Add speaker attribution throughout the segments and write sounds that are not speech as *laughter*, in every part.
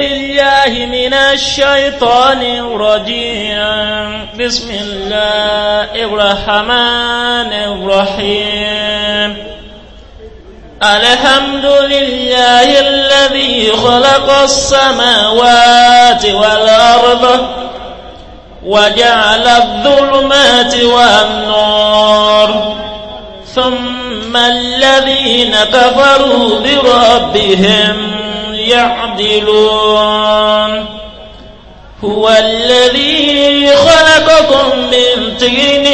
Speaker 1: الله من الشيطان الرجيم بسم الله الرحمن الرحيم الحمد لله الذي خلق السماوات والأرض
Speaker 2: وجعل
Speaker 1: الظلمات والنور ثم الذين كفروا بربهم يعدلون هو الذي خلقكم من طين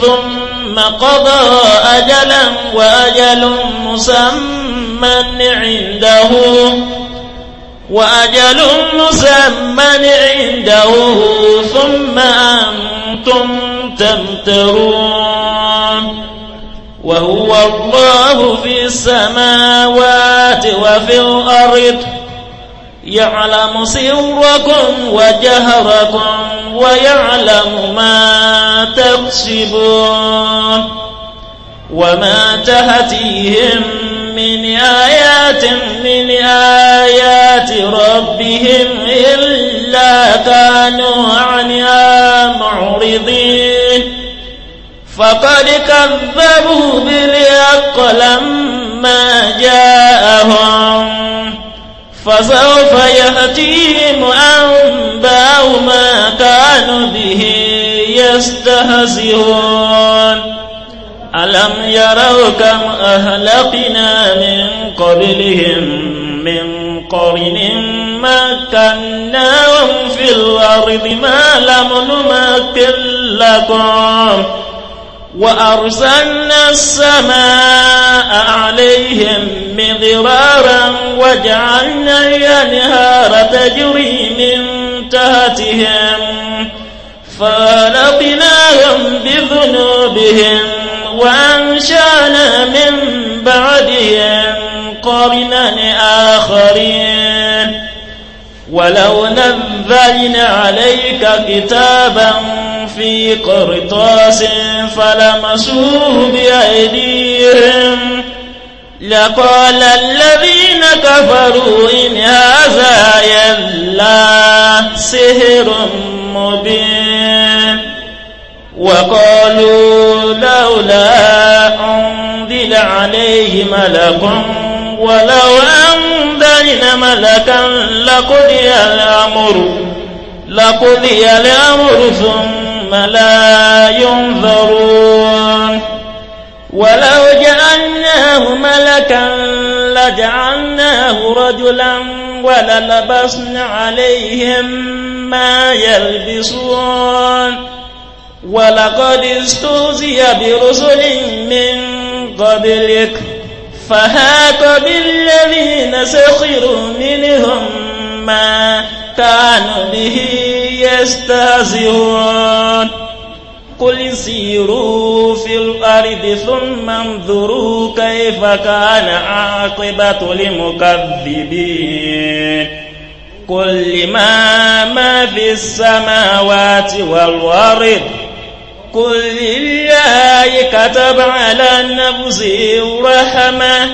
Speaker 1: ثم قضى أجلا وأجل مسمى عنده وأجل مسمى عنده ثم أنتم تمترون وهو الله في السماوات وفي الأرض يعلم سركم وجهركم ويعلم ما تكسبون وما تهتيهم من آيات من آيات ربهم إلا كانوا عنها معرضين فقد كذبوا بالحق لما جاءهم فسوف يأتيهم أنباء ما كانوا به يستهزئون ألم يروا كم أهلقنا من قبلهم من قرن مكناهم في الأرض ما لم نمكن لكم وأرسلنا السماء عليهم مغرارا وجعلنا الأنهار تجري من تحتهم فألقناهم بذنوبهم وأنشأنا من بعدهم قرنا آخرين ولو نزلنا عليك كتابا في قرطاس فلمسوه بأيديهم لقال الذين كفروا إن هذا إلا سحر مبين وقالوا لولا أنزل عليه ملك ولو أنزلنا ملكا لقضي الأمر لقضي الأمر ثم لا ينظرون ولو جعلناه ملكا لجعلناه رجلا وللبسنا عليهم ما يلبسون ولقد استهزئ برسل من قبلك فهات بالذين سخروا منهم ما كانوا به يستهزئون قل سيروا في الأرض ثم انظروا كيف كان عاقبة المكذبين قل لما ما في السماوات والأرض قل لله كتب على النفس رحمة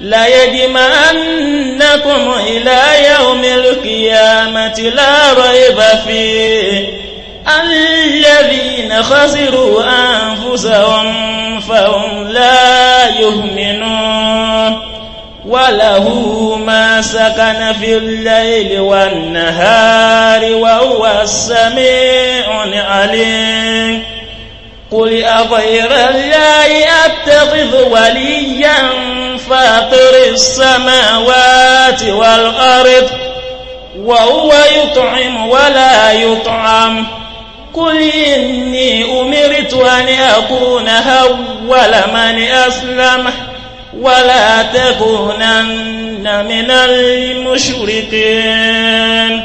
Speaker 1: يجمعنكم إلى يوم القيامة لا ريب فيه الذين خسروا أنفسهم فهم لا يؤمنون وله ما سكن في الليل والنهار وهو السميع العليم قل أغير الله أتخذ وليا فاطر السماوات والأرض وهو يطعم ولا يطعم قل إني أمرت أن أكون أول من أسلم ولا تكونن من المشركين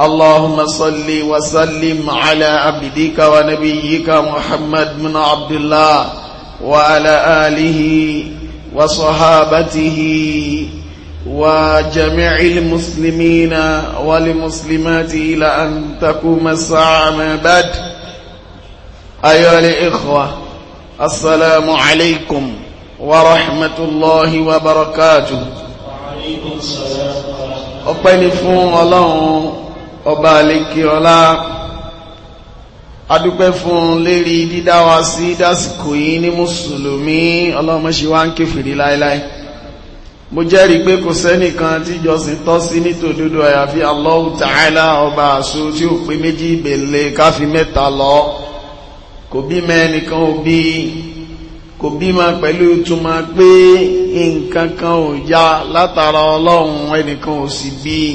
Speaker 2: اللهم صل وسلم على عبدك ونبيك محمد بن عبد الله وعلى آله وصحابته وجميع المسلمين والمسلمات إلى أن تقوم الساعة ما بعد أيها الإخوة السلام عليكم ورحمة الله وبركاته
Speaker 3: وعليكم السلام
Speaker 2: ورحمة الله ọba àlékè ọlá adúpẹ́ fún lérí dídá wa sí dásìkò yìí ní mùsùlùmí ọlọ́mọṣe wá ń kéfìrí láéláé mo jẹ́rìí pé kò sẹ́nìkan tí jọsìn tọ́ sí nítòdodo àyàfi Allahu Ta'ala ọba àṣọ tí ò pé méjì ìbèlè káfí mẹ́ta lọ kò bímọ ẹnìkan ò bí kò bímọ pẹ̀lú ìtumọ̀ pé nǹkan kan ò já látara ọlọ́run ẹnìkan ò sì bíi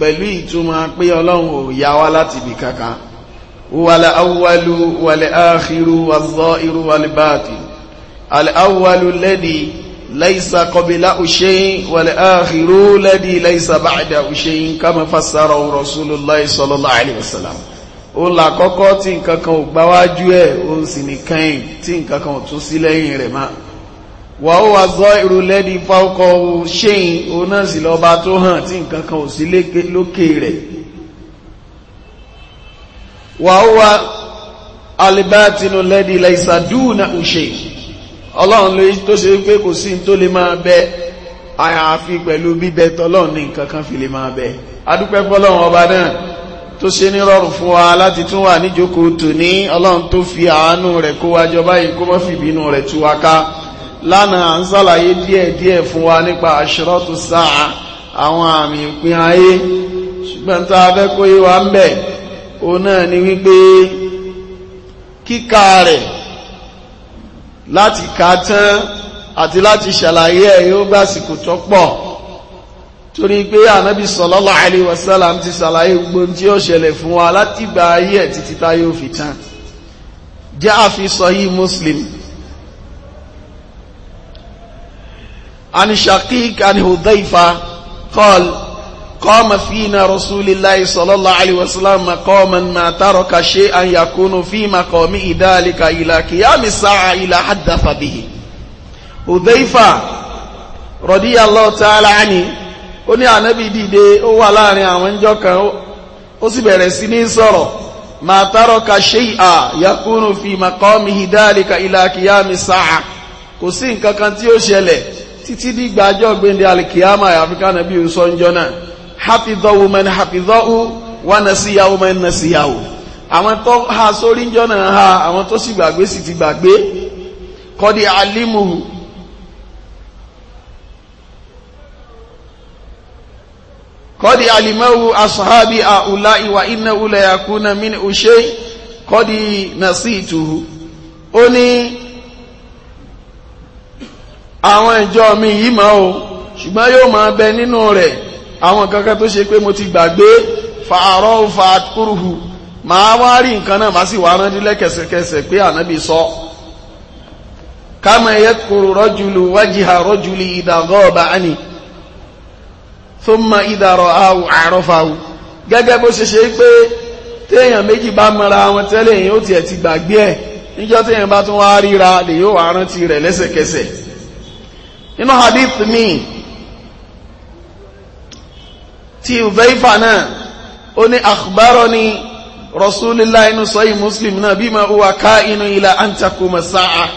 Speaker 2: pẹ̀lú ìtumọ̀ pé ọlọ́run ò yá wá láti ibì kankan wàlẹ̀ awwalu wàlẹ̀ áàkìrú wàzọ́ irú wàlẹ̀ báàtì alẹ́ awwalu lẹ́dí laisa kọbílá òṣèyìn wàlẹ̀ áàkìrú lẹ́dí laisa báàdà òṣèyìn kama fassara rasulullahi sallallahu alaihi wà ó wà zọ́ ìrò lẹ́dí fáwọ́kọ́ ṣéyìn onáàsì lọ́ba tó hàn tí nǹkan kan ò sí lókè rẹ̀ wà ó wà alibátinu lẹ́dí laisadúnà òṣè ọlọ́run tó ṣe pé kò sí tó lè máa bẹ àyàfi pẹ̀lú bíbẹ tọ́lọ́run ní nǹkan kan fi lè máa bẹ ní rọrùn fi àánú rẹ̀ kó wájọ báyìí kó fìbínú rẹ̀ lánàá ń sàlàyé díẹ̀díẹ̀ fún wa nípa àṣírọ́tù sáà àwọn àmì ìpín ayé ṣùgbọ́n tá a kó yé wa ń bẹ̀ òun náà ni wípé kíkà rẹ̀ láti kà tán àti láti ṣàlàyé ẹ̀ yóò gbàsìkò tó pọ̀ torí pé ànábì sallallahu alaihi wasallam ti ṣàlàyé gbogbo tí ó ṣẹlẹ̀ fún wa láti gba ayé ẹ̀ títí tá yóò tán jẹ́ àfi yìí muslim عن شقيق عن هذيفة قال قام فينا رسول الله صلى الله عليه وسلم مقاما ما ترك شيئا يكون في مقامه ذلك إلى قيام الساعة إلى حدث به هذيفة رضي الله تعالى عنه ó ní ànábì dìde ó wà láàrin àwọn ìjọ kan ó sì bẹ̀rẹ̀ sí ní sọ̀rọ̀ ma taraka shay'a yakunu fi maqamihi dhalika ila qiyami sa'a kò sí nǹkan kan tí ó ṣẹlẹ̀ títí di gbàjọ́ gbẹ̀ndẹ̀ alikiyama àyàfikà nàbí nsọ́njọ́ náà hafidhahu man hafidhahu wa nasiyahu man nasiyahu àwọn tó ha sórí njọ́ náà ha àwọn tó sì gbàgbé sì ti gbàgbé kọ́dí alimuhu kọ́dí alimahu asahabi àhùlá ìwà iná ulẹ̀ yakuna min òṣè kọ́dí nasituhu ó ní àwọn ìjọ mi yìí mọ́ o ṣùgbọ́n yóò máa bẹ nínú rẹ̀ àwọn kankan tó ṣe pé mo ti gbàgbé fàárọ̀ fàkúrùhù màá wá rí nǹkan náà màá sì wá rántí lẹ́kẹsẹkẹsẹ pé ànábì sọ kama yadhkuru rajulu wajha rajuli idha ghaba ani thumma idha ra'ahu arafahu gẹ́gẹ́ bó ṣe ṣe pé téèyàn méjì bá mara wọn tẹ́lẹ̀ yìí tiẹ̀ ti gbàgbé ẹ̀ níjọ́ téèyàn bá tún wá ríra lè yóò wá rántí rẹ̀ lẹ́sẹ̀kẹsẹ̀ nínú hadith mi ti uzaifa náà ó ní akhbarani rasulillah inú sọ́yìn muslim náà bima huwa ka'inu ila an takuma sa'a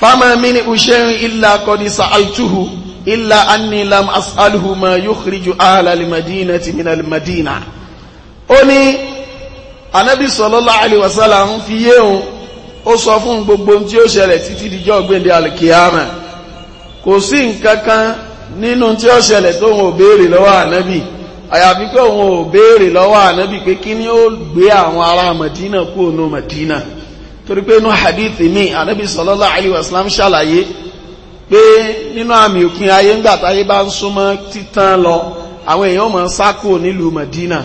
Speaker 2: fama mini usherin illa qad sa'altuhu illa anni lam as'aluhu ma yukhriju ahla almadinati min almadina ó ní anabi sallallahu alaihi wasallam fi yéhun ó sọ fún gbogbo tí ó ṣẹlẹ̀ títí dijọ́ gbèǹde alkiyama kò sí nkankan kan nínú tí ó ṣẹlẹ̀ tó wọn ò béèrè lọ́wọ́ ànábì àyàfi pé wọn ò béèrè lọ́wọ́ ànábì pé kí ó gbé àwọn Madina kú ònú Madina torí pé inú hadith mi ànábì sallallahu alaihi ṣàlàyé pé nínú àmì òpin ayé ńgbà táyé bá ń súnmọ́ títán lọ àwọn èèyàn máa sá nílùú Madina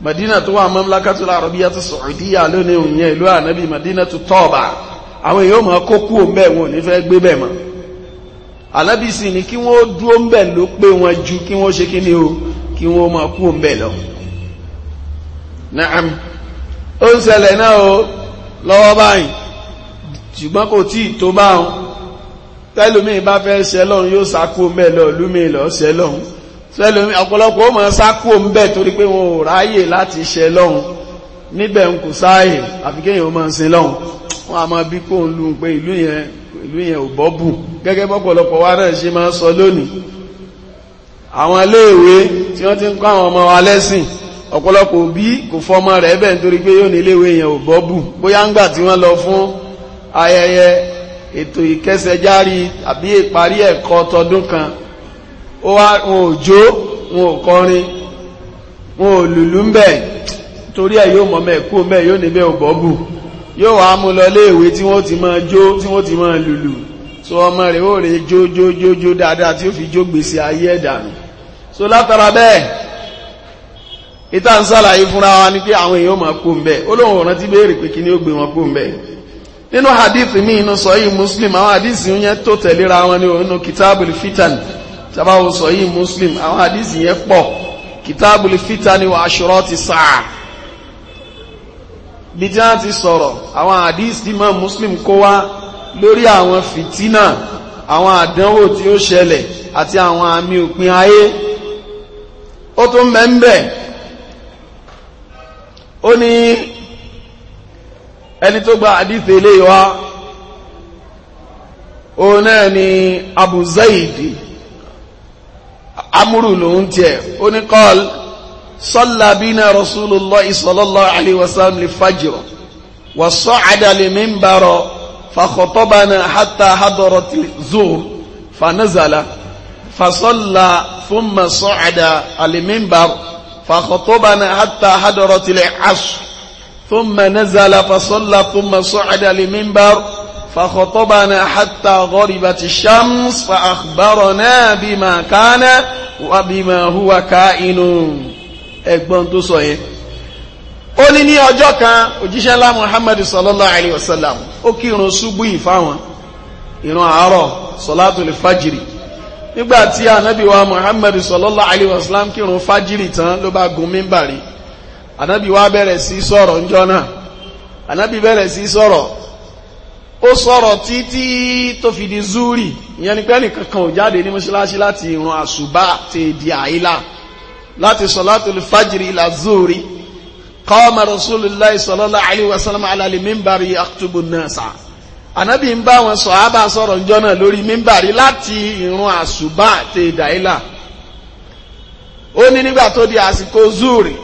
Speaker 2: Madina tó wà Mamlakatul Arabiyyati Saudiya lónìí òun yẹn ìlú ànábì àwọn èèyàn kó wọn ò ní fẹ́ gbé ànábì sì kí wọ́n dúró ń bẹ̀ ló pé wọn ju kí wọ́n ṣe kí ni o kí wọ́n máa kú ń bẹ̀ lọ. naam ó ń ṣẹlẹ̀ náà o lọ́wọ́ báyìí ṣùgbọ́n kò tí ì tó bá wọn tẹ́lómi bá fẹ́ ṣe lọ́run yóò sákú ń bẹ̀ lọ lómi lọ ṣe lọ́run tẹ́lómi ọ̀pọ̀lọpọ̀ ó máa sákú ń bẹ̀ torí pé wọn ò ráyè láti ṣe lọ́run níbẹ̀ ń kò sáàyè àfikẹ́yìn ó máa ń sin lọ́run wọn ìlú yẹn ò bọ́bù gẹ́gẹ́ bọ́pọ̀lọpọ̀ wa náà ṣe máa ń sọ lónìí àwọn iléèwé tí wọ́n ti ń kọ́ àwọn ọmọ wa lẹ́sìn ọ̀pọ̀lọpọ̀ òbí kò fọmọ rẹ̀ bẹ́ẹ̀ nítorí pé yóò ní iléèwé yẹn ò bọ́bù bóyá ń gbà tí wọ́n lọ fún ayẹyẹ ètò ìkẹsẹ̀járí àbí ìparí ẹ̀kọ́ tọdún kan wọn ò jó wọn ò kọrin wọn ò lùlù ń bẹ̀ torí ẹ̀ yóò mọ̀ mẹ́ kú mẹ́ yóò ní bẹ́ẹ̀ yóò wá mú lọ léèwé tí wọ́n ti máa jó tí wọ́n ti máa lùlù so ọmọ rẹ̀ ó rẹ̀ jó jó jó jó dáadáa tí ó fi jó gbèsè ayé ẹ̀dànù so látara bẹ́ẹ̀ ìta ń sàlàyé fúnra wa ní pé àwọn èèyàn máa kó ń bẹ́ẹ̀ olóhùn ọ̀ràn tí béèrè pé kí ni ó gbé wọn kó ń bẹ́ẹ̀ nínú hadith mi inú sọ́yí muslim àwọn hadith yẹn tó tẹ̀léra wọn ní inú kitabul fitan tabawo sọ́yí muslim àwọn hadith yẹn pọ̀ kitabul fitan wa ashurati sa'a bí tí wọ́n ti sọ̀rọ̀ àwọn àdísì mọ́ muslim kó wá lórí àwọn fìtínà àwọn àdánwò tí ó ṣẹlẹ̀ àti àwọn àmì òpin ayé ó tún mẹ́ńbẹ̀ ó ní ẹni tó gba àdísì eléyìí wá òun náà ni Abu Zaid amúrù lòun tiẹ̀ ó ní kọ́ọ̀lù صلى بنا رسول الله صلى الله عليه وسلم الفجر وصعد المنبر فخطبنا حتى حضرت الزور فنزل فصلى ثم صعد المنبر فخطبنا حتى حضرت العصر ثم نزل فصلى ثم صعد المنبر فخطبنا حتى غربت الشمس فأخبرنا بما كان وبما هو كائن ẹ̀gbọ́n tó sọ yẹn ó ní ní ọjọ́ kan òjíṣẹ́ ńlá muhammadu sallallahu alayhi wa sallam ó kírun ṣubú ìfáwọn ìran àárọ̀ sọlátùlì fájìrì nígbàtí ànábì wa muhammadu sallallahu alayhi wa sallam kírun fájìrì tán ló bá gun mímbàrí ànábì wa bẹ̀rẹ̀ sí sọ̀rọ̀ ńjọ́ náà ànábì bẹ̀rẹ̀ sí sọ̀rọ̀ ó sọ̀rọ̀ títí tó fi di zúrì ìyẹn ni pé ẹnìkan ò jáde ní mọ́ṣáláṣí láti ìran àṣùbà tèèdì àìlà láti sọ̀látùl fajiri ilà zuri qama rasulillah sallallahu alayhi wa sallam alali mimbari yaktubu nasa anabi ń bá wọn sọ̀hábà sọ̀rọ̀ ńjọ́ náà lórí mimbari láti ìrun àṣùbà àti ìdáìlà ó ní nígbà tó di àsìkò zuri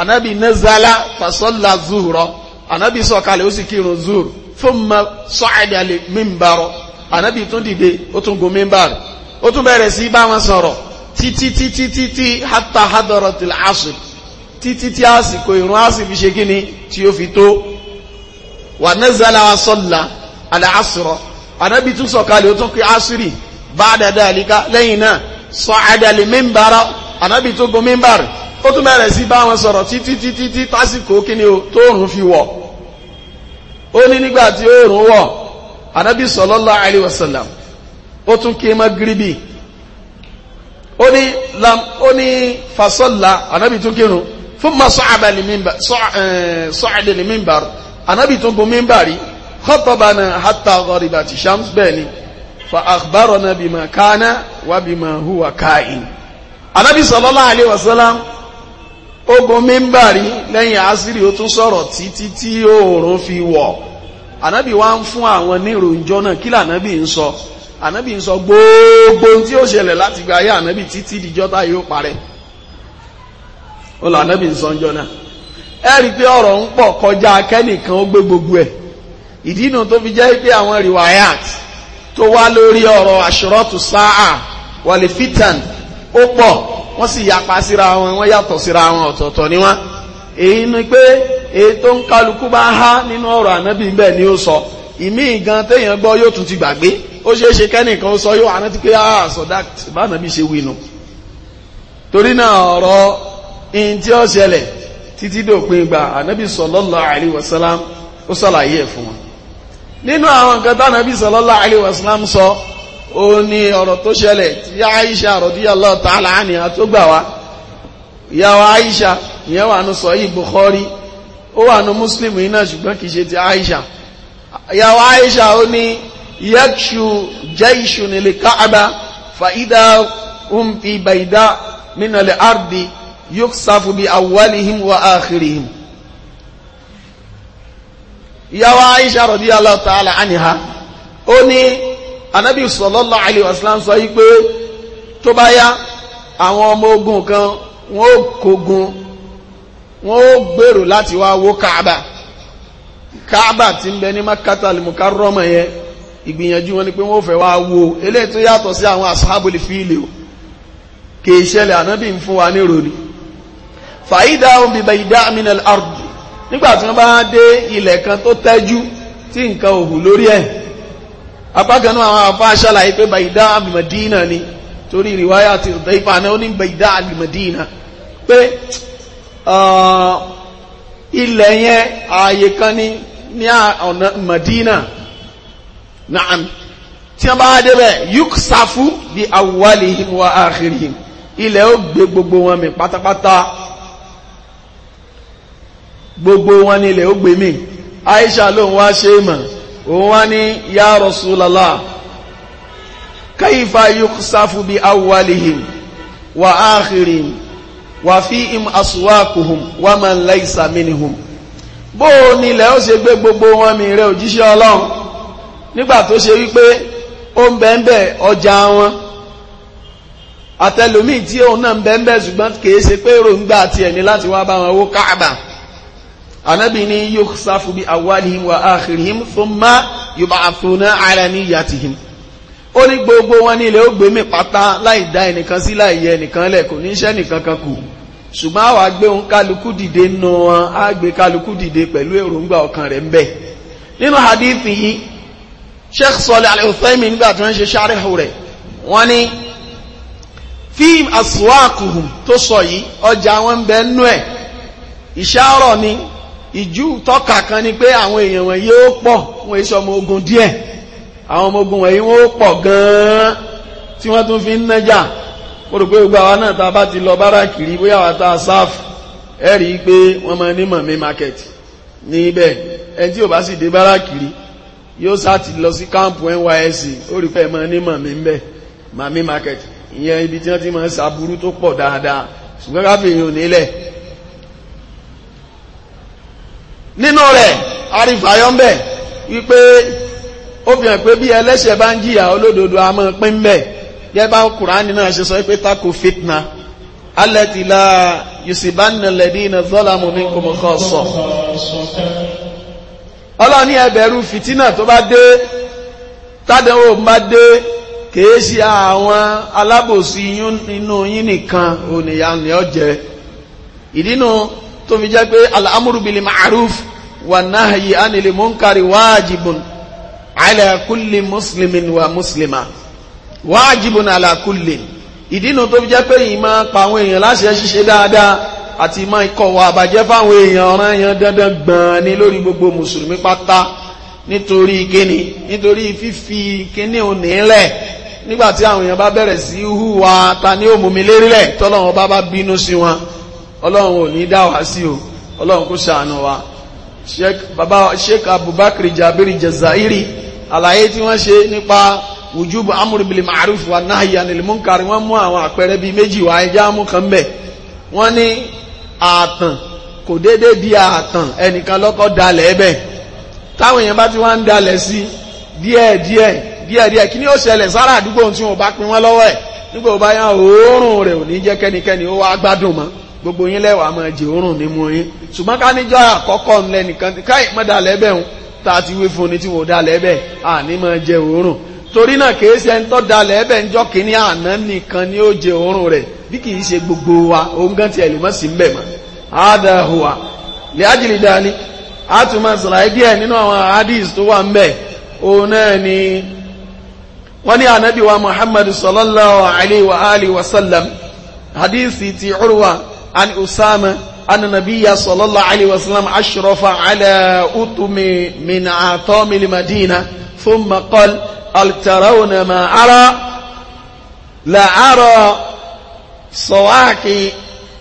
Speaker 2: anabi nazala fasola zuhurọ anabi sọ̀kalẹ̀ ó sì kírun zuri thumma sa'ada li mimbaro anabi tún dìde ó tún gun mimbari ó tún bẹ̀rẹ̀ sí bá wọn sọ̀rọ̀ títí títí títí hatta hadaratul asr títí tí àsìkò ìrun àsì fi ṣe kí ni tí ó fi tó wà nazala salla al-asra anábì tún sọ̀kalẹ̀ ó tún pé asri ba'da dhalika lẹ́yìn náà sa'ada al-minbara anábì tún gun mímbàrà ó tún bẹ̀rẹ̀ sí bá wọn sọ̀rọ̀ títí títí tí tásìkò kí ni ó tóòrùn fi wọ̀ ó ní nígbà tí ó rùn wọ̀ anábì sallallahu alaihi wasallam ó tún kí magribi ó ní lam ó ní fasọ́là anábì tún kírun fún ma sọ́ọ̀dẹ̀ ní mímbàrù anábì tún gun mímbàrí khatabana hatta gharibati shams bẹ́ẹ̀ ni fa akhbarana bima kana wa bima huwa kain anábì sallallahu alaihi wasallam ogun mímbàrí lẹ́yìn asiri ó tún sọ̀rọ̀ títí tí oòrùn fi wọ̀ anábì wá ń fún àwọn níròjọ́ náà kí lànábì ń sọ ànábì ń sọ gbogbo tí ó ṣẹlẹ̀ láti gba ayé ànábì títí dìjọ́ tá yóò parẹ́ ó lọ ànábì ń sọ ń jọ náà ẹ rí i pé ọ̀rọ̀ ń pọ̀ kọjá akẹ́nìkan ó gbé gbogbo ẹ̀ ìdí inú tó fi jẹ́ pé àwọn riwayat tó wá lórí ọ̀rọ̀ àṣírọ́tù sáà wàlẹ̀ fitan ó pọ̀ wọ́n sì yapa síra wọn wọ́n yàtọ̀ síra wọn ọ̀tọ̀ọ̀tọ̀ ni wọ́n èyí ni pé èyí tó ń kálukú bá há nínú ọ̀rọ̀ ànábì bẹ́ẹ̀ ni ó sọ ìmí gan téèyàn gbọ́ yóò tún ti gbàgbé ó ṣeé ṣe kẹ́nìkan sọ yóò àná ti pé ah sọ̀dá báná bí ṣe winu torí náà ọ̀rọ̀ in tí ó ṣẹlẹ̀ títí dòpin gba ànábì sallallahu alaihi wasallam ó ṣàlàyé ẹ̀ fún wọn nínú àwọn nǹkan tánàbì sallallahu alaihi wasallam sọ ó ní ọ̀rọ̀ tó ṣẹlẹ̀ tí Aisha radiyallahu ta'ala anha tó gbà wá ìyàwó Aisha ìyẹn wà nù sọ yìí Bukhari ó wà nù Muslim iná ṣùgbọ́n kì í ṣe ti Aisha ìyàwó Aisha ó ní yakshu jaishu nílé káàbà fàídà um fi baida mínàlẹ̀ ardi yuksafu bi awwalihim wa akhirihim ìyàwó Aisha radiyallahu ta'ala anha ó ní anábì sallallahu alaihi wasallam sọ yí pé tó bá yá àwọn ọmọ ogun kan wọ́n ó wọ́n gbèrò láti wá wó káàbà káàbà tí ń bẹ ní makata al-mukarrama yẹn ìgbìyànjú wọn ni pé wọ́n fẹ́ wá wo eléyìí tó yàtọ̀ sí àwọn asábòlì fíìlì o kì í ṣẹlẹ̀ ànábì ń fún wa ní ìròrí fàyídà òun bíbẹ̀ ìdá minal ard nígbà tí wọ́n bá dé ilẹ̀ kan tó tẹ́jú tí nǹkan òhù lórí ẹ̀ apákanú àwọn afá ṣàlàyé pé bàyídá al ni torí ìrìwáyà ti ìdá ìfàná ó ní bàyídá al pé uh, ilẹ̀ yẹn ààyè kan ní ní ọ̀nà Madina naam tí wọ́n bá débẹ̀ yuksafu bi awwalihim wa akhirihim ilẹ̀ ó gbé gbogbo wọn mì pátápátá gbogbo wọn ni ilẹ̀ ó gbé mì Aisha ló ń wá ṣe é mọ̀ òun wá ní ya Rasulallah kaifa yuksafu bi awwalihim wa akhirihim wà fi im aswaquhum wà man laysa minhum bó o nílẹ̀ ó ṣe gbé gbogbo wọn mi rẹ òjíṣẹ́ ọlọ́run nígbà tó ṣe wípé ó ń bẹ́ẹ̀nbẹ́ ọjà wọn àtẹlómi tí òun náà ń bẹ́ẹ̀nbẹ́ ṣùgbọ́n kìí ṣe pé èròǹgbà tiẹ̀ ní láti wá bá wọn wó káàbà ànábì ní yukhsafu bi awwalihim wa akhirihim thumma yub'athuna ala niyyatihim ó ní gbogbo wọn ní ó gbé mi pátá láì dá ẹnìkan sí láì yẹ ẹnìkan lẹ̀ kò nìkan kan kù ṣùgbọ́n àwa gbé òun kálukú dìde nù wọn á gbé kálukú dìde pẹ̀lú èròǹgbà ọkàn rẹ̀ ń bẹ̀ nínú hadith yìí sheikh sọlẹ̀ alẹ́fẹ́mi nígbà tí wọ́n ṣe ṣáréhù rẹ̀ wọ́n ní fíìm aswaakuhum tó sọ yìí ni ìjú tọ́ka kan ni pé àwọn èèyàn yóò pọ̀ wọn àwọn ọmọ ogun wọ̀nyí wọ́n pọ̀ gan-an tí wọ́n tún fi ń nájà mo rò pé náà tá bá ti lọ bára kiri bóyá àwa tá sáfù ẹ pé wọ́n máa ní mọ̀mí market níbẹ̀ ẹni tí ò bá sì dé bára kiri yóò sá ti lọ sí káàmpù NYSC ó rí ní mọ̀mí bẹ̀ mọ̀mí market ìyẹn ibi tí wọ́n ti máa ń ṣàbúrú tó pọ̀ dáadáa ṣùgbọ́n káfíìn ò nílẹ̀ nínú rẹ̀ arífàyọ́ ń bẹ̀ wípé ó fi hàn pé bí ẹlẹ́ṣẹ̀ bá ń jìyà olódodo a máa pín na yẹ bá kùránì náà ṣe sọ pé tako fitna alẹ́tìlá yusufanna lẹ́dínà zọ́làmù ní kòmọ̀kọ́ sọ ọlọ́ni ẹbẹ̀rù fìtínà tó bá dé tádẹ́wò bá dé kìí ṣe àwọn alábòsí inú yín nìkan ònìyà ni jẹ ìdínú tó fi jẹ́ pé ma'aruf ala kulli muslimin wa muslima wajibun ala kulli ìdínà tó fi jẹ́ pé yìí máa pa àwọn èèyàn láṣẹ ṣíṣe dáadáa àti máa ikọ̀ wà àbàjẹ́ fáwọn èèyàn ọ̀ràn èèyàn dandan gbọ̀n ni lórí gbogbo mùsùlùmí pátá nítorí kíni nítorí fífi kíní òní lẹ̀ nígbàtí àwọn èèyàn bá bẹ̀rẹ̀ sí hùwà ta ni ó mú mi lérílẹ̀ tọ́lọ́run bá bá bínú sí wọn ọlọ́run ò ní dá wá sí o ọlọ́run kó ṣàánú wa sheikh abubakar jabiri jazairi àlàyé tí wọ́n ṣe nípa wùjúbù amúrúbìlì màrúfù wa nahyi anil munkar wọ́n mú àwọn àpẹẹrẹ bíi méjì wá ẹja mú kan bẹ̀ wọ́n ní ààtàn kò déédé di ààtàn ẹnìkan lọ́kọ́ dalẹ̀ ẹ bẹ̀ táwọn èèyàn bá ti wá ń dalẹ̀ sí díẹ̀ díẹ̀ díẹ̀ díẹ̀ kí ni ó ṣẹlẹ̀ sára àdúgbò tí wọn bá pin wọn lọ́wọ́ ẹ̀ nígbà ó bá yá òórùn rẹ̀ ò ní jẹ́ kẹ́nikẹ́ni ó wá gbádùn mọ́ gbogbo yín lẹ́wàá máa jẹ òórùn nímú yín ṣùgbọ́n ká níjọ́ àkọ́kọ́ ńlẹ̀ nìkan káì mọ́dà lẹ́bẹ̀ẹ́ ta ti wí fún ni tí wọ́n dalẹ̀ ẹbẹ̀ àní máa jẹ òórùn torí náà kìí ṣe ń tọ́ dalẹ̀ ẹbẹ̀ ńjọ́ kìíní àná nìkan ni ó jẹ òórùn rẹ̀ bí kìí ṣe gbogbo wa òun gan tiẹ̀ lè mọ́ sí mbẹ̀ mọ́ ada hùwà lè ájìlì dání a tún máa sàlàyé díẹ̀ nínú àwọn hadith tó wà mbẹ̀ òun náà ni wọ́n ní ànábì wa muhammad sallallahu alayhi wa alihi wa sallam hadith ti urwa an usama أن النبي صلى الله عليه وسلم أشرف على أتم من عطام المدينة ثم قال هل ما أرى لا أرى صواكي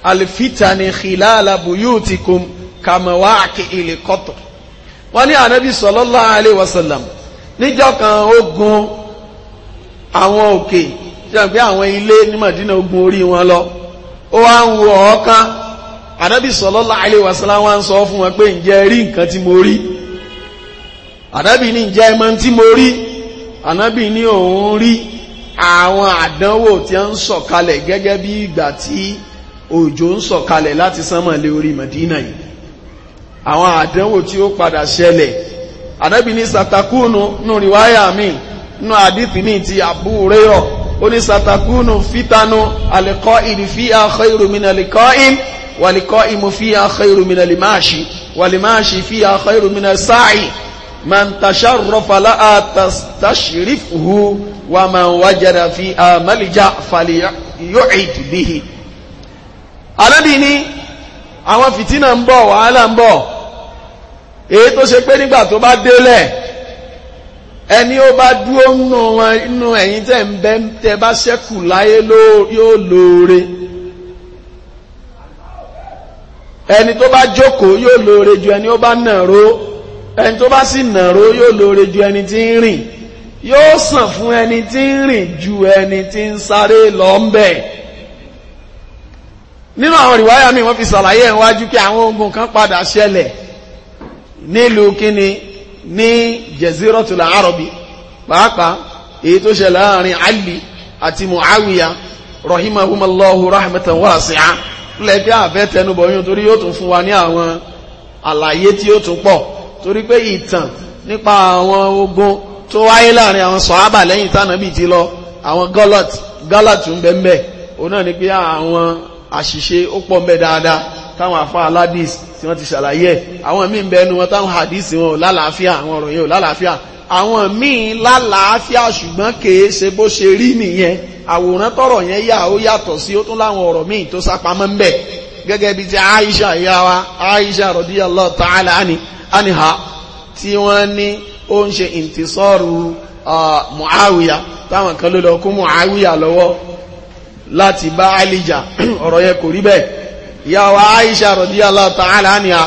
Speaker 2: الفتن خلال بيوتكم كمواكي القطر wọ́n ní ànábì sallallahu alaihi wasallam níjọ́ kan ó gun àwọn òkè ṣe pé àwọn ilé ní Màdínà ó orí wọn lọ ó wá ń wo ọ̀ọ́kán ànábì sallallahu alaihi wasallam wá ń sọ fún wọn pé ǹjẹ́ rí nǹkan tí mo rí ànábì ní ǹjẹ́ ẹmọ tí mo rí ànábì ní òun rí àwọn àdánwò tí ó ń sọ̀kalẹ̀ gẹ́gẹ́ bí ìgbà tí òjò ń sọ̀kalẹ̀ láti sánmọ̀ lé orí Mẹ̀dínà yìí àwọn àdánwò tí ó padà ṣẹlẹ̀ ànábì ní satakúnu nù ríwáyà mi nù àdìtì ní ti Abu Hurairah ó ní satakúnu fítanu alẹ́kọ́ ìdí fi àkọ́ ìròmìnà alẹ́kọ́ ìdí والقائم فيها خير من الماشي والماشي فيها خير من السعي من تشرف لها تستشرفه ومن وجد فيها ملجأ فليعد به Ànábì ní àwọn fìtínà ń bọ̀ wàhálà ń bọ̀ èyí tó ṣe pé nígbà tó bá délẹ̀ ẹni ó bá dúró nínú ẹ̀yin tẹ́ ń bẹ tẹ́ bá ṣẹ́kù láyé yóò lóore ẹni tó bá jókòó yóò lóore ju ẹni ó bá nàró ẹni tó bá sì nàró yóò lóore ju ẹni tí ń rìn yóò sàn fún ẹni tí ń rìn ju ẹni tí ń sáré lọ ń bẹ̀. nínú àwọn ìwáyà mi wọ́n fi ṣàlàyé ẹ̀ wájú kí àwọn ogun kan padà ṣẹlẹ̀ nílùú kínní ní jeziratul arabi pàápàá èyí tó ṣẹlẹ̀ láàrin ali àti muawiya rahimahumallahu rahmatan wasi'a. lẹ́ pé àfẹ́ tẹnubọ̀ yún torí yóò tún fún wa ní àwọn àlàyé tí ó tún pọ̀ torí pé ìtàn nípa àwọn ogun tó wáyé láàrin àwọn sọ̀hábà lẹ́yìn tánàbì ti lọ àwọn gọ́lọ̀t gọ́lọ̀t ń bẹ mbẹ̀ òun náà ni pé àwọn àṣìṣe ó pọ̀ mbẹ̀ dáadáa táwọn afá aládìs tí wọ́n ti ṣàlàyé àwọn míì ń bẹ wọn táwọn hadis wọn ò lálàáfíà àwọn ọ̀rọ̀ yẹn ò lálàáfíà àwọn míì lálàáfíà ṣùgbọ́n kèé ṣe bó ṣe rí nìyẹn àwòrán tọ̀rọ̀ yẹn yà ó yàtọ̀ sí ó tún láwọn ọ̀rọ̀ míì tó sápamọ́ ń bẹ̀ gẹ́gẹ́ bí ti Aisha ìyá wa Aisha radiyallahu ta'ala ani aniha tí wọ́n ní ó ń ṣe ìntìsọ́rù Muawiya táwọn kan ló lọ kún Muawiya lọ́wọ́ láti bá alìjà *clears throat* ọ̀rọ̀ yẹn kò rí bẹ́ẹ̀ ìyá wa Aisha radiyallahu ta'ala aniha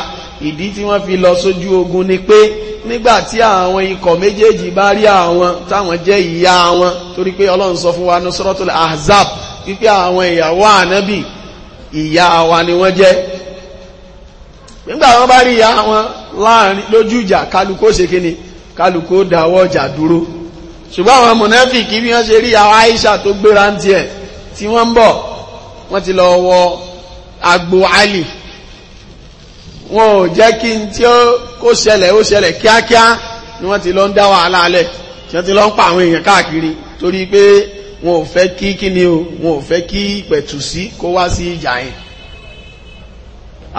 Speaker 2: ìdí tí wọ́n fi lọ sójú ogun ni pé nígbàtí àwọn ikọ̀ méjèèjì bá rí àwọn táwọn jẹ́ ìyá wọn torí pé ọlọ́run sọ fún wa ní suratul ahzab wípé àwọn ìyàwó ànábì ìyá wa ni wọ́n jẹ́ nígbà wọn bá rí ìyá wọn láàrin lójú ìjà kálukó ṣe kíni kálukó dáwọ́ ọjà dúró ṣùgbọ́n àwọn mọ̀nẹ́fìkì bí wọ́n ṣe rí àwọn Aisha tó gbéra ń tiẹ̀ tí wọ́n ń bọ̀ wọ́n ti lọ wọ agbo Ali wọn ò jẹ́ kí n tí ó kó ṣẹlẹ̀ ó ṣẹlẹ̀ kíákíá ni wọ́n ti lọ ń dá wàhálà alẹ̀ tí wọ́n ti lọ ń pa àwọn èèyàn káàkiri torí pé wọn ò fẹ́ kí kíni o wọn ò fẹ́ kí pẹ̀tùsí kó wá sí ìjà yẹn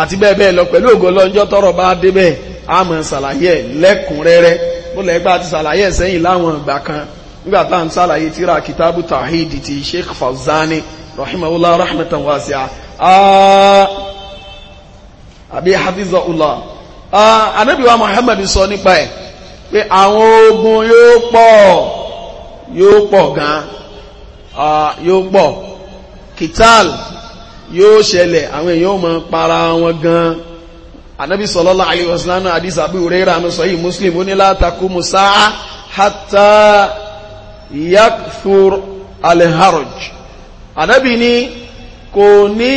Speaker 2: àti bẹ́ẹ̀ bẹ́ẹ̀ lọ pẹ̀lú ògo lọ́njọ́ tọrọ bá débẹ̀ a máa ṣàlàyé lẹ́kùnrẹ́rẹ́ mo lẹ́gbà ti ṣàlàyé sẹ́yìn láwọn ìgbà kan nígbà tá à ń ṣàlàyé tíra kitabu tawhid ti Sheikh Fawzani rahimahullah rahmatan wasi'a ah! àbí hafizahullah anábìwá Muhammad sọ nípa ẹ̀ pé àwọn ogun yóò pọ̀ yóò pọ̀ gan yóò pọ̀ kìtàl yóò ṣẹlẹ̀ àwọn èèyàn ò mọ̀ para wọn gan anábì sallallahu alaihi wasallam àdìsá bí òré ìrànú sọ yìí Muslim ó ní la taqumu sa'a hatta yakthur al-haraj kò ní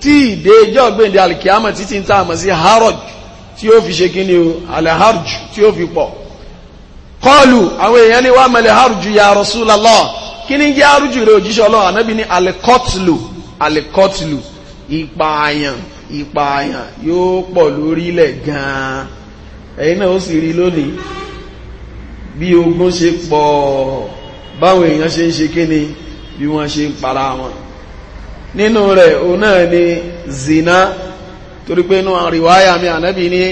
Speaker 2: tí ìdè ẹjọ́ gbèǹde alikiyama títí ń tààmà sí haraj tí ó fi ṣe kí ni o alaharj tí ó fi pọ̀ kọlù àwọn èèyàn ni wà mẹ́lẹ̀ harjù ya Rasulullah kí ní jẹ́ harjù rẹ̀ òjíṣẹ́ ọlọ́run anábì ní alikọ́tìlù alikọ́tìlù ìpààyàn ìpààyàn yóò pọ̀ lórílẹ̀ gan-an ẹ̀yin náà ó sì rí lónìí bí ogun ṣe pọ̀ báwọn èèyàn ṣe ń ṣe kí ni bí wọ́n ṣe ń para wọn nínú rẹ̀ o náà ni zina torí pé inú àríwáyà mi ànábì ní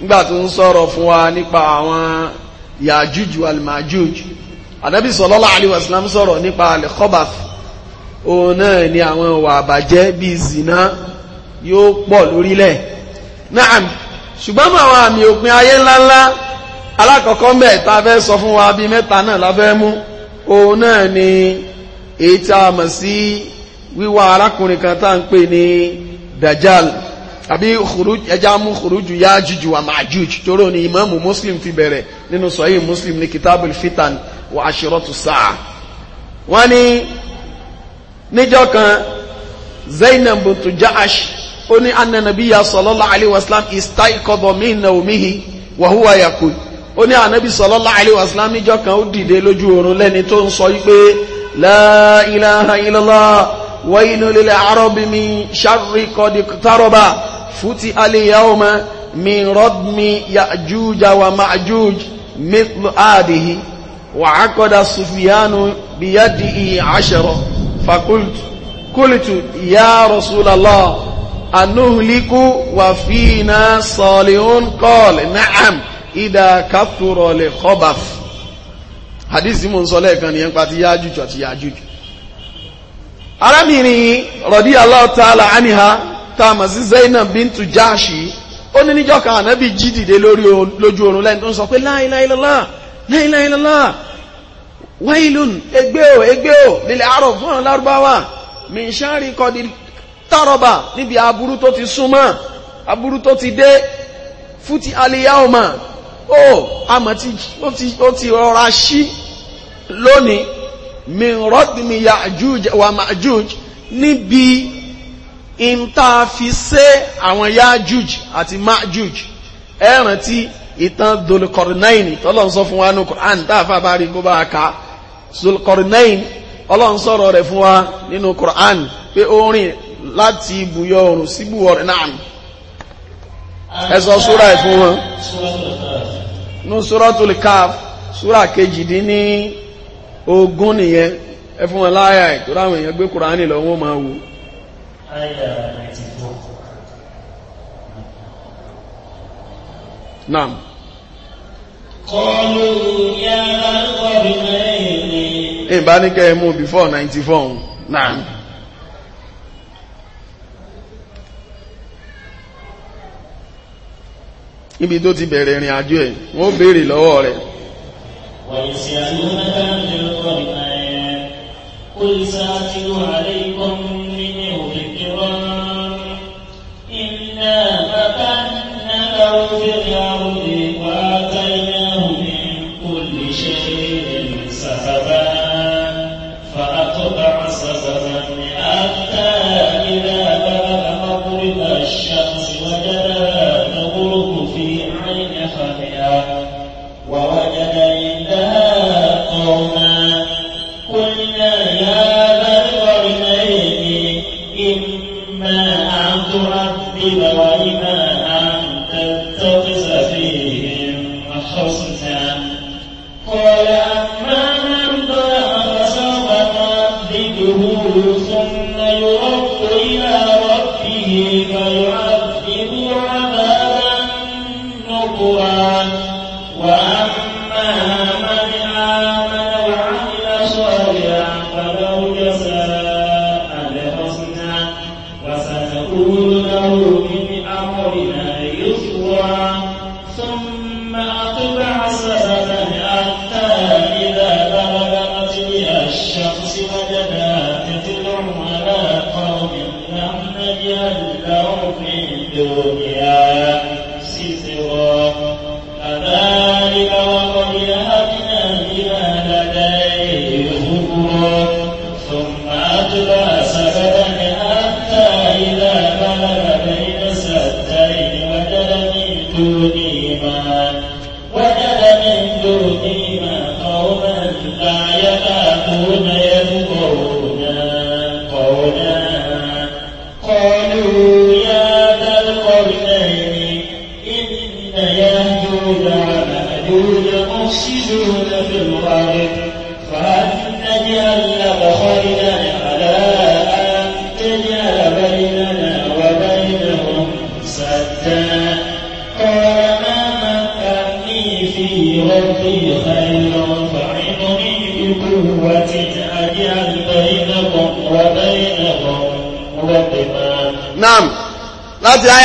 Speaker 2: nígbà ń sọ̀rọ̀ fún wa nípa àwọn yàjújù alìmájújù ànábì sallallahu alaihi wasallam sọ̀rọ̀ nípa al-khabath o náà ni àwọn ìwà àbàjẹ́ bíi zina yóò pọ̀ lórílẹ̀ náà ṣùgbọ́n àwọn àmì òpin ayé ńláńlá alákọ̀ọ́kọ́ mẹ́ta fẹ́ sọ fún wa bíi mẹ́ta náà la fẹ́ mú òun náà ni èyí tí a mọ̀ sí wíwá arákùnrin kan tá à ń pè ní dajjal àbí ẹja mú khuruju Yajuju wa Majuju tóró ni Ìmáàmù Muslim fi bẹ̀rẹ̀ nínú Sahih Muslim ní kitabul fitan wa ashiratu sa'a wọ́n ní níjọ́ kan Zainab bintu Ja'ash ó ní anna nabiyya sallallahu alayhi wa sallam istayqadha min nawmihi wa huwa yaqul ó ní ànábì sallallahu alayhi níjọ́ kan ó dìde lójú oorun lẹ́ni tó ń sọ wípé لا إله إلا الله ويل للعرب من شر قد اقترب فتئ اليوم من ردم يأجوج ومأجوج مثل آده وعقد سفيان بيده عشرة فقلت قلت يا رسول الله أنهلك وفينا صالحون قال نعم إذا كثر لخبث hadisi mo n sọ lẹ́ẹ̀kan nìyẹn pa ti yájújù àti yájújù arábìnrin radiyallahu ta'ala aniha tá Zainab bintu jaashi ó ní níjọ́ kan ànábì jí dìde lórí lójú oorun lẹ́yìn tó ń sọ pé la o o fún mi n ó àmọ́ tí ó ti ó ti rọra ṣí lónìí min radmi Ya'juj wa Ma'juj níbi ìta fi sé àwọn Ya'juj àti Ma'juj ẹ rántí ìtàn Dhul-Qarnayn tọ́lọ́n sọ fún wa ní Qur'an táàfà bá rí kó bá ka dhul rẹ̀ fún wa nínú Qur'an pé ó rìn láti ibùyọ̀ oòrùn síbùwọ̀ rẹ̀ náà ẹ sọ súra ẹ̀ n'usoro wọn ní Suratul Kaf súra kejìdín ní ogún nìyẹn ẹ wọn láyà ẹ̀ ráwọn èèyàn gbé kùránì lọ wọ́n máa Naam. Kọlu kọlu Ìbánikẹ́ 94. Naam. níbi tó ti bẹ̀rẹ̀ ìrìn àjò ẹ̀ wọ́n béèrè lọ́wọ́ rẹ̀
Speaker 1: ويسألونك عن القرآن قل سأتلو عليكم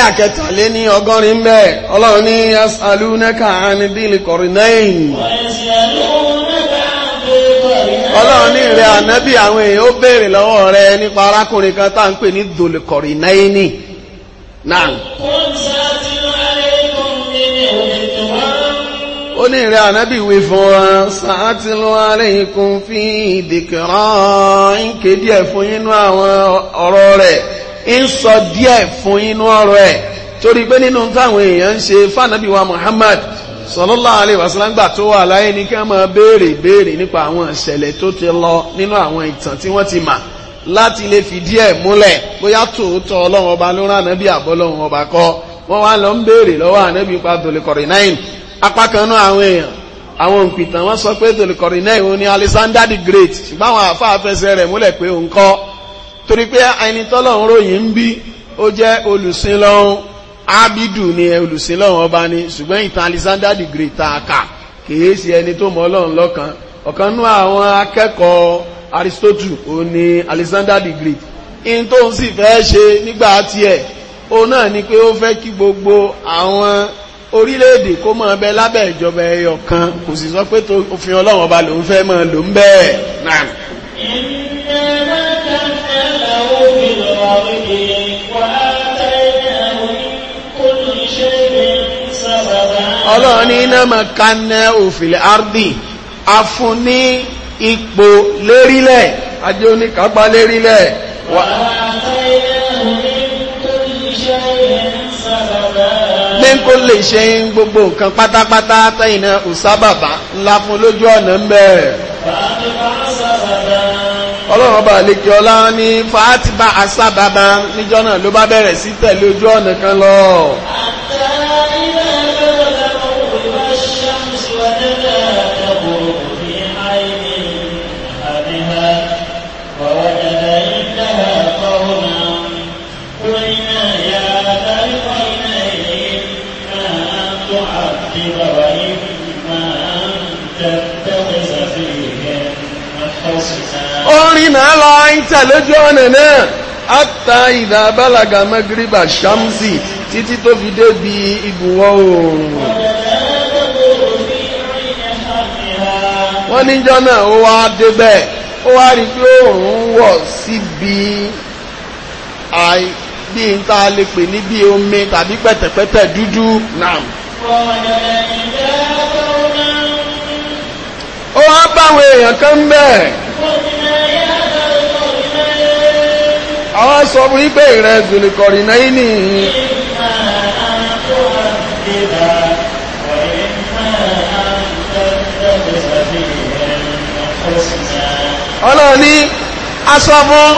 Speaker 2: àyà kẹtàlé ní ọgọ́rin bẹ́ẹ̀ ọlọ́run ní asàlúnẹ́kà ánìdílì kọ̀rìnẹ́yìn
Speaker 3: ọlọ́run ní rẹ̀ ànábì
Speaker 2: àwọn èèyàn ó béèrè lọ́wọ́ rẹ̀ nípa arákùnrin kan tá ń pè ní dòlùkọ̀rìnẹ́yìn náà ó ní ìrẹ́ ànábì wí fún wa sàátìlú alaykum fi ìdìkìrán ń kéde ẹ̀ fún àwọn ọ̀rọ̀ rẹ̀ ń sọ díẹ̀ fún inú ọ̀rọ̀ ẹ̀ torí pé nínú táwọn èèyàn ń ṣe fànàbí Muhammad sallallahu alaihi wasallam gbà tó wà láyé ní kí wọ́n máa béèrè béèrè nípa àwọn ìṣẹ̀lẹ̀ tó ti lọ nínú àwọn ìtàn tí wọ́n ti mà láti lè fi díẹ̀ múlẹ̀ bóyá tòótọ́ ọlọ́run ọba ló rán ànábì àbọ́lọ́run ọba kọ́ wọ́n wá lọ ń béèrè lọ́wọ́ ànábì pa dòlìkọ̀rì náà apá kan náà àwọn èèyàn àwọn òǹpìtàn wọ́n sọ pé dòlìkọ̀rì náà òun ni Alexander the Great ṣùgbọ́n àwọn àfa àfẹsẹ̀ rẹ̀ múlẹ̀ pé òun kọ́ torí pé ẹni tọ́lọ́run ròyìn ń bí ó jẹ́ olùsìn lọ́hun ábídù ni olùsìn lọ́hun ọba ni ṣùgbọ́n ìtàn Alexander the Great taaka kìí ṣe ẹni tó mọ ọlọ́run lọ́kan ọ̀kan nú àwọn akẹ́kọ̀ọ́ Aristotle ó ní Alexander the Great in tó ń sì fẹ́ ṣe nígbà tiẹ̀ ó náà ni pé ó fẹ́ kí gbogbo àwọn orílẹ̀-èdè kó mọ̀ ọbẹ̀ lábẹ́ ìjọba ẹyọ kan kò sì sọ pé òfin ọlọ́run ọba lòún fẹ́ mọ̀ lòún bẹ́ẹ̀ náà.
Speaker 3: ọlọ́run ní iná mọ̀
Speaker 2: kaná òfìlẹ̀ ardi afún ní ipò lérílẹ̀ adé oníkápá lérílẹ̀ wà mínkó lè ṣe ń gbogbo nǹkan pátápátá tẹ́yìnà òsábàbá ńlá fún lójú ọ̀nà ń bẹ̀ ọlọ́run ọba àlekè ọlá ní fàátìbá àsábàbá níjọ́ náà ló bá bẹ̀rẹ̀ sí tẹ̀lé ojú ọ̀nà kan lọ. orin náà lọ ń tẹ̀lójú ọ̀nà náà àtà ìdá abálaga magriba shamsi títí tó fi bi ibùwọ̀ oòrùn wọ́n níjọ́ náà ó wá débẹ̀ ó wá rí pé oòrùn wọ̀ síbi bí n ta lè pè ní bí omi tàbí pẹ̀tẹ̀pẹ̀tẹ̀ dúdú náà ó wá báwọn èèyàn kan bẹ́ẹ̀ àwọn sọ fún wípé ìrẹ́ zùlìkọ̀rì náà ní ọlọ́run ní aṣọ fún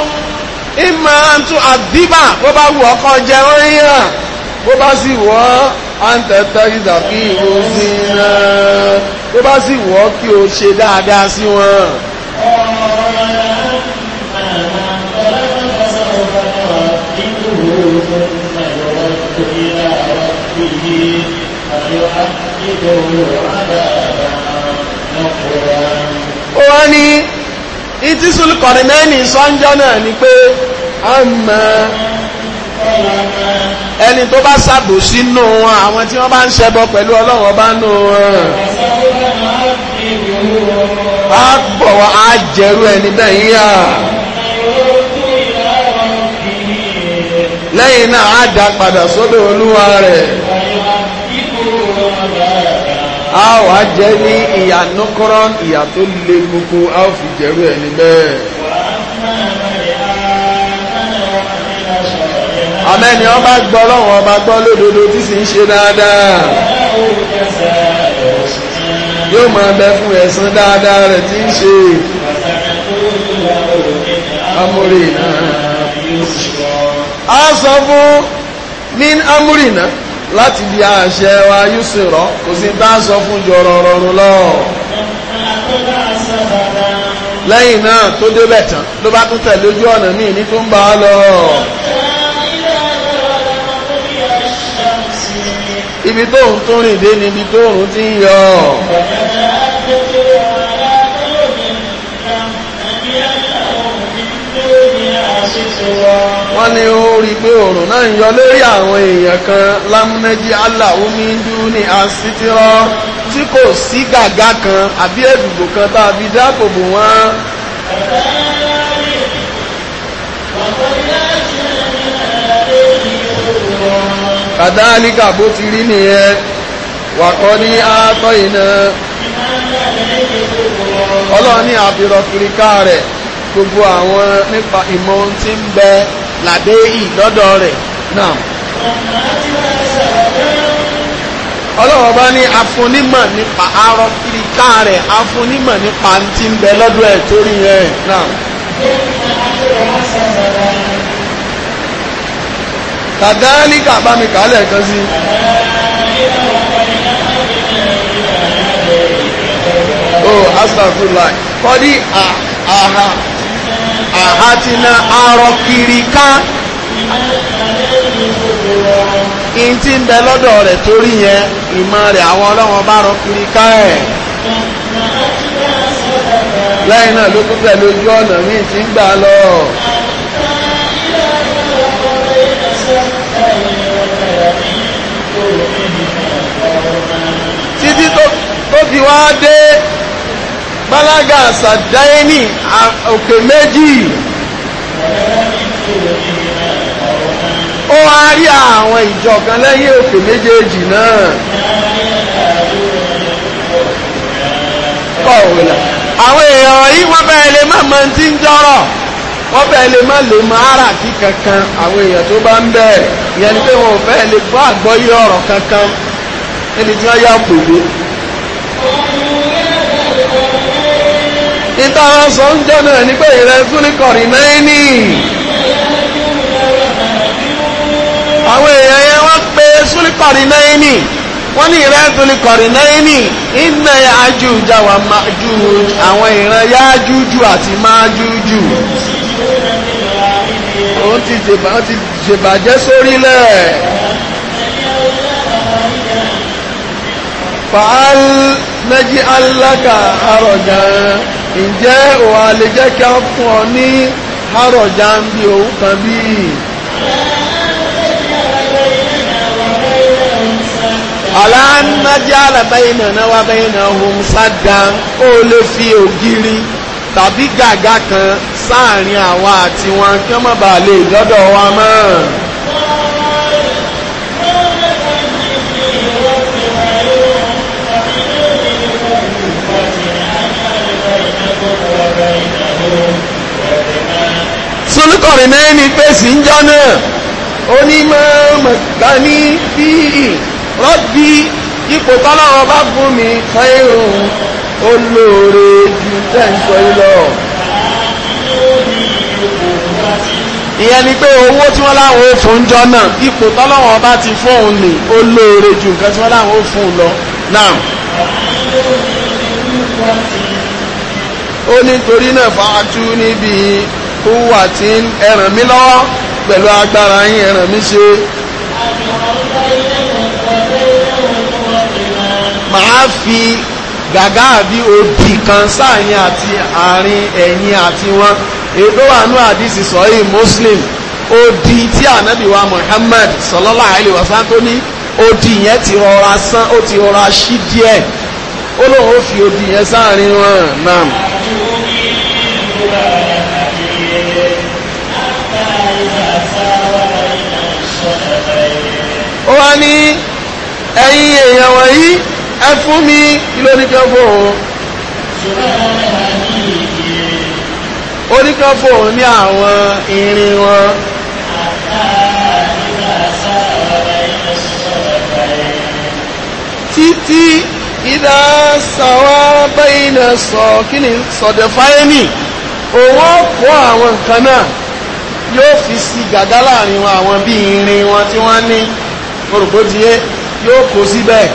Speaker 2: ìmọ̀ àǹtú àdìbà bó bá wù ọkọ̀ jẹ́ orí bó bá sì wọ́ àǹtẹ̀tẹ̀ ìdàkí òsì náà tó bá sì wọ́ kí o ṣe dáadáa sí wọn. ó wá ní ìtísùlù kọ̀rìmẹ́nì sọ́njọ́ náà ni pé a mọ̀ ẹni tó bá ṣàbòsí nù wọn àwọn tí wọ́n bá ń ṣẹbọ pẹ̀lú Ọlọ́run bá nù wọn á bọ̀ wá á jẹ́rú ẹni bẹ́ẹ̀ yá. lẹ́yìn náà á dá padà sọ́dọ̀ olúwa rẹ̀ a wà jẹ́ ní ìyà nọ́kọ́rọ́ ìyà tó le gbogbo a ó fi jẹ́rú ẹni bẹ́ẹ̀. àmẹ́ni ọba gbọ́ lọ́wọ́ ọba gbọ́ lódodo tí sì ń ṣe dáadáa yóò máa bẹ fún ẹ̀san dáadáa rẹ̀ tí ń ṣe amúrìnà a sọ fún ní amúrìnà láti di àṣẹ wa yusrọ kò sí bá a sọ fún jọrọ rọrùn lọ lẹ́yìn náà tó débẹ̀ tán ló bá tún tẹ̀lé ojú ọ̀nà míì ní tó ń bá a lọ. ibi tó ń tún rìn dé ni ibi tó ń ti ń yọ. wọ́n ní ó rí pé òòrùn náà ń yọ lórí àwọn èèyàn kan lámúnẹ́jì aláwo ní dúní tí kò sí gàgá kan àbí ẹ̀dùgbò kan tá a fi dáàbò bò wọ́n. kàdáàlíkà bó ti rí nìyẹn wàkọ́ ní ààtọ́ iná ọlọ́ọ̀ni àbírọ̀ kiri ká rẹ̀ gbogbo àwọn nípa ìmọ̀ ohun tí ń bẹ làbẹ́yì lọ́dọ̀ rẹ̀ náà. ọlọ́wọ́ bá ní afunímọ̀ nípa arọ kiri ká rẹ̀ afunímọ̀ nípa ti ń bẹ lọ́dọ̀ ẹ̀ torí rẹ̀ náà. kàdáníkà bá mi kàálẹ̀ kan sí. oh astagfirullah kọ́dí àhà. Ah, àhátíná arọ kiri ká in ti bẹ lọdọ rẹ torí yẹn ìmọ̀ rẹ̀ àwọn ọlọ́wọ́n bá rọ kiri ká ẹ̀ lẹ́yìn náà ló tún pẹ̀lú ojú ọ̀nà mi ti ń gbà lọ. títí tó fi wá dé bálágà sàdáyéní òkè méjì ó wá rí àwọn ìjọ kan lẹ́yìn òkè méjèèjì náà kọ̀ òwìnà àwọn èèyàn yìí wọ́n bẹ̀rẹ̀ lè má mọ tí ń jọ́rọ̀ wọ́n bẹ̀rẹ̀ lè má lè mọ ara kí kankan àwọn èèyàn tó bá ń bẹ̀ ìyẹn ni pé wọn fẹ́ lè gbọ́ àgbọ́yé ọ̀rọ̀ kankan ẹni tí wọ́n yá pèlú. ìtara sọ ń jọ náà ní pé ìrẹ́ súnìkọ̀rì mẹ́ni àwọn èèyàn yẹn wọ́n pe súnìkọ̀rì mẹ́ni wọ́n ní ìrẹ́ súnìkọ̀rì mẹ́ni iná ajújà wà máa ju àwọn ìran yájújú àti máa jújù òun ti ṣèbàjẹ́ sórílẹ̀ fàál mẹ́jì alága àrọ̀jà ǹjẹ́ òun àlè jẹ́ kí a fún ọ ní àròjà ń bi òun kan bí. aláǹnájà alábẹ́yìnà náà wá bẹ́yìnà òun sága ó lè fi ògiri tàbí gàgà kan sáàrin àwa àti wọn kí wọ́n bàa lè dọ́dọ̀ wa mọ́. kọ̀rin mẹ́rin fèsì ń jọ náà ó ní mọ̀ọ́mọ̀ta ní bíi rọ́bì ipò tọ́lọ́wọ́ bá fún mi fẹ́ràn olóore ju tẹ́ǹsọ ilọ̀ ìyẹn ni pé owó tí wọ́n láwọn ó fún jọ náà ipò tọ́lọ́wọ́ bá ti fún òun ní olóore ju nǹkan tí wọ́n láwọn ó fún un lọ náà ó nítorí náà fàájú níbi kúwà tí ẹ ràn mí lọ́wọ́ pẹ̀lú agbára yín ẹ ràn mí ṣe. màá fi gàgá àbí obì kan sáàyìn àti àárín ẹ̀yìn àti wọn èdò àánú àdìsí sọ́yì Muslim odi tí ànábì wa Muhammad sallallahu alaihi wasallam tó ní odi yẹn ti rọra sán ó ti rọra ṣí díẹ̀ ó lóun ó fi odi yẹn sáàrin wọn náà. ní ẹ̀yin èèyàn wọ̀nyí ẹ fún mi lóníkan fún òun oníkan fún òun ní àwọn irin wọn. títí ìdá sàwá bẹ́yìn náà sọ kí ni sọ̀dẹ̀fáyẹ́nì owó kó àwọn nǹkan náà yóò fi sí gàgá láàrin àwọn bíi irin wọn tí wọ́n ní orùpó ti yé yóò kó síbẹ̀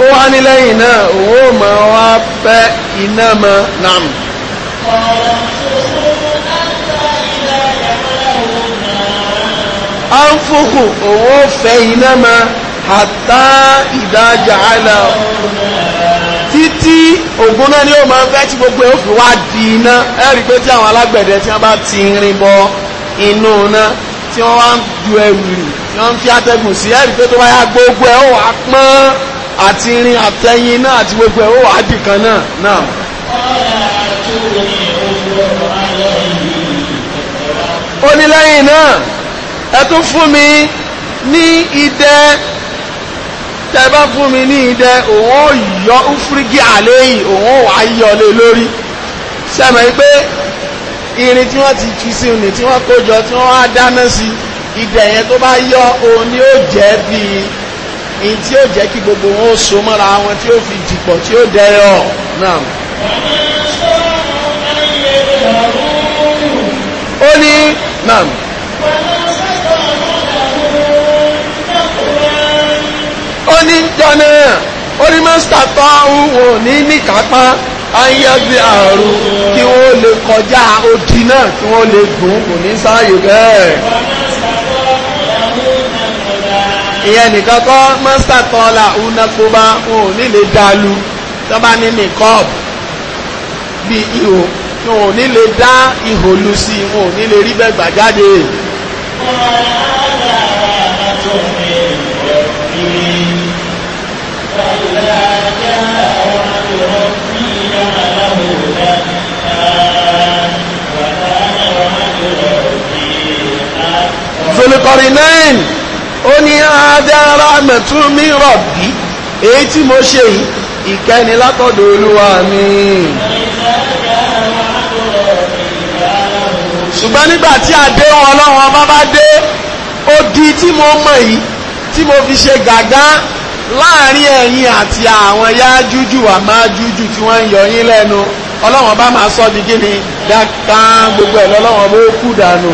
Speaker 2: ó wá ní lẹ́yìn náà òun ó mọ̀ wá pẹ́ iná mọ́ nàm. anfuku òun ó fẹ́ iná mọ́ àtá ìdájà àlà títí ògùn náà ni ó máa ń fẹ́ tí gbogbo ẹ̀ ó fi wá di iná ẹ rí i pé tí àwọn alágbẹ̀dẹ tí wọ́n bá ti rin bọ inú iná tí wọ́n wá ju ẹrù rì ni wọ́n fi atẹ́gùn sí ẹ̀rí pé tó bá yá gbogbo ẹ̀ ó wà pọ́n àti irin àtẹ̀yìn náà àti gbogbo ẹ̀ ó wà á kan náà náà. ó náà ẹ tún fún mi ní idẹ tẹ bá fún mi ní idẹ òun ó yọ ufurigi àléyìn òun ó wàá yọ lórí sẹ́mi pé irin tí wọ́n ti tu sí ni tí wọ́n kó jọ tí wọ́n á dáná sí i ibẹ̀ yẹn tó bá yọ òun ni ó jẹ́ bíi in tí ó jẹ́ kí gbogbo wọn ó so mọ́ra wọn tí ó fi dìpọ̀ tí ó dẹyọ náà. ó ní náà. ó ní jọ́nà ó ní mọ́sítà tó ń wò ní níkápá ayẹ́bí àrùn kí wọ́n lè kọjá odi náà kí wọ́n lè gùn ní sáàyè bẹ́ẹ̀ ìyẹn nìkan kọ́ mọ́sà tọ́lá unakoba wọn ò ní lè dàlú tó bá bí ihò wọn ò ní dá ihò lu sí wọn ò ní rí bẹ́ẹ̀ gbà jáde. Zolikọrinain ó ní adára mẹ̀túnmí rọ̀bí èyí tí mo ṣe yìí ìkẹ́ni látọ̀dọ̀ olúwa mi ṣùgbọ́n nígbà tí àdéhùn ọlọ́run ọba bá dé odi tí mo mọ̀ yìí tí mo fi ṣe gàgá láàrin ẹ̀yin àti àwọn yájújù àmájújù tí wọ́n ń yọ yín lẹ́nu ọlọ́run ọba máa sọ di gíní dáká gbogbo ẹ̀ lọ́lọ́run ọba ó kú dànù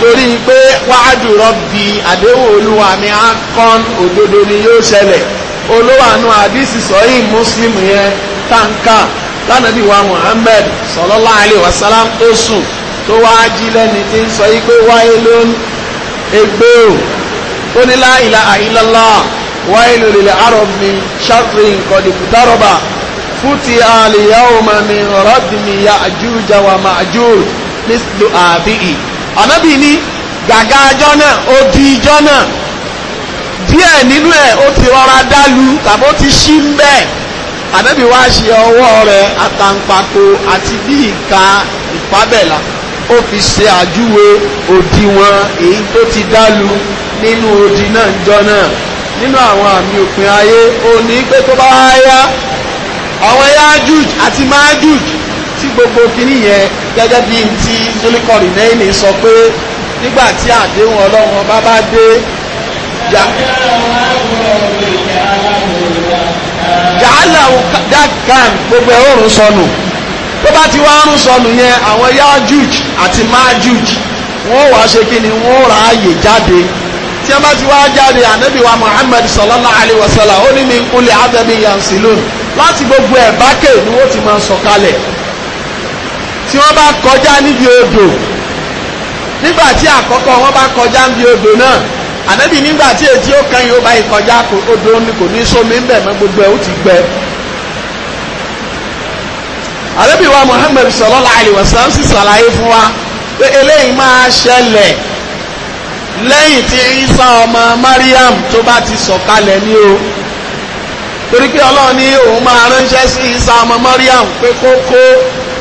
Speaker 2: torí pé wáàdù rọ́bì àdéhùn olúwa mi á kán òdodo ni yóò ṣẹlẹ̀ olówàánú àdìsí sọ́yìn muslim yẹn táǹkà lánàbí wa muhammed sọlọ́lá alẹ́ wasalam tó sùn tó wáá jí lẹ́ni tí ń sọ yí pé wáyé ló ń egbé o ó ní la ilaha illallah wáyé lórí ilẹ̀ arab mi ṣàtúrì nǹkan dìbùtárọ̀bà fúti àlìyáwó mami rọ́bì mi yá àjújà wa màjúr nílùú àbíyì ànábì ní gàgà ọjọ́ náà odi ọjọ́ náà díẹ̀ nínú ẹ̀ ó ti rọra dálu tàbí ó ti ṣí ń bẹ́ẹ̀ ànábì wá ṣe ọwọ́ rẹ̀ àtàǹpàkò àti bí ìka ìpábẹ̀là ó fi ṣe àjúwe òdiwọ̀n èyí tó ti dálu nínú odi náà jọ náà nínú àwọn àmì òpin ayé ó pé tó bá yá àwọn Yájùj àti Májùj tí gbogbo kìíní yẹn gẹ́gẹ́ bí ti zulikọ̀rì nẹ́ẹ̀nì sọ pé nígbà tí àdéhùn ọlọ́run bá bá dé yàhálà dàgàm gbogbo ẹ̀rọ̀rùn sọnù tó bá ti wá rún sọnù yẹn àwọn Yájùj àti Májùj wọ́n wàá ṣe kí ni wọ́n ráàyè jáde tí wọ́n bá ti wá jáde ànábì wa Muhammad sallallahu alayhi wa sallam ó ní ní kulli adami yansilun láti gbogbo ẹ̀ bákè ni wọ́n ti máa sọ̀kalẹ̀ tí wọ́n bá kọjá níbi odò nígbà tí àkọ́kọ́ wọ́n bá kọjá níbi odò náà ànábì nígbà tí èjì ó kàn yín ó bá yín kọjá odò ni kò ní sómi ń bẹ̀ mọ́ gbogbo ẹ̀ ó ti gbẹ. ànábì wa Muhammad sallallahu alaihi wasallam sì ṣàlàyé fún wa pé eléyìí máa ṣẹlẹ̀ lẹ́yìn tí Isa ọmọ Mariam tó bá ti sọ̀kalẹ̀ ní o torí pé ọlọ́run òun máa ránṣẹ́ sí Isa ọmọ Mariam pé kó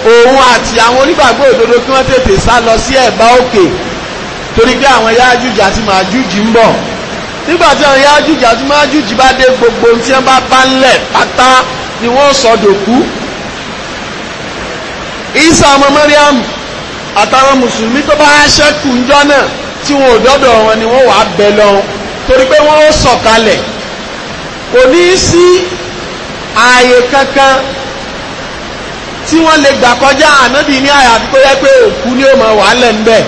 Speaker 2: òun àti àwọn onígbàgbọ́ òdodo kí wọ́n tètè sá lọ sí ẹ̀bá òkè torí pé àwọn Yájújù àti Májújù ń bọ̀ nígbà tí àwọn Yájújù àti Májújù bá dé gbogbo tí wọ́n bá bá ńlẹ̀ pátá ni wọ́n sọ dòkú Isa ọmọ Mariam àtàwọn mùsùlùmí tó bá ṣẹ́kù ńjọ́ náà tí wọn ò dọ́dọ̀ wọn ni wọ́n wàá bẹ lọ torí pé wọ́n sọ̀kalẹ̀ kò ní sí ààyè kankan tí wọ́n lè gbà kọjá ànábì ní àyàfi tó yẹ pé òkú ni ó mọ wàhálẹ̀ ń bẹ̀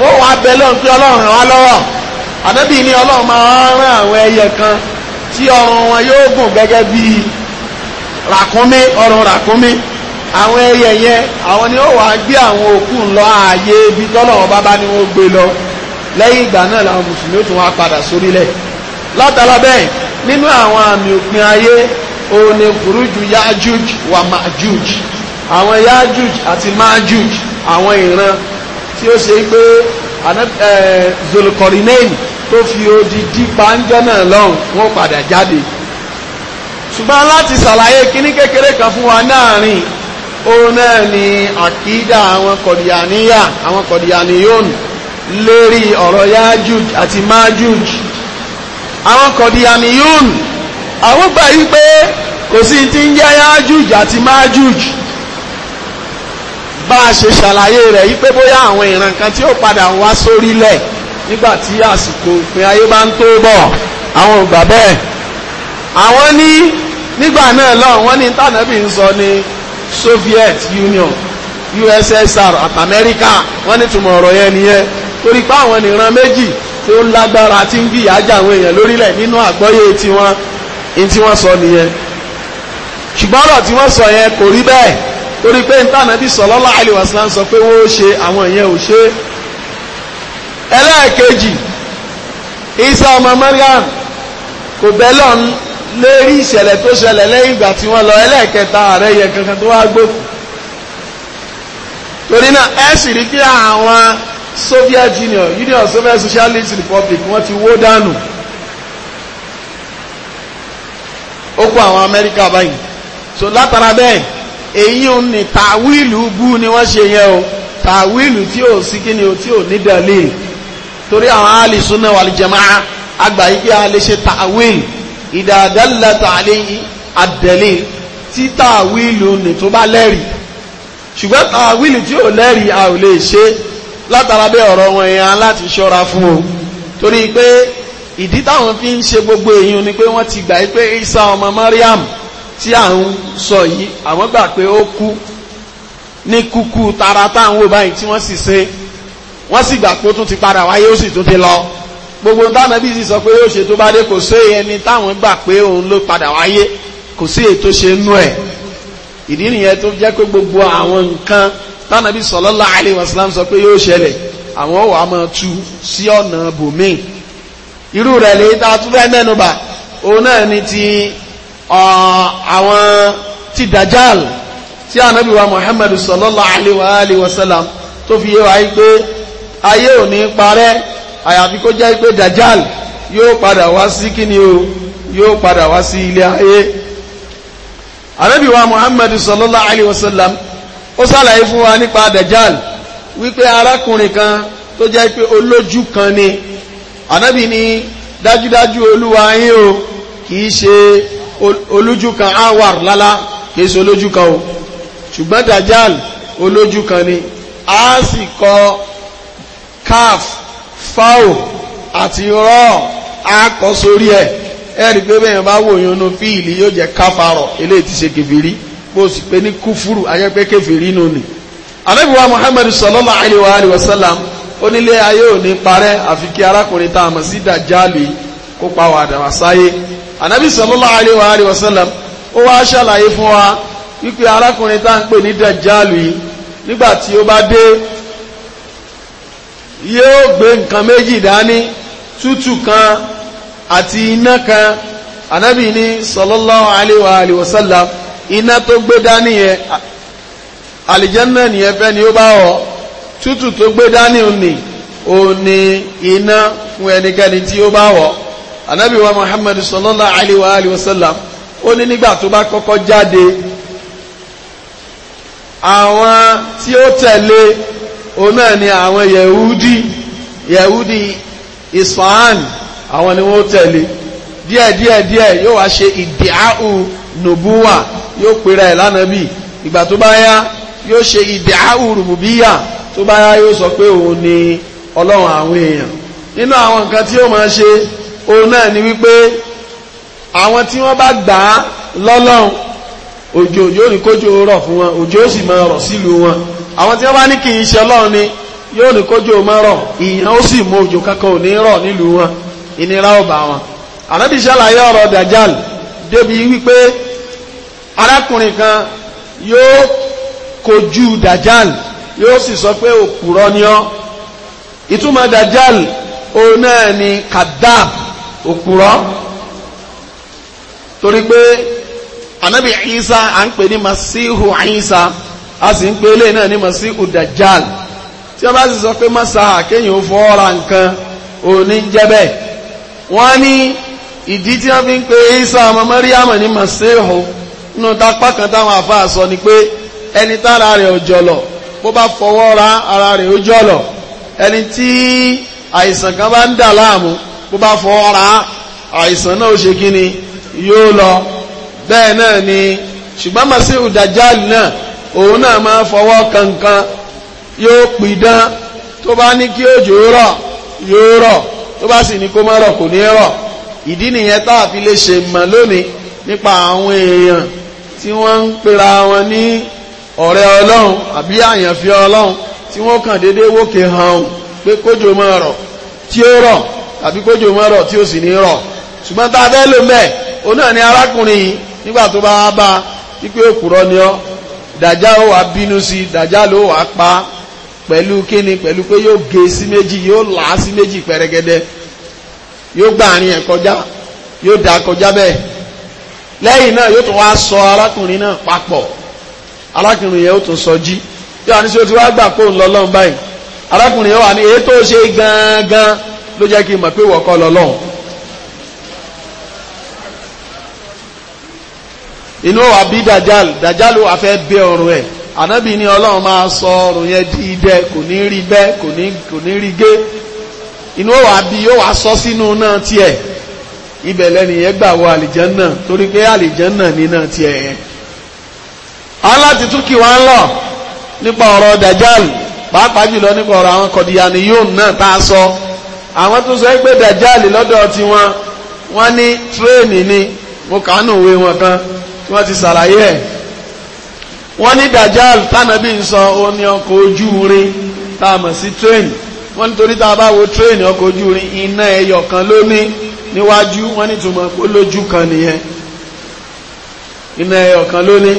Speaker 2: wọ́n wàá bẹ lọ́run pé ọlọ́run ràn wá lọ́wọ́ ànábì ní ọlọ́run máa rán àwọn ẹyẹ kan tí ọrùn wọn yóò gùn gẹ́gẹ́ bí ràkúnmí ọrùn ràkúnmí àwọn ẹyẹ yẹn àwọn ni ó wàá gbé àwọn òkú ńlọ ààyè ibi tọ́lọ́run bàbá ni wọ́n gbé lọ lẹ́yìn ìgbà náà làwọn mùsùlùmí ó tún wá padà sórílẹ̀ látara bẹ́ẹ̀ nínú àwọn àmì òpin ayé òun ni kùrújù yájúj wà májúj àwọn yájúj àti májúj àwọn ìran tí ó ṣe pé zolokọrinẹ́yìn tó fi odidi pàǹjọ́ náà lọ́hùn wọ́n padà jáde ṣùgbọ́n láti ṣàlàyé kíní kékeré kan fún wa náàrin òun náà ni àkídà àwọn kọ̀dìyàníyà àwọn kọ̀dìyàníyónù lérí ọ̀rọ̀ yájúj àti májúj àwọn kọ̀dìyàníyónù àwọn gbà yí pé kò sí ti ń jẹ́ yájúj àti májúj bá a ṣe ṣàlàyé rẹ̀ yí pé bóyá àwọn ìran kan tí ó padà wá sórílẹ̀ nígbà tí àsìkò òpin ayé bá ń tó bọ̀ àwọn ògbà bẹ́ẹ̀ àwọn ní nígbà náà lọ́wọ́ wọ́n ní tànàbí ń sọ ní Soviet Union USSR àti America wọ́n ní túmọ̀ ọ̀rọ̀ yẹn nìyẹn torí pé àwọn ìran méjì tí ó lágbára tí ń gbìyànjú àwọn èèyàn lórílẹ̀ nínú àgbọ́yé tiwọn ní tí wọ́n sọ nìyẹn ṣùgbọ́n ọ̀rọ̀ tí wọ́n sọ yẹn kò rí bẹ́ẹ̀ torí pé ní tànàbí sallallahu alaihi wasallam sọ pé wọ́n ó ṣe àwọn ìyẹn ò ṣe ẹlẹ́ẹ̀kejì Isa ọmọ Mariam kò bẹ́lọ̀ ń lérí ìṣẹ̀lẹ̀ tó ṣẹlẹ̀ lẹ́yìn ìgbà tí wọ́n lọ ẹlẹ́ẹ̀kẹta ààrẹ yẹn kankan tó wá gbòkù torí náà ẹ sì rí pé àwọn Soviet Union Union Soviet Socialist Republic wọ́n ti wó dànù ó kó àwọn amẹ́ríkà báyìí so látara bẹ́ẹ̀ èyí ò ní tàwílù bú ni wọ́n ṣe yẹn o tàwílù tí ò sí kí ni o tí ò ní dalil torí àwọn alìsúná wal jamaa agbàyí pé a lè ṣe tàwílù idha dallat alayhi ad-dalil tí tàwílù ní tó bá lẹ́rìí ṣùgbọ́n tàwílù tí ò lẹ́rìí a ò lè ṣe látara bẹ́ẹ̀ ọ̀rọ̀ wọn yẹn láti ṣọ́ra fún o torí pé ìdí táwọn fi ń ṣe gbogbo èyí ni pé wọ́n ti gbà pé Isa ọmọ Mariam tí à ń sọ yìí àwọn gbà pé ó kú ní kúkú tara táwọn wò báyìí tí wọ́n sì ṣe wọ́n sì gbà pé ó tún ti padà wáyé ó sì tún ti lọ gbogbo tánàbí sì sọ pé yóò ṣe tó bá dé kò sí ẹni táwọn gbà pé òun ló padà wáyé kò sí ètò ṣe nú ẹ̀ ìdí nìyẹn tó jẹ́ pé gbogbo àwọn nǹkan tánàbí sallallahu alaihi wasallam sọ pé yóò ṣẹlẹ̀ àwọn wà máa tú sí ọ̀nà bòmíì irú rẹ̀ lè ta tún fẹ́ mẹ́nubà òun náà ni ti àwọn ti dajjal tí ànábì wa Muhammad sallallahu alaihi wa alihi wa sallam tó fi yé wa yí pé ayé ò ní parẹ́ àyàfi kó jẹ́ pé dajjal yóò padà wá sí kíni o yóò padà wá sí ilé ayé ànábì wa Muhammad sallallahu alaihi wasallam, sallam ó sàlàyé fún wa nípa dajjal wípé arákùnrin kan tó jẹ́ pé olójú kan ni ànábì ní dájúdájú olúwa yín o kìí ṣe olójú kan awar lala kìí ṣe olójú kan o ṣùgbọ́n dajal olójú kan ni a sì kọ kaf fáwò àti rọ akọ sórí ẹ ẹ̀rí pé bẹ́ẹ̀ bá wò yín nu fíìlì yóò jẹ́ káfàrọ̀ eléyìí ti ṣe kẹfìrí bó o sì pé ní kúfúrú ayẹ́pẹ́ kẹfìrí nù ni. ànábì wa muhammadu sallallahu alayhi wa sallam onílé ayé ò ní parẹ́ àfi kí arákùnrin tá a mọ̀ sí dàjálù yìí kó pa wà dàmà sáyé ànábì sallallahu alaihi wa alihi wasallam ó wá ṣàlàyé fún wa wípé arákùnrin tá ń pè ní dàjálù yìí nígbà tí ó bá dé yóò gbé nǹkan méjì dání tútù kan àti iná kan ànábì ní sallallahu alaihi wa alihi wasallam iná tó gbé dání yẹn àlìjẹ́nnà nìyẹn fẹ́ ni ó bá wọ̀ tútù tó gbé dání òní òní iná fún ẹnikẹ́ni tí ó bá wọ̀ anábì muhammadu sallallahu alayhi wa alayhi wa sallam ó ní nígbà tó bá kọ́kọ́ jáde àwọn tí ó tẹ̀lé òun ni àwọn yẹ̀húdí yẹ̀húdí isfahan àwọn ni wọ́n tẹ̀lé díẹ̀díẹ̀díẹ̀ yóò wá ṣe ìdíáhù nùbúwà yóò pèrè ẹ̀ lánàbì ìgbà tó bá yá yóò ṣe ìdíáhù rùbùbíyà tó bá yá yóò sọ pé òun ni ọlọ́run àwọn èèyàn nínú àwọn nǹkan tí ó máa ṣe òun náà ni wípé àwọn tí wọ́n bá gbà á lọ́lọ́run òjò yóò ní kójò rọ̀ fún wọn òjò ó sì máa rọ̀ sílùú wọn àwọn tí wọ́n bá ní kì í ṣe ọlọ́run ni yóò ní kójò máa rọ̀ ìyàn ó sì mú òjò kankan ò ní rọ̀ nílùú wọn ìnira ó bá wọn ànábì ṣàlàyé ọ̀rọ̀ dajal débi wípé arákùnrin kan yóò kojú dajal yóò sì sọ pé òpùrọ́ ni ọ́ ìtumọ̀ dajjal òun náà ni kadab òpùrọ́ torí pé anabi isa à ń pè ní masihu isa a sì ń pè eléyìí náà ní masihu dajjal tí a bá sì sọ pé masa kéèyàn ó fọ́ ọ́ra nǹkan òní jẹ́bẹ̀ wọ́n ní ìdí tí wọ́n fi ń pè isa ọmọ mariam ní masihu nínú tápá kan táwọn àfáà sọ ni pé ẹni tára rẹ̀ ọ̀jọ̀lọ̀ bó bá fọwọ́ ra ara rẹ̀ ó jọ̀lọ̀ ẹni tí àìsàn kan bá ń dà láàmú bó bá fọwọ́ ra àìsàn náà ó ṣe kí ni yóò lọ bẹ́ẹ̀ náà ni ṣùgbọ́n masiu dajali náà òun náà máa fọwọ́ kankan yóò pidán tó bá ní kí òjò rọ̀ yóò rọ̀ tó bá sì ní kó má rọ̀ kò ní rọ̀ ìdí nìyẹn tá a fi lè ṣe mọ̀ lónìí nípa àwọn èèyàn tí wọ́n ń pera wọn ní ọ̀rẹ́ ọlọ́run àbí àyànfẹ́ ọlọ́run tí wọ́n kàn dédé wókè hàn pé kójò máa rọ̀ tí ó rọ̀ tàbí kójò máa rọ̀ tí ó sì ní rọ̀ ṣùgbọ́n tá a fẹ́ lò mẹ́ o náà ni arákùnrin yìí nígbà tó bá wá bá wípé òkúrọ̀ ni ọ́ dàjá ó wàá bínú sí dàjá ló wàá pa pẹ̀lú kíni pẹ̀lú pé yóò gé e sí méjì yóò là á sí méjì pẹ̀rẹ̀gẹ̀dẹ̀ yóò gbà àárín ẹ̀ kọjá yóò dà kọjá bẹ́ẹ̀ lẹ́yìn náà yóò tún wá sọ arákùnrin náà papọ̀ arákùnrin yẹn ó tún sọ jí yóò wá ní sí o ti wá gbà pé òun lọ́lọ́run báyìí arákùnrin yẹn wà ní èyí tó ṣe gangan ló jẹ́ kí n mọ̀ pé wọ́kọ́ lọ́lọ́run inú wa bí dajal dajal wà fẹ́ bẹ ọrùn ẹ̀ ànábì ní ọlọ́run máa sọ ọrùn yẹn di idẹ kò ní rí bẹ́ kò ní kò ní rí gé inú wa bí yóò wá sọ sínú náà tiẹ̀ ibẹ̀ lẹ́nìyẹn gbà wọ àlìjẹ́ náà torí pé àlìjẹ́ náà ní náà tiẹ̀ yẹn àwọn láti tún kì wá ń lọ nípa ọ̀rọ̀ dajal pàápàá jùlọ nípa ọ̀rọ̀ àwọn kọ̀dìyàní yóò náà tá a sọ àwọn tó sọ pé dajal lọ́dọ̀ tiwọn wọ́n ní tírèènì ni mo kàánù òwe wọn kan tí wọ́n ti ṣàlàyé ẹ̀ wọ́n ní dajali tánàbí ń sọ ó ní ọkọ̀ ojú irin tá a mọ̀ sí tírèènì wọ́n nítorí tá a bá wo tírèènì ọkọ̀ ojú irin iná ẹyọ kan ló ní níwájú wọ́n ní túmọ̀ pé lójú kan nìyẹn iná ẹyọ kan ló ní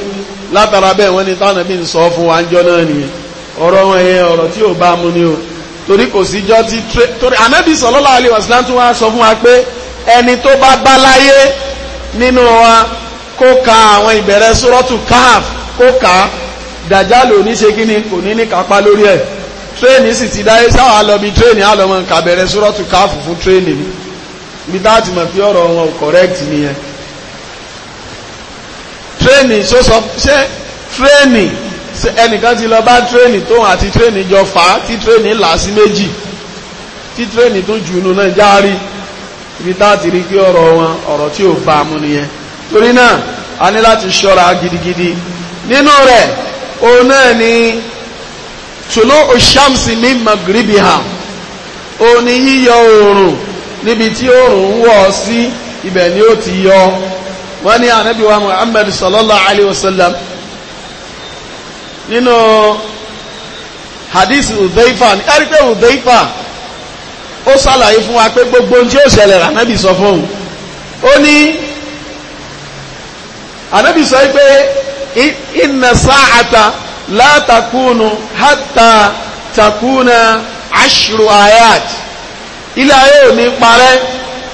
Speaker 2: látara bẹ́ẹ̀ wọ́n ní tánà bí ń sọ fún wa ń jọ náà nìyẹn ọ̀rọ̀ wọn yẹn ọ̀rọ̀ tí ò bá mu ni o torí kò síjọ́ tí torí anábì sallallahu alaihi wasallam tún wá sọ fún wa pé ẹni tó bá bá láyé nínú wa kó ka àwọn ìbẹ̀rẹ̀ sórọ́tù káàf kó ka dàjálò oníṣe kí ni kò ní ní kápá lórí ẹ̀ tréènì sì ti dáyé sáwà lọ bí tréènì àlọ́mọ kàbẹ̀rẹ̀ sórọ́tù káàf fún tréènì ni bí táàtì mọ̀ pé ọ̀rọ̀ wọn kọ̀rẹ́ẹ̀tì nìyẹn tréènì ṣó sọ ṣé tréènì ẹnìkan ti lọ bá tréènì tóun àti tréènì jọ fà á tí tréènì là sí méjì tí tréènì tó jù nù náà járí ibi tá a ti rí pé ọ̀rọ̀ wọn ọ̀rọ̀ tí ò bá mu nìyẹn torí náà a ní láti ṣọ́ra gidigidi nínú rẹ̀ òun náà ni tùlú òṣàmsì ní magribiha òun ni yíyọ oòrùn níbi tí oòrùn ń wọ̀ sí ibẹ̀ ni ó ti yọ wọ́n ní ànábì wa muhammad sallallahu alayhi wa sallam nínú hadith udaifa ní ẹ̀rí pé udaifa ó ṣàlàyé fún wa pé gbogbo ohun tí ó ṣẹlẹ̀ ànábì sọ fún un ó ní ànábì sọ pé inna sa'ata la takunu hatta takuna ayat ilé ayé ò ní parẹ́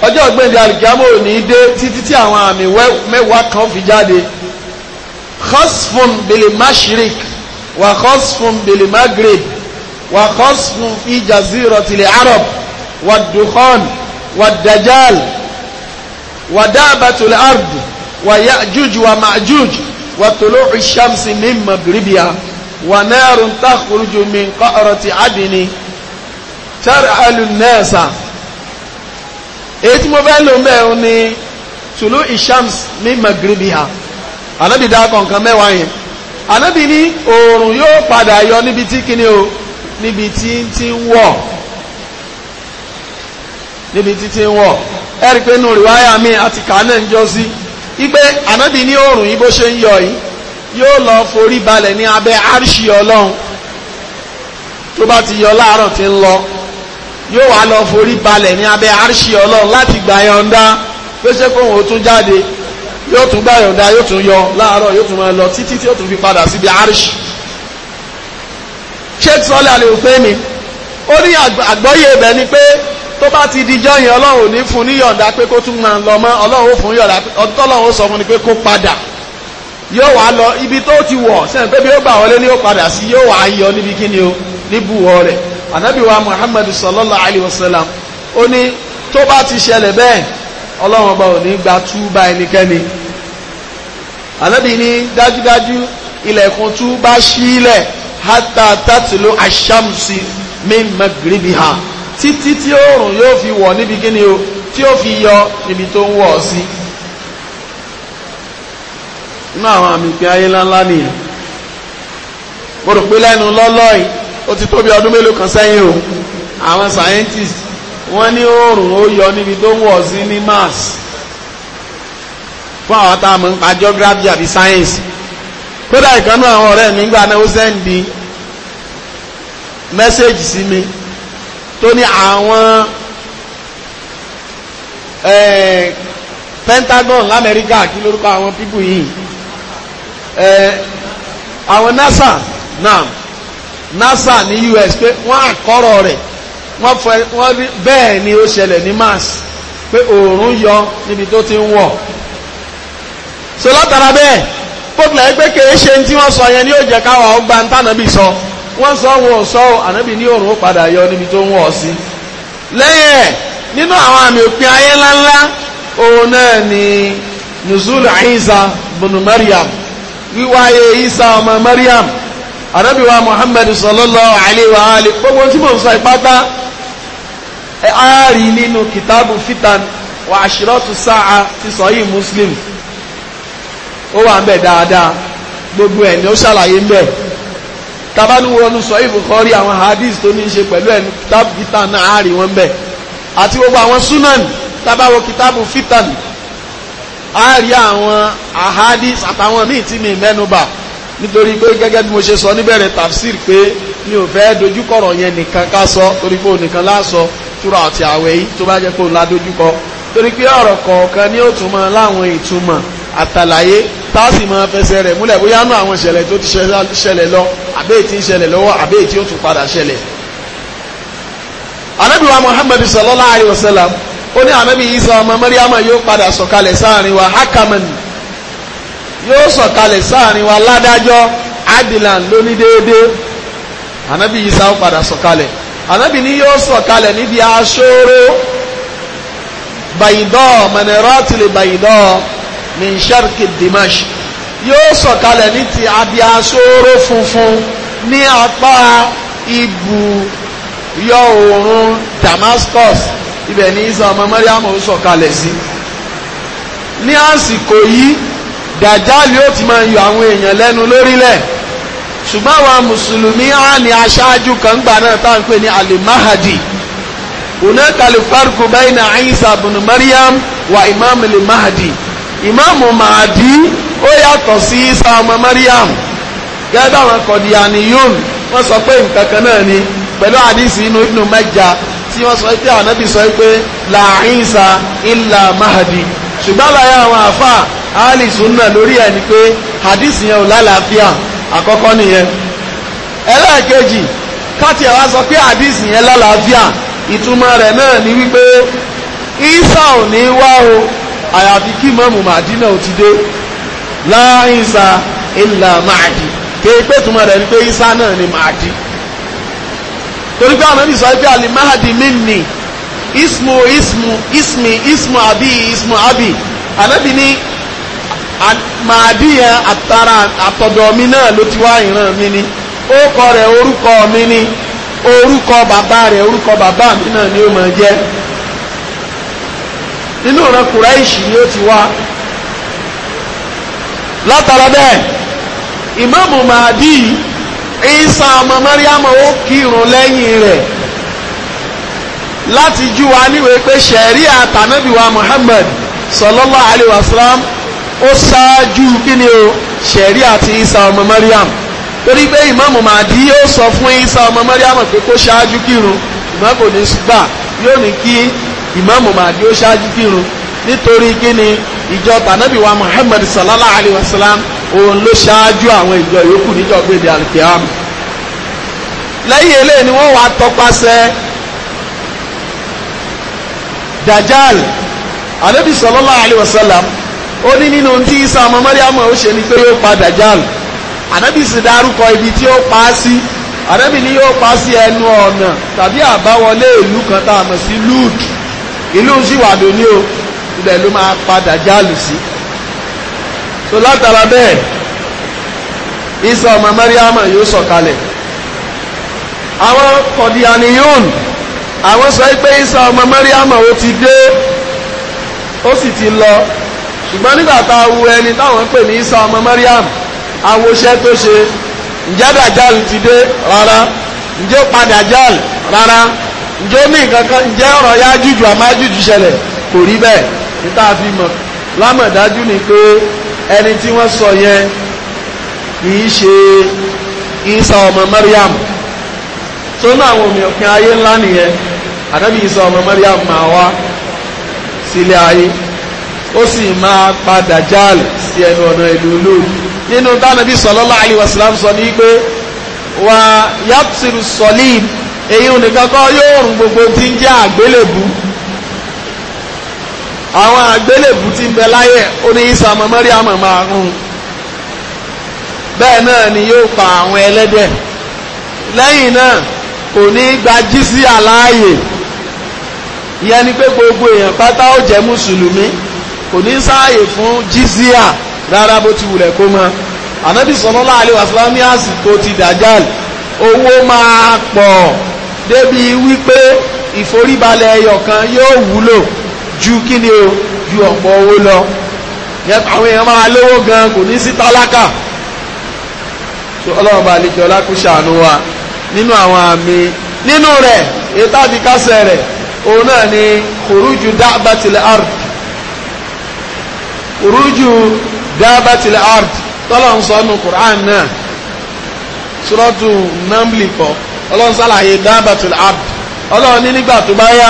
Speaker 2: ọjọ́ ọ̀gbẹ́ndì alìkíámọ́ ò ní dé títí tí àwọn àmì mẹ́wàá kan fi jáde khosfun bil mashrik wa khosfun bil maghrib wa khosfun fi jaziratil arab wa dukhan wa dajjal wa daabatul ard wa ya'juj wa ma'juj wa tulu'u shamsi min maghribiha wa narun takhruju min qa'rati adni tar'alu an-nasa èyí tí mo fẹ́ lò mẹ́ o ni tùlú ishams ní magribiha anábì dá kọ̀ọ̀kan mẹ́wàá yẹn anábì ní oòrùn yóò padà yọ níbi tí kíni o níbi tí ti ń wọ̀ níbi tí ti ń wọ̀ ẹ̀rí pé nù rìwáyà mi àti kàánẹ̀ ń jọ sí ipe anábì ní oòrùn yìí bó ṣe ń yọ yìí yóò lọ forí balẹ̀ ní abẹ́ àríṣì ọlọ́run tó bá ti yọ láàárọ̀ tí ń lọ yóò wá lọ forí balẹ̀ ní abẹ́ àrṣì ọlọ́run láti gbà yọ̀ǹda pé ṣé kóhun ó tún jáde yóò tún gbà yọ̀ǹda yóò tún yọ láàárọ̀ yóò tún máa lọ títí tí yóò tún fi padà síbi àrṣì. sheikh sọlẹ̀ àlè òpé mi ó ní àgbọ́yé ibẹ̀ ni pé tó bá ti di jọ́yìn ọlọ́run ò ní fún ní yọ̀ǹda pé kó tún máa lọ mọ́ ọlọ́run ó fún yọ̀ǹda ọdún ó sọ fún ni pé kó padà yóò wá lọ ibi tó ti wọ̀ sẹ́yìn pé bí ó gbà wọlé ni ó padà sí yóò wá yọ níbi kíni o níbùwọ̀ rẹ̀ anabi wa muhammad sallallahu alayhi wa sallam ó ní tó bá ti ṣẹlẹ̀ bẹ́ẹ̀ ọlọ́run ọba ò ní gba túbá ẹnikẹ́ni anabi ní dájúdájú ilẹ̀kùn túbá sílẹ̀ hata tatilo aṣamsi min magribiha títí tí oòrùn yóò fi wọ̀ níbi kíni o tí ó fi yọ níbi tó ń wọ̀ ọ́ sí inú àwọn àmì ìpín ayé ńláńlá nìyẹn mo rò pé lẹ́nu lọ́lọ́yìí ó ti tó bí ọdún mélòó kan sẹ́yìn o àwọn scientist wọ́n ní oòrùn ó yọ níbi tó wọ̀ sí ní mars fún àwọn tá a mọ̀ nípa geography àbí science kódà ìkànnú àwọn ọ̀rẹ́ mi nígbà náà ó sẹ́ǹdì mẹ́sẹ̀gì sí mi tó ní àwọn pentagon lamẹ́ríkà kí lórúkọ àwọn pípù yìí àwọn nasa náà. NASA ní US pé wọ́n àkọ́rọ̀ rẹ̀ wọ́n fẹ́ wọ́n rí bẹ́ẹ̀ ni ó ṣẹlẹ̀ ní Mars pé òòrùn yọ níbi tó ti ń wọ̀ so látara bẹ́ẹ̀ bókìlá ẹgbẹ́ kèé ṣe tí wọ́n sọ yẹn ní òjẹ́ káwọn ọgbà ń tànàbì sọ wọ́n sọ wọn ò sọ ànábì ní òòrùn ó padà yọ níbi tó ń wọ̀ sí lẹ́yìn ẹ̀ nínú àwọn àmì òpin ayé ńláńlá òun náà ni nùzúlù Isa bùnú Maryam wíwáyé Isa ọmọ Maryam anábìwá muhammad sallallahu alayhi wa ali gbogbo tí mo sọ ìpátá ẹ á rí nínú kìtàbù fitan wa ashiratu sa'a ti sahih muslim ó wà ń bẹ̀ dáadáa gbogbo ẹ̀ ni ó ṣàlàyé ń bẹ̀ tabalu wọnú sahih bukhari àwọn hadith tó ní í ṣe pẹ̀lú ẹnu kìtàbù fitan náà á wọn bẹ̀ àti gbogbo àwọn sunan tabawo kìtàbù fitan á àwọn ahadith àtàwọn míì tí mi mẹ́nu bà nítorí pé gẹ́gẹ́ bí mo ṣe sọ níbẹ̀rẹ̀ tafsir pé mi ò fẹ́ dojúkọ̀rọ̀ yẹn nìkan ká sọ torí pé ònìkan láàsọ túrọ̀ àti àwẹ̀ yìí tó bá jẹ́ pé òun la dojúkọ torí pé ọ̀rọ̀ kọ̀ọ̀kan ní òtúmọ̀ láwọn ìtumọ̀ àtàlàyé táàsì máa fẹsẹ̀ rẹ̀ múlẹ̀ bóyá nú àwọn ìṣẹ̀lẹ̀ tó ti ṣẹlẹ̀ lọ àbẹ́ẹ̀ tí ń ṣẹlẹ̀ lọ́wọ́ àbẹ́ẹ̀ tí ó tún padà ṣẹlẹ̀ anabi wa muhammad sallallahu alayhi wa sallam ó ní anabi isa ọmọ mariam yóò padà sọ̀kalẹ̀ sáàrin wa hakaman yóò sọ̀kalẹ̀ sáàrin wa ládájọ́ adilan lóní déédé anabi isa ó padà sọ̀kalẹ̀ anabi ni yóò sọ̀kalẹ̀ níbi aṣọ́rò bayidọ́ mẹnẹrọ́tìlì bayidọ́ min sharki dimash yóò sọ̀kalẹ̀ ní ti abi aṣọ́rò funfun ní apá ibù yọ oòrùn Damascus ibẹ̀ ní isa ọmọ mẹ́rìàmù ó sọ̀kalẹ̀ sí ní àsìkò yìí dàjálì ó ti máa yọ àwọn èèyàn lẹ́nu lórílẹ̀ ṣùgbọ́n àwọn mùsùlùmí á ní aṣáájú kan gbà náà tá à ń pè ní alimahadi unakali farku bayna isa bin maryam wa imam alimahadi ìmáàmù mahadi ó yàtọ̀ sí isa ọmọ maryam gẹ́gẹ́ bí àwọn kọ̀díyàní yóò wọ́n sọ pé nǹkan kan náà ni pẹ̀lú àdìsí inú ibnu mẹ́ja tí wọ́n sọ pé ànábì sọ pé la isa illa mahadi ṣùgbọ́n láyé àwọn àfáà áàlì súnà lórí ẹ̀ ni pé hadisi yẹn ò lálàáfíà àkọ́kọ́ nìyẹn ẹlẹ́ẹ̀kejì káti ẹ̀ wá sọ pé hadisi yẹn lálàáfíà ìtumọ̀ rẹ̀ náà ni wípé isa ò ní wá o àyàfi kí mọ́mù màdínà ò ti dé láìsa ìlà màdí kéèpé ìtumọ̀ rẹ̀ ni pé isa náà ni màdí torí pé àwọn ìsọ̀ ẹgbẹ́ àlè mahadi minni ismu ismu ismi ismu abi ismu abi ànábì ní màá bí yẹn àtàrà àtọ̀dọ̀ náà ló ti wá ìran mi ni orúkọ rẹ orúkọ mi ni orúkọ bàbá rẹ̀ orúkọ bàbá mi náà ni ó máa jẹ́ nínú ìran kùráìṣì ni ó ti wá látara bẹ́ẹ̀ ìmáàmù màdí ìsà ọmọ mẹ́ríàmù ó kírun lẹ́yìn rẹ̀ láti jú wa níwèé pé Muhammad sallallahu ó ṣáájú kíni o ṣẹ̀rí àti isa ọmọ Mariam torí pé ìmáàmù màdí yóò sọ fún isa ọmọ Mariam pé kó ṣáájú kírun ìmáàmù kò ní gbà yóò ní kí ìmáàmù màdí ó ṣáájú kírun nítorí kíni ìjọ tànábì wa Muhammad sallallahu alayhi wa sallam òun ló ṣáájú àwọn ìjọ yòókù níjọ gbèdé alikiyama lẹ́yìn eléyìí ni wọ́n wá tọpasẹ̀ Dajal anabi Salallahu alayhi wa sallam ó ní nínú tí isa ọmọ mọ́ríàmù ó ṣe ni pé yóò pa dajal ànábì sì dárúkọ ibi tí ó pa á sí ànábì ni yóò pa á sí ẹnu ọ̀nà tàbí àbáwọlé ìlú kan tá a mọ̀ sí lud ìlú sì wà lóní o ibẹ̀ ló máa pa dajal sí so látara bẹ́ẹ̀ isa ọmọ mọ́ríàmù yóò sọ̀kalẹ̀ àwọn kọ̀díàníyún àwọn sọ pé isa ọmọ mọ́ríàmù ó ti dé ó sì ti lọ ṣùgbọ́n nígbà tá a wo ẹni táwọn ń pè ní Isa ọmọ Mariam awoṣẹ́ tó ṣe ǹjẹ́ dàjálù ti dé rárá ǹjẹ́ padà rara rárá ǹjẹ́ ní nǹkan ǹjẹ́ ọ̀rọ̀ yá jújù àmá jújù ṣẹlẹ̀ kò rí bẹ́ẹ̀ níta fi mọ̀ lámọ̀dájú ni pé ẹni tí wọ́n sọ yẹn kìí Isa ọmọ Mariam tó àwọn ayé ńlá nìyẹn Mariam máa wá sílé ayé. ó sì máa padà jáàlì sí ẹnu ọ̀nà ìlú olóòlù nínú tánàbí sallallahu alaihi wasallam sọ ní pé wà yàtìrù sọlíìmù èyí nìkan kọ́ yóò rùn gbogbo tí ń jẹ́ àgbélébù àwọn àgbélébù ti ń bẹ láyé oní isa mọ́mọ́rí àmọ́ máa rún bẹ́ẹ̀ náà ni yóò pa àwọn ẹlẹ́dẹ̀ lẹ́yìn náà kò ní gba jísí àláàyè ìyẹn ni pé gbogbo èèyàn pátá ó jẹ́ mùsùlùmí kò ní sáàyè fún jizíà rárá bó ti wulẹ̀ kó mọ́ ànábì sallallahu alaihi wasallam ní àsìkò ti dàjálì owó máa pọ̀ débi wípé ìforíbalẹ̀ ẹyọ̀kan yóò wúlò ju kí ni o ju ọ̀pọ̀ owó lọ àwọn èèyàn máa lówó gan kò ní sí tálákà tó ọlọ́run bá lè kí ọlá kú ṣàánú wa nínú àwọn àmì nínú rẹ̀ ètò àbíkásẹ̀ rẹ̀ òun náà ni khuruju da'batil ard khuruju dábàtìlẹ̀ ard tọ́lọ̀ ń nù Qur'an náà suratu namli kọ́ ọlọ́run sàlàyé dábàtìlẹ̀ ard ọlọ́run ní nígbà tó bá yá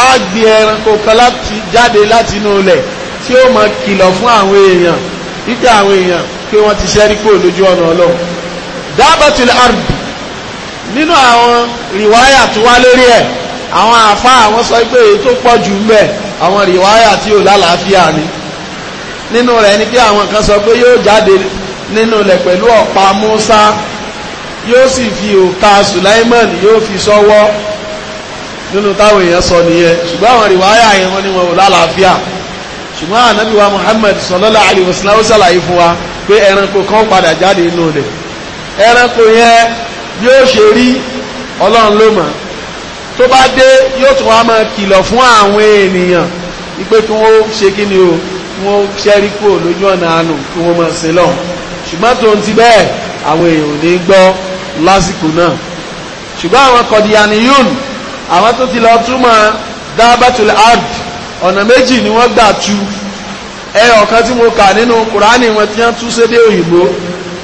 Speaker 2: á gbé ẹranko kan láti jáde láti inú ilẹ̀ tí ó máa kìlọ̀ fún àwọn èèyàn wípé àwọn èèyàn pé wọ́n ti ṣẹ́rí kúrò lójú ọ̀nà ọlọ́run dábàtìlẹ̀ ard nínú àwọn rìwáyà tó wá lórí ẹ̀ àwọn àfa àwọn sọ pé èyí tó pọ̀ jù ń bẹ àwọn rìwáyà tí ò lálàáfíà ni nínú rẹ̀ ni pé àwọn kan sọ pé yóò jáde nínú rẹ̀ pẹ̀lú ọ̀pá Musa yóò sì fi òka Sulaiman yóò fi sọ́wọ́ nínú táwọn èèyàn sọ nìyẹn ṣùgbọ́n àwọn rìwáyà yẹn wọ́n ní wọn ò lálàáfíà ṣùgbọ́n ànábì wa Muhammad sallallahu alaihi wasallam ó ṣàlàyé fún wa pé ẹranko kan padà jáde nínú rẹ̀ ẹranko yẹn yóò ṣe rí ọlọ́run ló mọ̀ tó bá dé yóò tún wá máa kìlọ̀ fún àwọn ènìyàn wípé kí wọ́n ṣe kí ni o wọ́n ṣẹ́rí kúrò lójú ọ̀nà àánú kí wọ́n máa ṣe lọ́hùn ṣùgbọ́n tó ń ti bẹ́ẹ̀ àwọn èèyàn ò ní gbọ́ lásìkò náà ṣùgbọ́n àwọn kọ̀díyàní yún àwọn tó ti lọ túmọ̀ dábàtúlẹ̀ ard ọ̀nà méjì ni wọ́n gbà tu ẹ ọ̀kan tí mo kà nínú kùránì wọn tí wọ́n tú sédé òyìnbó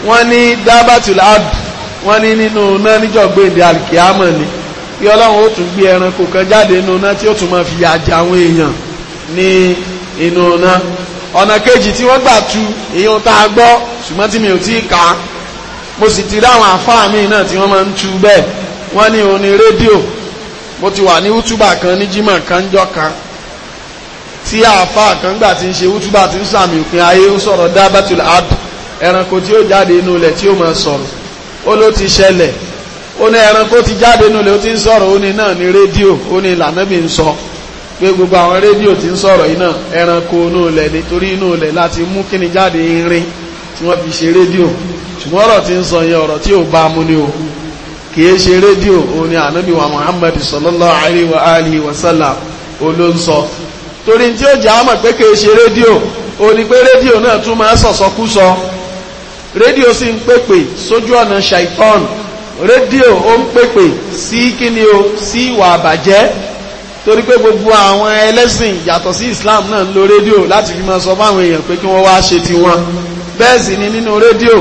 Speaker 2: wọ́n ní dábàtúlẹ̀ ard wọ́n ní nínú náà níjọ̀gbẹ́ èdè alìkíámọ̀ ni bí ọlọ́run ó tún gbé ẹranko kan jáde nínú náà tí ó tún máa fi yà àwọn èèyàn ní inú náà ọ̀nà kejì tí wọ́n gbà tu èyàn tá a gbọ́ ṣùgbọ́n tí mi ò tí ì kà á mo sì ti ráwọn àfáà mi náà tí wọ́n máa ń tu bẹ́ẹ̀ wọ́n ní òní rédíò mo ti wà ní útúbà kan ní jímọ̀ kan jọ́ kan tí àfáà kan gbà ti ń ṣe útúbà ti ń sàmì òpin ayé ó sọ̀rọ̀ dábàtúlà ad ẹranko tí ó jáde inú ilẹ̀ tí ó máa sọ̀rọ̀ ó ló ti ṣẹlẹ̀ ó ní ẹranko ti jáde inú ilẹ̀ ó ti ń sọ̀rọ̀ ó ní náà ní rédíò ó ní ìlànà bí ń sọ pé gbogbo àwọn rédíò tí ń sọ̀rọ̀ iná ẹranko inú ilẹ̀ nítorí inú ilẹ̀ láti mú kíni jáde irin tí wọ́n fi ṣe rédíò ṣùgbọ́n ọ̀rọ̀ tí ń sọ yẹn ọ̀rọ̀ tí ò bá mu ni o kìí ṣe rédíò òun ni ànábì wa Muhammad sallallahu alayhi wa alihi wa sallam olóńsọ torí tí ó jẹ́ àmọ̀ pé kìí ṣe rédíò ó ní pé rédíò náà tún máa sọ̀sọkúsọ rédíò sì ń pèpè sójú ọ̀nà ṣàìtọ́n rédíò ó ń pèpè sí kíni o sí ìwà àbàjẹ́ torí pé gbogbo àwọn ẹlẹ́sìn yàtọ̀ sí Islam náà ń lo rédíò láti fi máa sọ fáwọn èèyàn pé kí wọ́n wá ṣe ti wọn bẹ́ẹ̀ sì ni nínú rédíò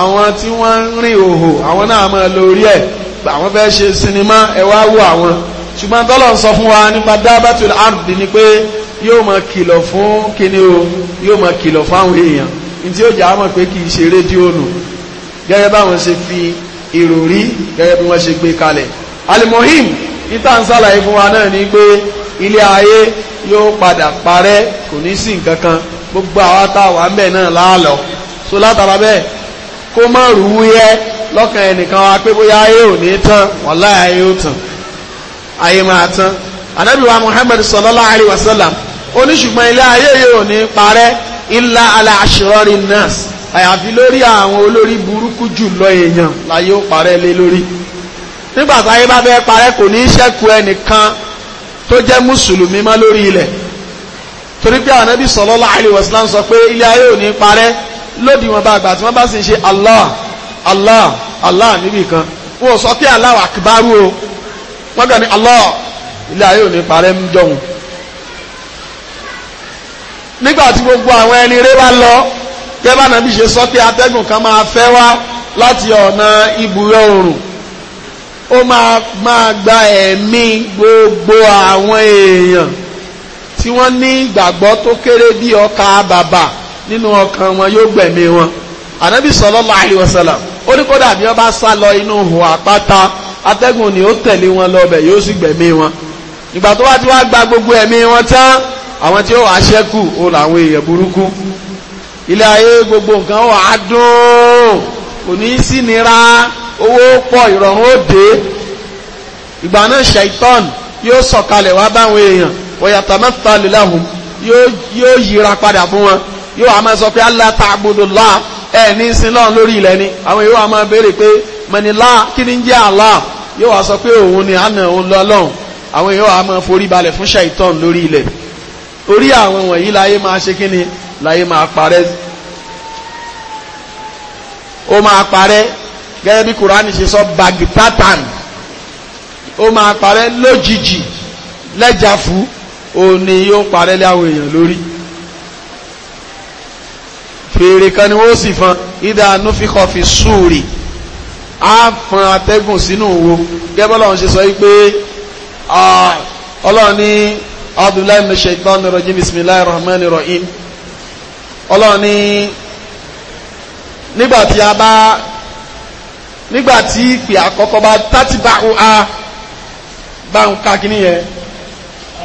Speaker 2: àwọn tí wọ́n ń rìn òhò àwọn náà máa lo orí ẹ̀ àwọn fẹ́ ṣe sinimá ẹ wá àwọn ṣùgbọ́n tọ́lọ̀ sọ fún wa nípa dábàtú ard ni pé yóò máa kìlọ̀ fún kíni o yóò máa kìlọ̀ fún àwọn èèyàn ntí ó jà á mọ̀ pé kì í ṣe rédíò nù gẹ́gẹ́ báwọn ṣe fi ìròrí gẹ́gẹ́ bí wọ́n ṣe gbé kalẹ̀ alimohim níta ń sàlàyé fún wa náà ni pé ilé ayé yóò padà parẹ́ kò ní sí nǹkan kan gbogbo àwa tá a wà ń bẹ̀ náà láàlọ́ so látara bẹ́ẹ̀ kó má rú yẹ lọ́kàn ẹnìkan wa pé bóyá ayé ò ní tán wàláhí ayé ó tán ayé máa tán ànábì wa Muhammad sallallahu alayhi wa oníṣùgbọ́n ilé ayé yóò ní parẹ́ illa ala ashrarin nas àyàfi lórí àwọn olórí burúkú jù lọ èèyàn láyé ó parẹ́ lé lórí nígbà táyé bá fẹ́ parẹ́ kò ní í ṣẹ́kù ẹnìkan tó jẹ́ mùsùlùmí mọ́ lórí ilẹ̀ torí pé ànábì sallallahu alaihi wasallam sọ pé ilé ayé ò ní parẹ́ lódì wọn bá àgbà tí wọ́n bá sì ń ṣe Allah Allah Allah níbì kan wọn ò sọ pé Allahu akbaru o wọ́n kàn ní Allah ilé ayé ò ní parẹ́ ń jọ̀hún. nígbà tí gbogbo àwọn ẹni rẹ bá lọ gẹ́gẹ́ bá ànábì ṣe sọ pé atẹ́gùn kan máa fẹ́ wá láti ọ̀nà ibùyọ oòrùn ó máa máa gba ẹ̀mí gbogbo àwọn èèyàn tí wọ́n ní ìgbàgbọ́ tó kéré bí ọkà bàbà nínú ọkàn wọn yóò gbẹ̀mí wọn ànábì sallallahu alaihi wasallam ó ní kódà bí wọ́n bá sá lọ inú ihò àpáta atẹ́gùn ni ó tẹ̀lé wọn lọ́bẹ̀ yóò sì gbẹ̀mí wọn ìgbà tó wá ti wá gba gbogbo ẹ̀mí wọn tán àwọn tí ó wàá ṣẹ́kù ó làwọn èèyàn burúkú ilé ayé gbogbo nǹkan wà dùn kò ní í sí owó pọ̀ ìrọ̀rùn ó dé ìgbà náà ṣàìtọ́n yóò sọ̀kalẹ̀ wá báwọn èèyàn wọ̀yàtà mẹ́ta lèláhùn yóò yíra padà fún wọn yóò a máa sọ pé Allah ta'budullah ẹ̀ ní sin lọ́n lórí ilẹ̀ ni àwọn yóò a máa béèrè pé mọ̀nìlá kí ni ń jẹ́ Allah yóò wá sọ pé òun ni àna òun lọ́lọ́hùn àwọn yóò a máa forí balẹ̀ fún ṣàìtọ́n lórí ilẹ̀ orí àwọn wọ̀nyí láyé máa ṣe kí ni láyé máa parẹ́ ó máa parẹ́ gẹ́gẹ́ bí kùránì ṣe sọ bagitatan ó máa parẹ́ lójijì lẹ́jàfú òun ni yóò parẹ́ lé àwọn èèyàn lórí fèrè kan ni wọ́n sì fan ìdá nufikọ̀ fi súùrì á fan atẹ́gùn sínú wo gẹ́gẹ́ bọ́lá òun ṣe sọ wípé ọlọ́run ní abdullahi ibn shaitan rajim bismillahir rahmanir rahim ọlọ́run ní nígbà tí a bá nígbà tí ìpè àkọ́kọ́ bá tátí bá ń a bá ń ka kíní yẹn.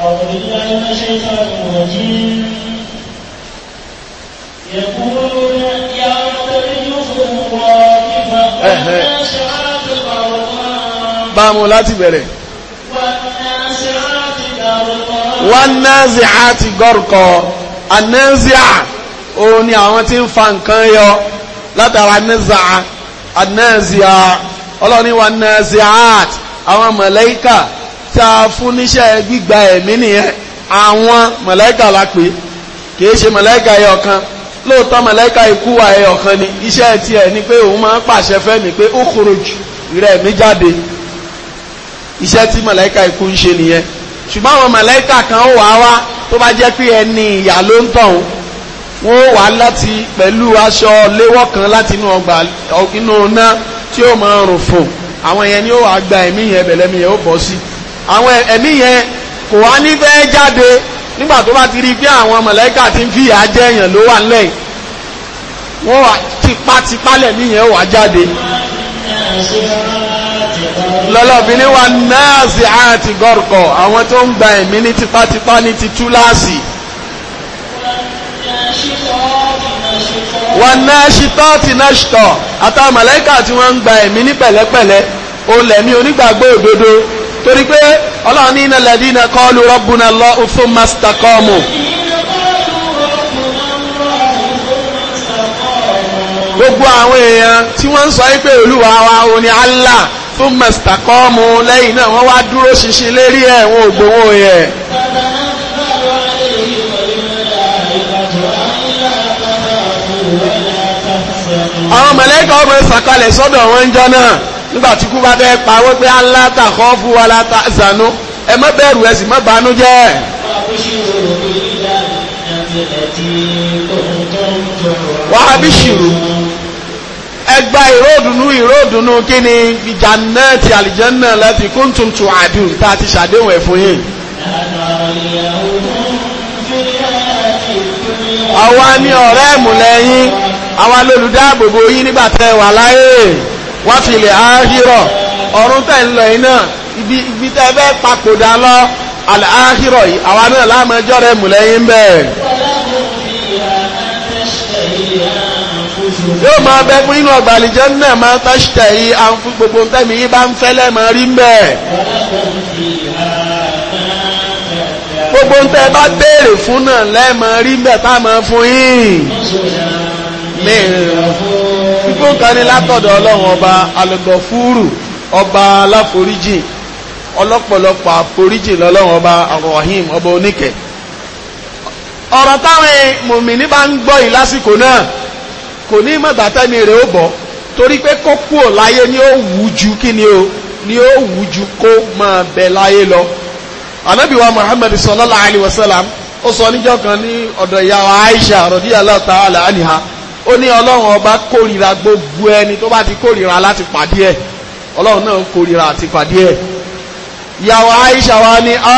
Speaker 3: àwọn ìlú ayé ṣe ń sọ̀rọ̀ wọ̀nyí yẹ̀kú yà ọ́ tẹ̀lé yóò fún á ti pàrọ̀ wọn.
Speaker 2: bá òun ni àwọn tí ń fa nǹkan yọ látara naza'a anazia ọlọ́ni wa naziat àwọn mọ̀lẹ́kà tá a fún níṣẹ́ gbígba ẹ̀mí nìyẹn àwọn mọ̀lẹ́kà la pè kìí ṣe mọ̀lẹ́kà ẹyọ kan lóòótọ́ mọ̀lẹ́kà ikú wa ẹyọ kan ni iṣẹ́ tiẹ̀ ni pé òun máa ń pàṣẹ fẹ́mi pé ó kúrò jù rẹ̀ mí jáde iṣẹ́ tí mọ̀lẹ́kà ikú ń ṣe nìyẹn ṣùgbọ́n àwọn mọ̀lẹ́kà kan ó wàá wá tó bá jẹ́ pé ẹni ìyà ló ń tọ̀hún wọ́n wà láti pẹ̀lú aṣọ léwọ́ kan láti inú ọgbà inú ọ̀nà tí ó máa rùn fò àwọn yẹn ni ó wà gba ẹ̀mí yẹn bẹ̀lẹ́mí yẹn ó bọ́ sí àwọn ẹ̀mí yẹn kò wá ní fẹ́ jáde nígbà tó bá ti rí pé àwọn mọ̀lẹ́kà ti ń fi ìyà jẹ èèyàn ló wà nílẹ̀ wọ́n wà tipátipá lẹ̀mí yẹn ó wà jáde
Speaker 3: lọ́lọ́bìnrin wa
Speaker 2: náà sí àti gọ́rùkọ̀ àwọn tó ń gba ẹ̀mí ní tipátipá ní ti túláàsì wọn náà ṣitọ́ ti náà ṣitọ́ àtàwọn mọ̀lẹ́kà tí wọ́n ń gba ẹ̀mí ní pẹ̀lẹ́pẹ̀lẹ́ olè ní onígbàgbọ́ òdodo torí pé ọlọ́run ní innal ladina qalu rabbuna Allahu thumma istaqamu.
Speaker 3: gbogbo àwọn
Speaker 2: èèyàn tí wọ́n ń sọ pé olúwa wa ò ní Allah thumma istaqamu lẹ́yìn náà wọ́n wá dúró ṣinṣin lérí ẹ̀ wọn ò gbowó yẹ. àwọn mẹ̀lẹ́kà ọmọ ìsàkalẹ̀ sọ́dọ̀ wọn ń jọ náà nígbà tí kú bá fẹ́ pa wọ́n pé aláta kọ́fù aláta zànú ẹ má bẹ̀rù ẹ sì má banú jẹ́.
Speaker 3: wàá bí ṣìrù
Speaker 2: ẹgbà ìróòdùnú ìróòdùnú kí ni jannati àlìjẹ́nà láti kúntùm àdùn tá a ti ṣàdéhùn ẹ̀ fún yín.
Speaker 3: àwa ni ọ̀rẹ́ ẹ̀mùlẹ́yìn àwa
Speaker 2: lólùdáàbòbò yín nígbà tẹ́ wà láyé wá filẹ̀ áhírọ̀ ọ̀run tẹ̀ ń lọ yìí náà ibi ibi tẹ́ fẹ́ papòdà lọ àhírọ̀ yìí àwa náà lámọjọ́ rẹ̀ mùlẹ́yìn bẹ́ẹ̀. yóò máa bẹ fún inú ọgbà náà máa tọ́ṣítẹ̀ yìí à ń fún gbogbo tẹ́mi yìí bá ń fẹ́lẹ́ mọ́ rí ń gbogbo tẹ́ bá béèrè fún náà lẹ́ẹ̀mọ́ rí ń bẹ́ẹ̀ fún yín. fífún kan ní látọ̀dọ̀ ọlọ́run ọba alẹ́gọ̀fúrù ọba aláforíjì ọlọ́pọ̀lọpọ̀ àforíjì lọ́lọ́run ọba arọ̀hìm ọba oníkẹ̀ ọ̀rọ̀ táwọn mùmíní bá ń gbọ́ yìí lásìkò náà kò ní mọ̀gbàtẹ́ni rẹ̀ ó bọ̀ torí pé láyé ni ó wù ju kí ni o ni ó wù ju kó máa bẹ láyé lọ anabiwa muhammad sallallahu alayhi wa sallam ó sọ kan ní ọ̀dọ̀ ìyá aisha ó ní ọlọ́run ọba kórìíra gbogbo ẹni tó bá ti kórìíra láti pàdé ẹ̀ ọlọ́run náà kórìíra àti pàdé ẹ̀ ìyàwó Aisha wa ní a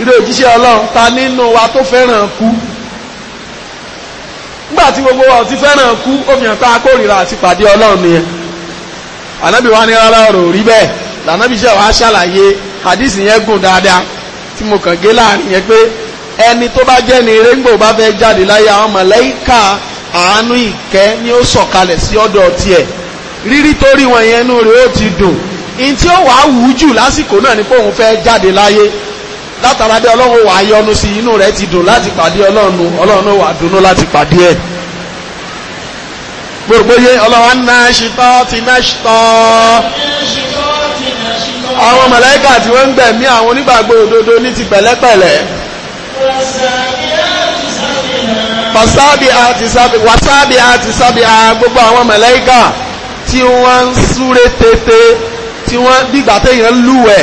Speaker 2: ilé òjíṣẹ́ ọlọ́run ta nínú wa tó fẹ́ràn kú nígbà tí gbogbo wa ti fẹ́ràn kú ó fi hàn pé a kórìíra àti pàdé ọlọ́run nìyẹn ànábì wa ní rárá ọ̀rọ̀ rí bẹ́ẹ̀ lànábì ṣe wàá ṣàlàyé hadith yẹn gùn dáadáa tí mo kàn gé láàrin yẹn pé ẹni tó bá jẹ́ ni eré bá fẹ́ jáde láyé àwọn mọ̀lẹ́kà àánú ìkẹ́ ni ó sọ̀kalẹ̀ sí ọ̀dọ̀ tiẹ̀ rírí torí wọn yẹn inú rẹ̀ ó ti dùn in tí ó wàá wù ú jù lásìkò náà ni pé òun fẹ́ jáde láyé látara dé ọlọ́run wàá yọ́nú sí inú rẹ̀ ti dùn láti pàdé ọlọ́run ọlọ́run wàá dunnú láti pàdé ẹ̀ gbogbo yé ọlọ́run náà ṣetán ti náà ṣetán
Speaker 3: àwọn mọ̀lẹ́kà tí
Speaker 2: wọ́n ń gbẹ̀mí àwọn onígbàgbọ́ òdodo ní ti pẹ̀lẹ́pẹ̀lẹ́.
Speaker 3: wọ́n
Speaker 2: Wasabi àti sábì wasabi àti sábì à gbogbo àwọn mẹ̀lẹ́kà tí wọ́n ń súré tètè tí wọ́n bígbà téèyàn lúwẹ̀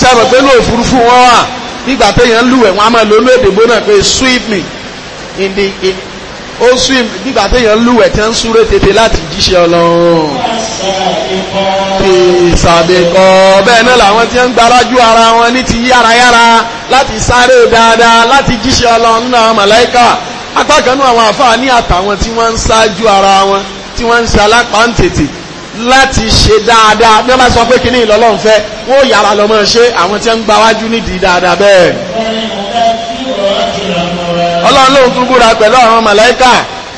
Speaker 2: sẹ́rọ̀ pé ló òfurufú wọn wà bígbà téèyàn lúwẹ̀ wọn a máa lo olú èdèbó náà pé sweep me in the in ó sweep bígbà téèyàn lúwẹ̀ tí wọ́n ń súré tètè láti jíṣẹ́ ọlọ́run fi sàbẹ̀kọ́ bẹ́ẹ̀ náà làwọn tí ń gbárájú ara wọn ní ti yárayára láti sáré dáadáa láti jíṣẹ́ ọlọ́run náà màláíkà apá kan náà àwọn àfáà ní àtàwọn tí wọ́n ń ṣáájú ara wọn tí wọ́n ń ṣe alápá ń tètè láti ṣe dáadáa bí wọ́n bá sọ pé kíní ìlọ́lọ́run fẹ́ wọ́n yára lọ́mọ ṣe àwọn tí ń gbáwájú nídìí dáadáa bẹ́ẹ̀. ọlọ́run lóun tún búra pẹ̀lú àwọn màláíkà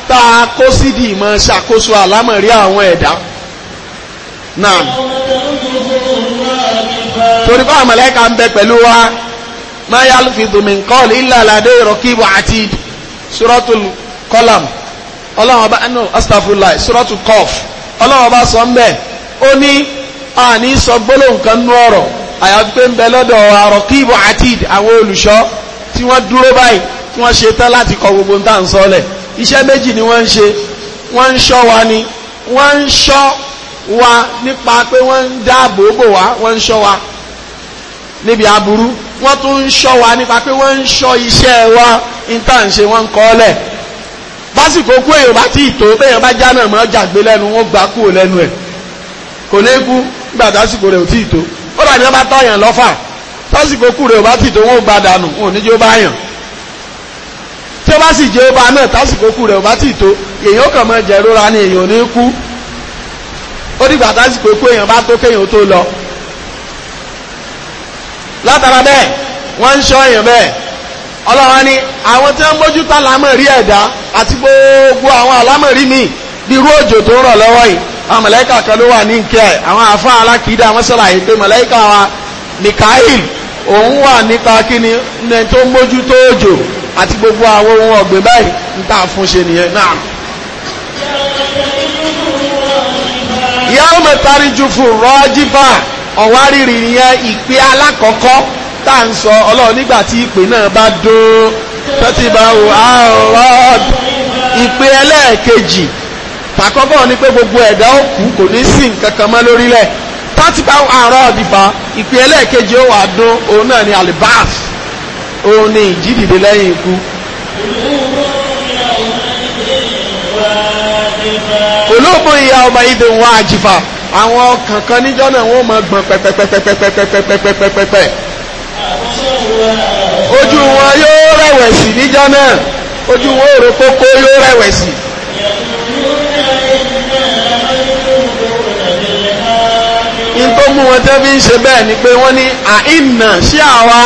Speaker 2: tá a kó sídìí mọ́ ṣàkóso àlámọ̀rí àwọn ẹ̀dá náà torí báwọn mọ̀lẹ́ka ń bẹ pẹ̀lú wa ma yalfidu min qawli illa ladayhi raqibu atid suratul qalam ọlọ́wọ́n bá ẹnu astafurulai suratul qaf ọlọ́wọ́n bá sọ ń bẹ̀ ó ní àní sọ gbólóhùn kan nú ọ̀rọ̀ àyàfi pé ń bẹ lọ́dọ̀ wa raqibu atid àwọn olùṣọ́ tí wọ́n dúró báyìí tí wọ́n ṣe tán láti kọ gbogbo nǹkan sọ́lẹ̀ iṣẹ́ méjì ni wọ́n ń ṣe wọ́n ń ṣọ́ wa ni wọ́n ń ṣọ́ wa nípa pé wọ́n ń dáàbò bò wá wọ́n ń ṣọ́ wa níbi aburú wọ́n tún ń ṣọ́ wa nípa pé wọ́n ń ṣọ́ iṣẹ́ wa níta ń ṣe wọ́n ń kọ́ lẹ̀ básìkò kú èèyàn bá tí ìtò bẹ́ẹ̀ bá já náà mọ́ jàgbé lẹ́nu wọ́n gbà kúrò lẹ́nu ẹ̀ kò ní kú nígbà tásìkò rẹ̀ ò tí ìtò ó dàbí wọ́n bá tọ̀yàn lọ́fà tásìkò kú rẹ̀ ò bá tí ìtò wọ́n gbà dànù wọn ò ní jẹ́ ó bá yàn tí ó bá sì jẹ́ ó bá náà tásìkò kú rẹ̀ ò bá tí ìtò èèyàn kàn mọ́ jẹ́ rora ni èèyàn ò ní kú o dìgbà tásìkò ikú èèyàn bá tó kéèyàn tó lọ látara bẹ́ẹ̀ wọ́n ń ṣọ́ èèyàn bẹ́ẹ̀ ọlọ́run ni àwọn tí wọ́n mójútó àlámọ̀rí ẹ̀dá àti gbogbo àwọn àlámọ̀rí míì bí irú òjò tó ń rọ̀ lọ́wọ́ yìí àwọn mọ̀lẹ́kà kan ló wà ní nkẹ́ ẹ̀ àwọn àfáà alákìídá wọ́n ṣàlàyé pé mọ̀lẹ́kà wa Mikael òun wà nípa kíni ní tó mójútó òjò gbogbo àwọn ohun ọ̀gbìn báyìí ń tà fún ṣe nìyẹn
Speaker 3: yàwó mẹ́tàrí
Speaker 2: ju fún rọ́jífà ọ̀wárìrì yẹn ìpè alákọ̀ọ́kọ́ tá à ń sọ ọlọ́run nígbà tí ìpè náà bá dó tẹ́tìbáwò àrọ́d ìpè ẹlẹ́ẹ̀kejì tàkọ́kọ́ ni pé gbogbo ẹ̀dá ó kú kò ní sí nǹkan kan mọ́ lórílẹ̀ tẹ́tìbáwò àrọ́d ìfà ìpè ẹlẹ́ẹ̀kejì ó wà dún òun náà ni alibas òun ni ìjídìde lẹ́yìn ikú. qulubun yawma idhin wajifa àwọn ọkàn kan níjọ́ náà wọ́n máa gbọ̀n pẹ́pẹ́pẹ́pẹ́pẹ́pẹ́pẹ́pẹ́pẹ́ ojú wọn yóò rẹ̀wẹ̀sì níjọ́ náà ojú wọn ò rò kókó yóò rẹ̀wẹ̀sì. in mú wọn tẹ́ fi ń ṣe bẹ́ẹ̀ ni pé wọ́n ní àìnà sí àwa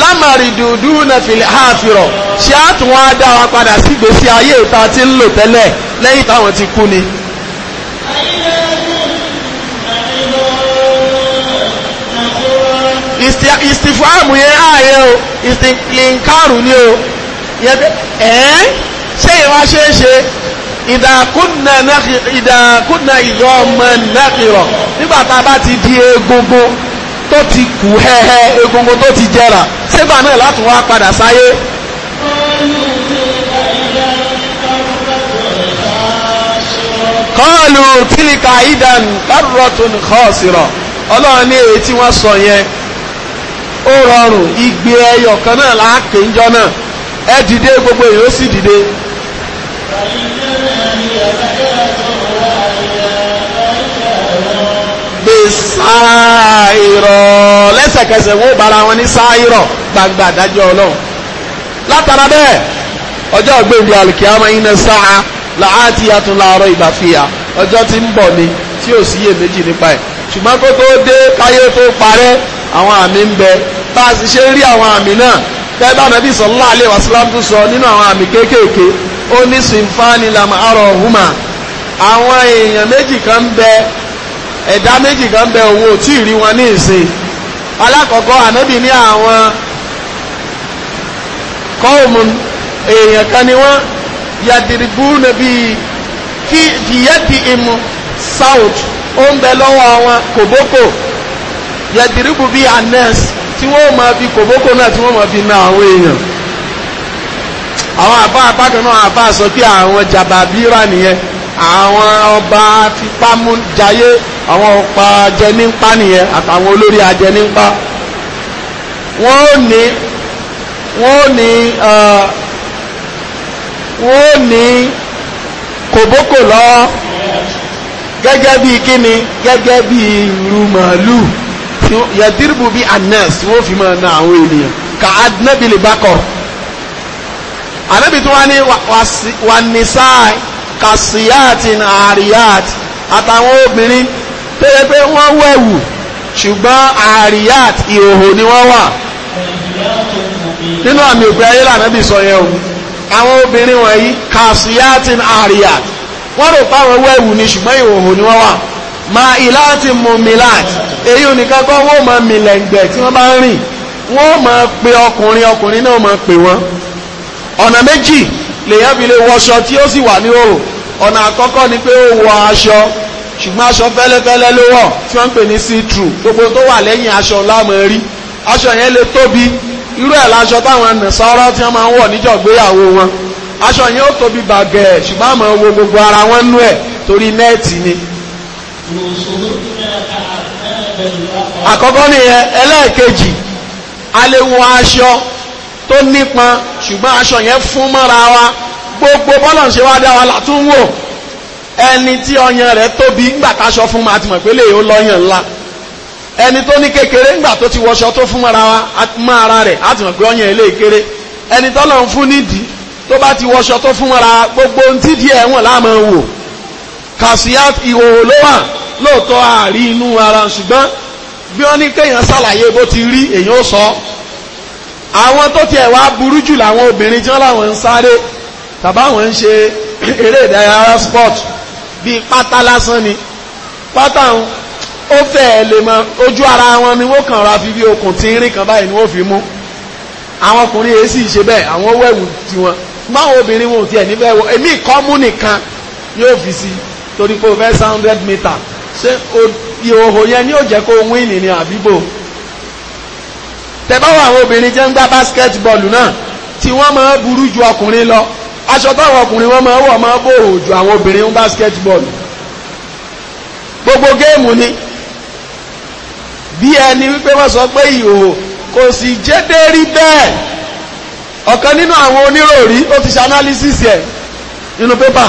Speaker 2: lámàrì dùdú náà fi hàfìrọ̀ ṣé àtúnwá dá wa padà sígbésí ayé ìta tí ń lò tẹ́lẹ̀ lẹ́yìn táwọn ti kú ni ìsìfàmù yẹn ààyè ah, o ìsìnkàrù ni o ẹ̀ẹ́n ṣé ìwá ṣe é ṣe ìdàkúnnà ìyọ́ ọmọ nàkìrọ̀ nígbà tá a bá ti di egungun tó ti kù hẹ́hẹ́ egungun tó ti jẹrà ṣégbà náà láti wá padà sáyé. kọ́ọ̀lù tílíkà ìdàn lárọ̀tún kọ́ọ̀sìrọ̀ ọlọ́run ní èyí tí wọ́n sọ yẹn ó rọrùn igbe ẹyọ kan náà láàkè ńjọ náà ẹ dìde gbogbo èyí ó sì dìde. sáàìrọ̀ lẹ́sẹ̀kẹsẹ̀ wọ́n bára wọn ní sáàìrọ̀ gbangba àdájọ́ ọlọ́run látara bẹ́ẹ̀ ọjọ́ láàtì àtún láàárọ̀ ìgbà fìyà ọjọ́ tí ń bọ̀ ni tí ò síyè méjì nípa ẹ̀ ṣùgbọ́n kó tó dé káyé tó parẹ́ àwọn àmì ń bẹ bá a sì ṣe rí àwọn àmì náà bẹ́ẹ̀ bá nàbí sọ nínú àwọn àmì kéékèèké ó ní sinfani àwọn èèyàn méjì kan bẹ ẹ̀dá méjì kan bẹ tí ì rí wọn ní ìsìn alákọ̀ọ́kọ́ ànábì yadiribu nabi fi fiyati imu saud ó ń bẹ lọ́wọ́ wọn kòbókò yadiribu bi anes tí wọ́n máa fi kòbókò náà tí wọ́n máa fi na àwọn èèyàn àwọn àbá àbákan náà àbá sọ pé àwọn jàbàbíra nìyẹn àwọn ọba fipámújayé àwọn ọ̀pá jẹnípa nìyẹn àtàwọn olórí ajẹnípa wọ́n ò ní wọ́n ò ní wọ́n ní kòbókò lọ́wọ́ gẹ́gẹ́ bí kíni gẹ́gẹ́ bí irú màálù yàtírùbù anas wọ́n fi máa na àwọn ènìyàn ka adnábìlì bákọ̀ anábì tó wá ní wà nísáà kàṣíyàtì àríyàtì àtàwọn obìnrin tó yẹ pé wọ́n wẹ̀wù ṣùgbọ́n àríyàtì ìhòhò ni wọ́n wà nínú àmì òpin ayé lànà bí sọ yẹn o àwọn obìnrin wọ̀nyí kasiyatin ariyat wọ́n rò fáwọn wẹ́wù ni ṣùgbọ́n ìhòhò ni wọ́n wà ma ìláti mumilat èyí ò ní kọ́kọ́ wọ́n ma mìlẹ̀ǹgbẹ̀ tí wọ́n bá ń rìn wọ́n ma pe ọkùnrin ọkùnrin náà ma pe wọ́n ọ̀nà méjì lèyàn fi lè wọṣọ tí ó sì wà ní òrò ọ̀nà àkọ́kọ́ ni pé ó wọ aṣọ ṣùgbọ́n aṣọ fẹ́lẹ́fẹ́lẹ́ ló wọ̀ tí wọ́n ń pè ní see-through gbogbo tó wà lẹ́yìn aṣọ láàmú rí aṣọ yẹn lè tóbi irú ẹ̀ láṣọ táwọn nẹ̀sọ́rọ́ tí wọ́n máa ń wọ̀ níjọ̀gbéyàwó wọn aṣọ yẹn ó tóbi bàgẹ́ ṣùgbọ́n àmọ́ wo gbogbo ara wọn nú ẹ̀ torí nẹ́ẹ̀tì ni.
Speaker 3: àkọ́kọ́ nìyẹn
Speaker 2: ẹlẹ́ẹ̀kejì a lè wọ aṣọ tó nípọn ṣùgbọ́n aṣọ yẹn fún mọ́ra wa gbogbo bọ́lọ̀ ń ṣe wá dá wa látún wò ẹni tí ọyàn rẹ̀ tóbi ńgbà fún ma ti mọ̀ pé lè ó lọ́yàn ńlá ẹni tó ní kékeré ńgbà tó ti wọṣọ tó fún ara wa mọ́ ara rẹ̀ á ti mọ̀ pé ọyàn ilé kéré ẹni tọ́lọ̀ ń fún nídìí tó bá ti wọṣọ tó fún ara gbogbo tí díẹ̀ wọ̀n láàmọ́ wò kàṣíyá ìhòòhò ló wà lóòótọ́ àárí inú ara ṣùgbọ́n bí wọ́n ní kéèyàn ṣàlàyé bó ti rí èyàn ó sọ àwọn tó tiẹ̀ wá burú jù làwọn obìnrin tí wọ́n láwọn ń sáré tàbá àwọn ń ṣe eré ìdárayá sport bíi pátá lásán ni pátá ó fẹ́ lè mọ ojú ara wọn ni wọ́n kàn ra fi bí okùn tí rìn kan báyìí ni wọ́n fi mú àwọn ọkùnrin yìí sì ṣe bẹ́ẹ̀ àwọn wẹ̀wù tiwọn báwọn obìnrin wọn ò tiẹ̀ níbẹ̀ wọ èmi kọ́ mú nìkan yóò fi si torí pé hundred mita ṣé ìhòòhò yẹn ni yóò jẹ́ kó win ní àbíbò tẹ̀báwọ̀ àwọn obìnrin jẹ́ ń gbá basket bọ́ọ̀lù náà tí wọ́n máa burú ju ọkùnrin lọ aṣọ táwọn ọkùnrin wọn máa wọ̀ máa ju àwọn obìnrin ń basket gbogbo géèmù ni bí ẹni wípé wọ́n sọ pé ìhòhò kò sì jẹ́ dé rí bẹ́ẹ̀ ọ̀kan nínú àwọn oníròrí ó ti ṣe analysis ẹ̀ nínú pépà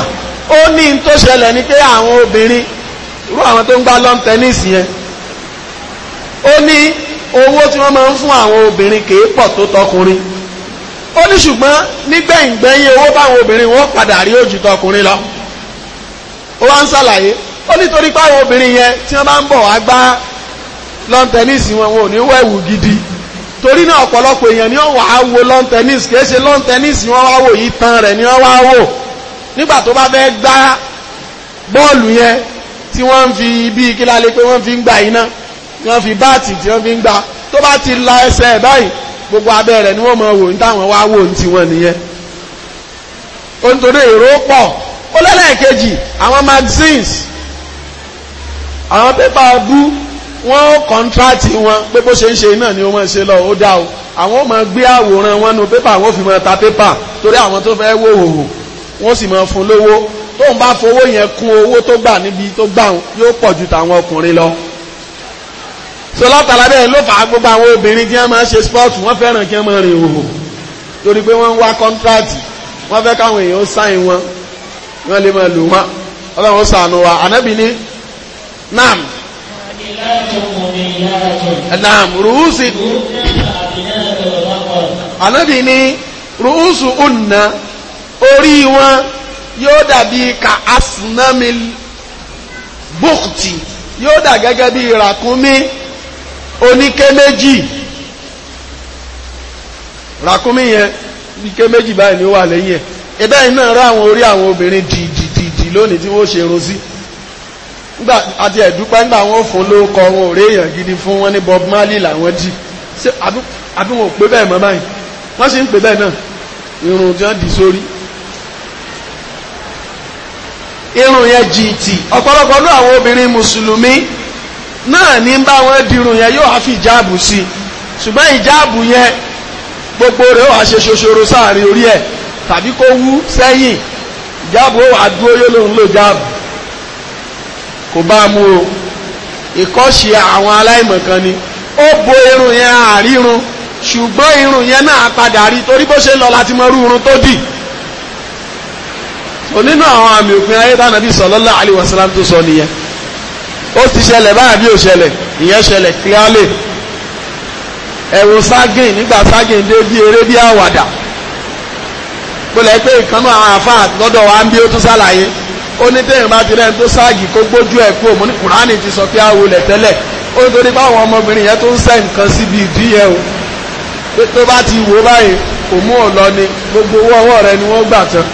Speaker 2: ó ní n tó ṣẹlẹ̀ ni pé àwọn obìnrin irú àwọn tó ń gbá lawn tennis yẹn ó ní owó tí wọ́n máa ń fún àwọn obìnrin kì í pọ̀ tó tọkùnrin ó ní ṣùgbọ́n nígbẹ̀yìngbẹ̀yìn owó báwọn obìnrin wọ́n padà rí ojú tọkùnrin lọ ó wá ń ṣàlàyé ó nítorí pé àwọn obìnrin yẹn tí wọ́n bá ń bọ̀ wá gbá lawn tennis wọn wọn ò ní wẹ̀wù gidi torí náà ọ̀pọ̀lọpọ̀ èèyàn ni wọ́n wà á wo lawn tennis kìí ṣe lawn tennis wọ́n wá wò yìí tán rẹ̀ ni wọ́n wá wò nígbà tó bá fẹ́ gbá bọ́ọ̀lù yẹn tí wọ́n ń fi bí kí lálẹ́ pé wọ́n fi ń gba iná tí wọ́n fi báàtì tí wọ́n fi ń gba tó bá ti la ẹsẹ̀ báyìí gbogbo abẹ́ rẹ̀ ni wọ́n mọ̀ wò ní táwọn wá wò ní tiwọn nìyẹn ó ń torí èrò pọ̀ ó lẹ́lẹ́kejì àwọn magazines àwọn pépà bú wọ́n kọ́ńtrátì wọn pé bó ṣe ń ṣe náà ni ó máa ṣe lọ ó dá o àwọn máa gbé àwòrán wọn nu pépà àwọn fi máa ta pépà torí àwọn tó fẹ́ wò hòhò wọ́n sì máa fún lówó tó ń bá fowó yẹn kún owó tó gbà níbi tó gbà yóò pọ̀ ju tàwọn ọkùnrin lọ so látara bẹ́ẹ̀ ló fà á gbogbo àwọn obìnrin tí wọ́n máa ṣe sport wọ́n fẹ́ràn kí wọ́n máa rìn òhò torí pé wọ́n ń wá kọ́ńtrátì wọ́n fẹ́ káwọn èèyàn sáìn wọn wọ́n lè máa lò wọ́n ọlọ́run sànù wa ànábì ní nam Naam, rùúsì. Ànábì ní rùúsù ọ̀nà orí wọn yóò dàbí ka asinami bukti yóò dà gẹ́gẹ́ bí ràkúnmí oníké méjì. Ràkúnmí yẹn ike méjì báyìí ni ó wà lẹ́yìn ẹ̀. Ìbẹ́yìn náà rá àwọn orí nígbà àti ẹ̀dúpẹ́ nígbà wọn fún lóókọ wọn ò réèyàn gidi fún wọn ní Bob Marley làwọn jì àbí wọn ò pé bẹ́ẹ̀ mọ́ báyìí wọ́n sì ń pè bẹ́ẹ̀ náà irun tí wọ́n dì sórí irun yẹn jìtì ọ̀pọ̀lọpọ̀ ní àwọn obìnrin mùsùlùmí náà ní bá wọn dirun yẹn yóò á fi ìjáàbù sí ṣùgbọ́n ìjáàbù yẹn gbogbo rẹ̀ ó wà ṣe ṣoṣoro sáàrin orí ẹ̀ tàbí kó wú sẹ́yìn ìjáàbù ó wà dúró yóò lòun lò jáàbù kò bá mú o ìkọ́ṣe àwọn aláìmọ̀kan ni ó bo irun yẹn àrírun ṣùgbọ́n irun yẹn náà padà rí torí bó ṣe lọ láti mọ irú irun tó dì onínú àwọn àmì òpin ayé tánàbí sallallahu alaihi wasallam tó sọ nìyẹn ó ti ṣẹlẹ̀ báyà bí ò ṣẹlẹ̀ ìyẹn ṣẹlẹ̀ clearly ẹ̀wù ságìn nígbà ságìn dé bí eré bí àwàdà gbọ́dọ̀ pé ìkànnà àáfàá lọ́dọ̀ wa ń bí ó tún ṣàlàyé ó ní tẹ́yìn bá ti rẹ́ni tó sáàyè kó gbójú ẹ̀ kú òmù ní kùránì ti sọ pé àwọn olè tẹ́lẹ̀ ó ń torí báwọn ọmọbìnrin yẹn tó ń sẹ́ nǹkan síbi ìdí yẹn o pé tó bá ti wò báyìí òmù ọ̀lọ́ ni gbogbo owó ọwọ́ rẹ ni wọ́n gbà tán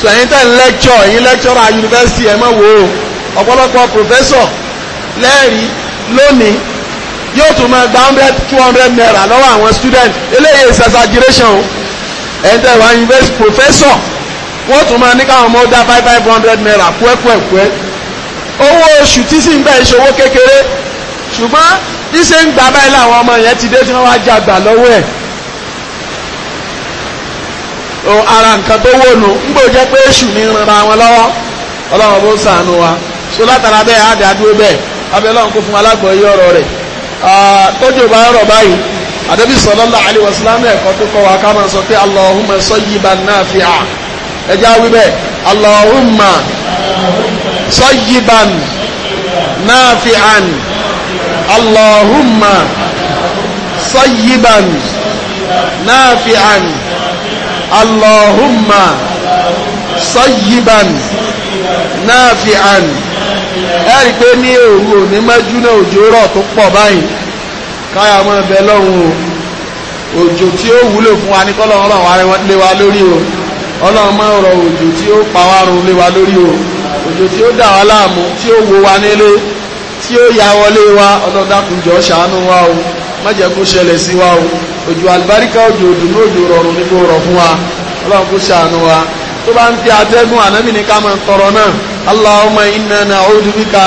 Speaker 2: so ẹ̀yin tẹ́ ń lẹ́kṣọ̀ ẹ̀yin lẹ́kṣọ̀rà yunifásitì ẹ̀ mọ̀ wò ó ọ̀pọ̀lọpọ̀ pòfẹ́sọ̀ lẹ́rìí lónìí yóò tún máa gba hundred two hundred naira lọ́wọ́ àwọn wọ́n tún máa ní káwọn ọmọ dá five five hundred naira pẹ́pẹ́pẹ́ oṣù tí sì ń kékeré ṣùgbọ́n níṣẹ́ ń gbà báyìí làwọn ọmọ yẹn ti dé tí wọ́n wá jàgbà lọ́wọ́ ara nǹkan tó wò nù ń gbòjẹ́ pé èṣù ní wọn lọ́wọ́ ọlọ́run bó sànù wa so látara bẹ́ẹ̀ á bẹ́ẹ̀ abẹ́ ọlọ́run kó fún ẹja wíbẹ̀ Allahumma sayyiban nafi'an Allahumma sayyiban nafi'an Allahumma sayyiban nafi'an ẹ̀rí pé ní òru òní mẹ́jú náà òjò rọ̀ tó pọ̀ báyìí káyà mọ́ ẹbẹ̀ lọ́hùn òjò tí ó wúlò fún wa ní kọ́lọ̀ ọ̀rọ̀ wa lé wa lórí o ọlọ́run máa ń rọ òjò tí ó pa wá run lé wa lórí o òjò tí ó dà wá láàmú tí ó wo wa nílé tí ó ya wọlé wa ọlọ́dàkùnjọ ṣàánú wa o má jẹ́ kó ṣẹlẹ̀ sí wa o òjò àlùbáríkà òjò òdùnú òjò rọrùn ní kó rọ̀ fún wa ọlọ́run kó ṣàánú wa tó bá ń fi atẹ́gùn ànábì ní ká máa tọrọ náà allahumma inna na'udhu bika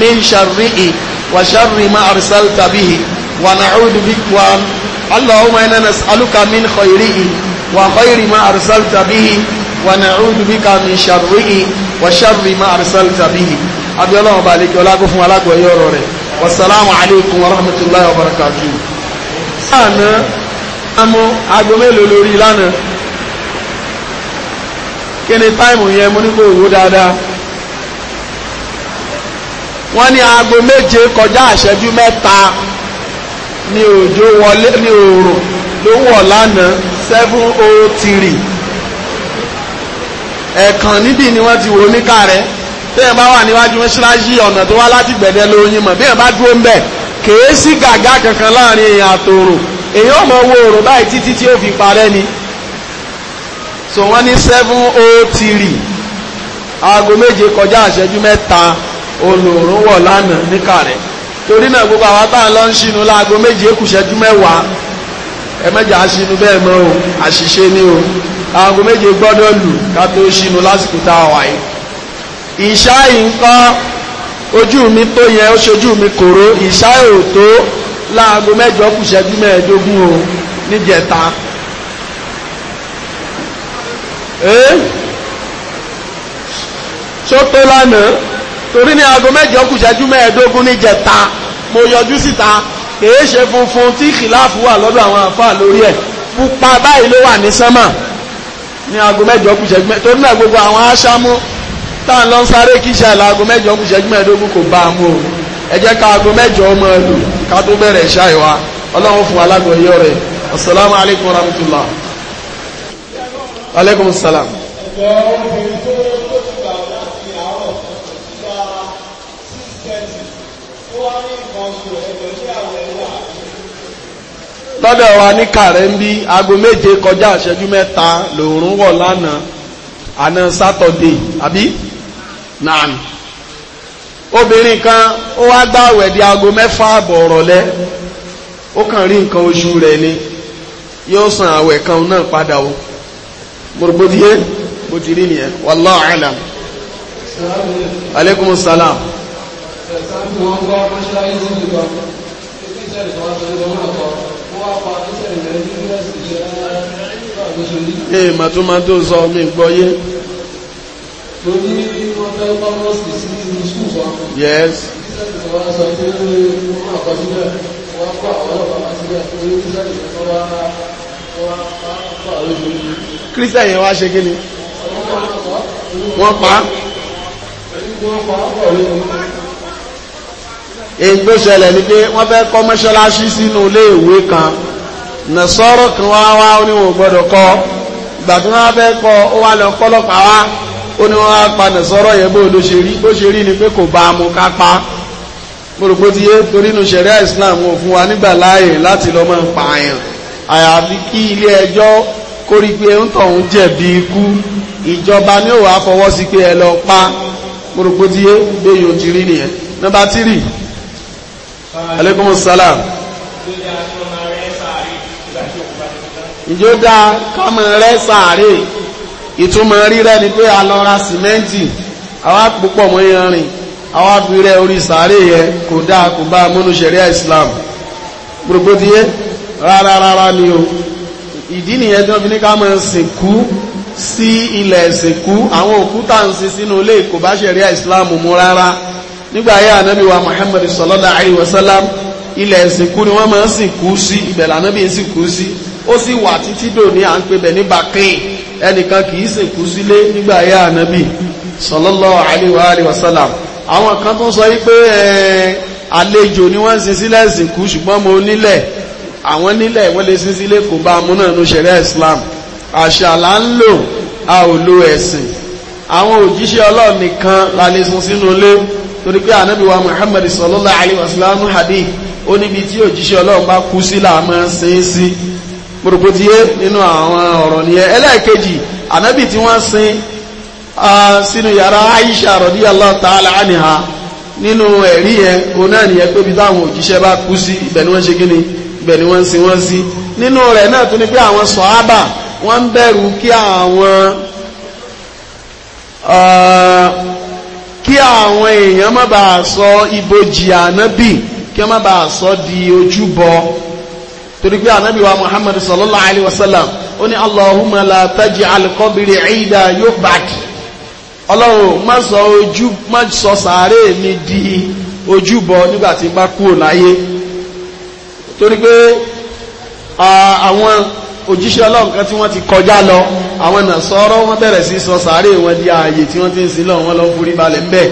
Speaker 2: min sharri'i wa sharri ma arsalta bihi wa na'udhu bika wa allahumma inna nas'aluka min khayri'i وخير ما أرسلت به ونعوذ بك من شره وشر ما أرسلت به أبي الله بالك ولا قفوا ولا قويرور والسلام عليكم ورحمة الله وبركاته أنا أمو أقومي لولوري لنا kíni táìmù yẹn mo ní kó wò dáadáa wọ́n ní aago méje kọjá àṣẹjú mẹ́ta ni òjò wọlé ni òòrùn ló wọ̀ lánàá seven o oh three ẹ̀ẹ̀kan níbí ni wọ́n ti wò oníkà rẹ̀ bẹ́ẹ̀ bá wà níwájú mọ́ṣáláṣí ọ̀nà tó wá láti gbẹ̀dẹ̀ lóyún mọ̀ bẹ́ẹ̀ bá dúró ń bẹ̀ kèé sí gàgá kankan láàrin èèyàn àtòrò èèyàn mọ̀ wo òrò báyìí títí tí ó fi parẹ́ ni so wọ́n ní seven o oh three aago méje kọjá ìṣẹ́jú mẹ́ta olùrún wọ̀ lánàá níkà rẹ̀ torí náà gbogbo àwọn táwọn lọ ń ṣinú láago méje kù ìṣẹ́jú mẹ́wàá ẹ mẹ́jà aṣínú bẹ́ẹ̀ mọ́ o àṣìṣe ni o aago méje gbọ́dọ̀ lù ká tó ṣínú lásìkò tá a wà yìí ìṣá nǹkan ojú mi tó yẹ ó ṣojú mi kòró ìṣá ò tó láago mẹ́jọ kù ṣẹ́jú mẹ́ẹ̀ẹ́dógún o níjẹta ṣó tó lánàá torí ní aago mẹ́jọ kù mẹ́ẹ̀ẹ́dógún níjẹta mo yọjú síta. Si kìí ṣe funfun tí kìláàfù wà lọ́dọ̀ àwọn àfáà lórí ẹ̀ pupa báyìí ló wà ní sánmà ní aago mẹ́jọ kù ṣẹ́jú mẹ́ẹ̀ẹ́dógún torí náà gbogbo àwọn aṣámú táà ń lọ sáré kí ṣe àlàago mẹ́jọ kù ṣẹ́jú mẹ́ẹ̀ẹ́dógún kò bá mú o ẹ jẹ́ ká aago mẹ́jọ ọmọ ẹlù ká tó bẹ̀rẹ̀ ìṣá ìwà ọlọ́run fún alágbọ̀nyọ́ rẹ̀ asalaamualeykum wa rahmatulah. lọ́dọ̀ wa ní kàrẹ́ ń bí aago méje kọjá ìṣẹ́jú mẹ́ta lòórùn wọ̀ lánàá àná sátọ̀dé obìnrin kan ó wá gbààwẹ̀ di aago mẹ́fà ọ̀rọ̀lẹ́ ó kàn rí nǹkan oṣù rẹ̀ ni yóò san àwẹ̀ kan náà padà o mọ̀rọ̀gbọ́díyé bó salaam. ee eh, màtúmá sọ mi gbọ́ yé.
Speaker 3: torí wọn fẹ́ bá wọn sì sí inú sùn wa.
Speaker 2: yes. ìṣẹ́yìn
Speaker 3: sọ wá sọ pé wọ́n àkọsílẹ̀
Speaker 2: wọ́n kọ́ àwọn ọlọ́pàá
Speaker 3: wá sílẹ̀ pé ìṣẹ́yìn sọ wá wọ́n pa àwọn ìṣòro.
Speaker 2: kírísítẹ̀ yẹn wá ṣe kí ni. wọ́n pa á èyí tó ṣẹlẹ̀ ni pé wọ́n fẹ́ kọ́ sínú ilé ìwé kan nàṣọ́rọ̀ kan wá wá ó ní wọn gbọ́dọ̀ kọ́ ìgbà tí wọ́n fẹ́ kọ́ ó wá lọ kọ́lọ́pàá wá ó ní wọ́n á pa nàṣọ́rọ̀ yẹn bó ló ṣe rí bó ṣe rí ni pé kò bá a mú ká pa mo rò pé ti yé torí inú ṣẹ̀ríà Islam ò fún wa nígbà láàyè láti lọ́ máa pààyàn àyàfi kí ilé ẹjọ́ kórí pé ń tọ̀hún jẹ̀bi ikú ìjọba ní òwò àfọwọ́ sí pé ẹ lọ pa mo rò pé ti yé gbé yòó ti rí nìyẹn nọ́mbà tírì aleykum salaam. ìjó dá kámọ rẹ sàárè ìtumọ̀ rírẹ́ ni pé a lọ ra sìmẹ́ǹtì àwa púpọ̀ mọ́ yanrìn àwa fi orí sàárè yẹn kò dáa kò bá múnú Islam gbogbo ti yé rárá rárá ni o ìdí nìyẹn tí wọ́n fi ní ká máa sìnkú sí ilẹ̀ ìsìnkú àwọn òkúta ń sin sínú ilé kò bá ṣẹ̀ríà Islam mu rárá nígbà ayé ànábì wa Muhammad sallallahu alayhi wa sallam ilẹ̀ ìsìnkú ni wọ́n máa ń sìnkú sí ibẹ̀ lànábì ń sìnkú sí ó sì wà títí dòní à ń pè bẹ̀ ní bakin ẹnìkan kì í sìnkú sílé nígbà ayé ànábì sallallahu alaihi wa wasallam àwọn kan tó sọ wípé àlejò ni wọ́n sin sílẹ̀ sìnkú ṣùgbọ́n mo nílẹ̀ àwọn nílẹ̀ wọ́n lè sin sílé kò bá mú náà ní Islam àṣà là ń lò a ò lo ẹ̀sìn àwọn òjíṣẹ́ Ọlọ́run nìkan la lè sun sínú ilé torí pé ànábì wa Muhammad sallallahu alaihi wasallam hadith ó níbi tí òjíṣẹ́ Ọlọ́run bá kú sí làá máa sin sí pòròpótíyé nínú àwọn ọ̀rọ̀ nìyẹn ẹlẹ́ẹ̀kejì ànábì tí wọ́n sin sínú yàrá Aisha allah ta'ala anha nínú ẹ̀rí yẹn òun náà nìyẹn pé bí táwọn òjíṣẹ́ bá kú sí ibẹ̀ ni wọ́n ṣe kíni ibẹ̀ ni wọ́n sin wọ́n sí nínú rẹ̀ náà tún ni pé àwọn sọ̀hábà wọ́n ń bẹ̀rù kí àwọn kí àwọn èèyàn má bàa sọ ibojì ànábì kí wọ́n má bàa sọ di ojúbọ torí pé ànábì wa muhammad sallallahu alayhi wa sallam ó ní allahumma la taj'al qabri 'ida yu'bad ọlọ́run má sọ ojú má sọ sàárè mi di ojúbọ nígbà tí n bá kúrò láyé torí pé àwọn òjíṣẹ́ ọlọ́run kan tí wọ́n ti kọjá lọ àwọn nàṣọ́rọ́ wọ́n bẹ̀rẹ̀ sí sọ sàárè wọn di ààyè tí wọ́n ti ń sin lọ́wọ́ wọn lọ forí balẹ̀ ń bẹ́ẹ̀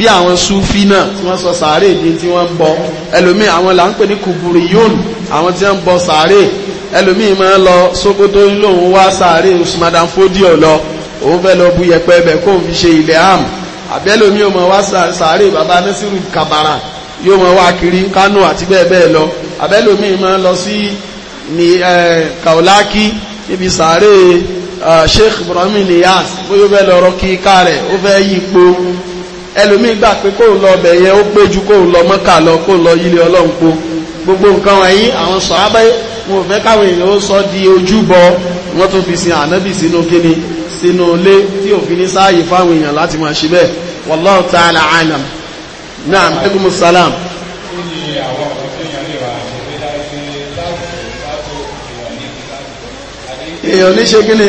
Speaker 2: bí àwọn sufi náà tí wọ́n sọ sàárè di tí wọ́n ń bọ ẹlòmíì àwọn là ń pè ní kùbùrì yóòn àwọn tí wọ́n ń bọ sàárè ẹlòmíì máa ń lọ Sókótó lòun wá sàárè Madam Fodio lọ òun fẹ́ lọ bu yẹpẹ ẹbẹ̀ kó fi ṣe ilẹ̀ am àbẹ́lòmíì ó máa wá sàárè baba Nasiru Kabara yóò máa wá kiri Kánò àti bẹ́ẹ̀ bẹ́ẹ̀ lọ àbẹ́lòmíì máa ń lọ sí Kaolaki níbi sàárè Sheikh Ibrahim Niyas bóyá ó fẹ́ lọ rọ kíkà rẹ̀ ó fẹ́ yípo ẹlòmíì gbà pé kóun lọ ọbẹ̀ yẹn ó pé ju kóun lọ mọ́kà lọ kóun lọ yílé ọlọ́run po gbogbo nǹkan wọ̀nyí àwọn sọ̀hábà wọn ò fẹ́ káwọn èèyàn ó sọ di ojúbọ wọn tún fi sin ànábì sínú kíni sínú ilé tí òfin ní sáàyè fáwọn èèyàn láti máa ṣe bẹ́ẹ̀ wallahu ta'ala alam naam aleykum salaam. èèyàn ní ṣe kíni.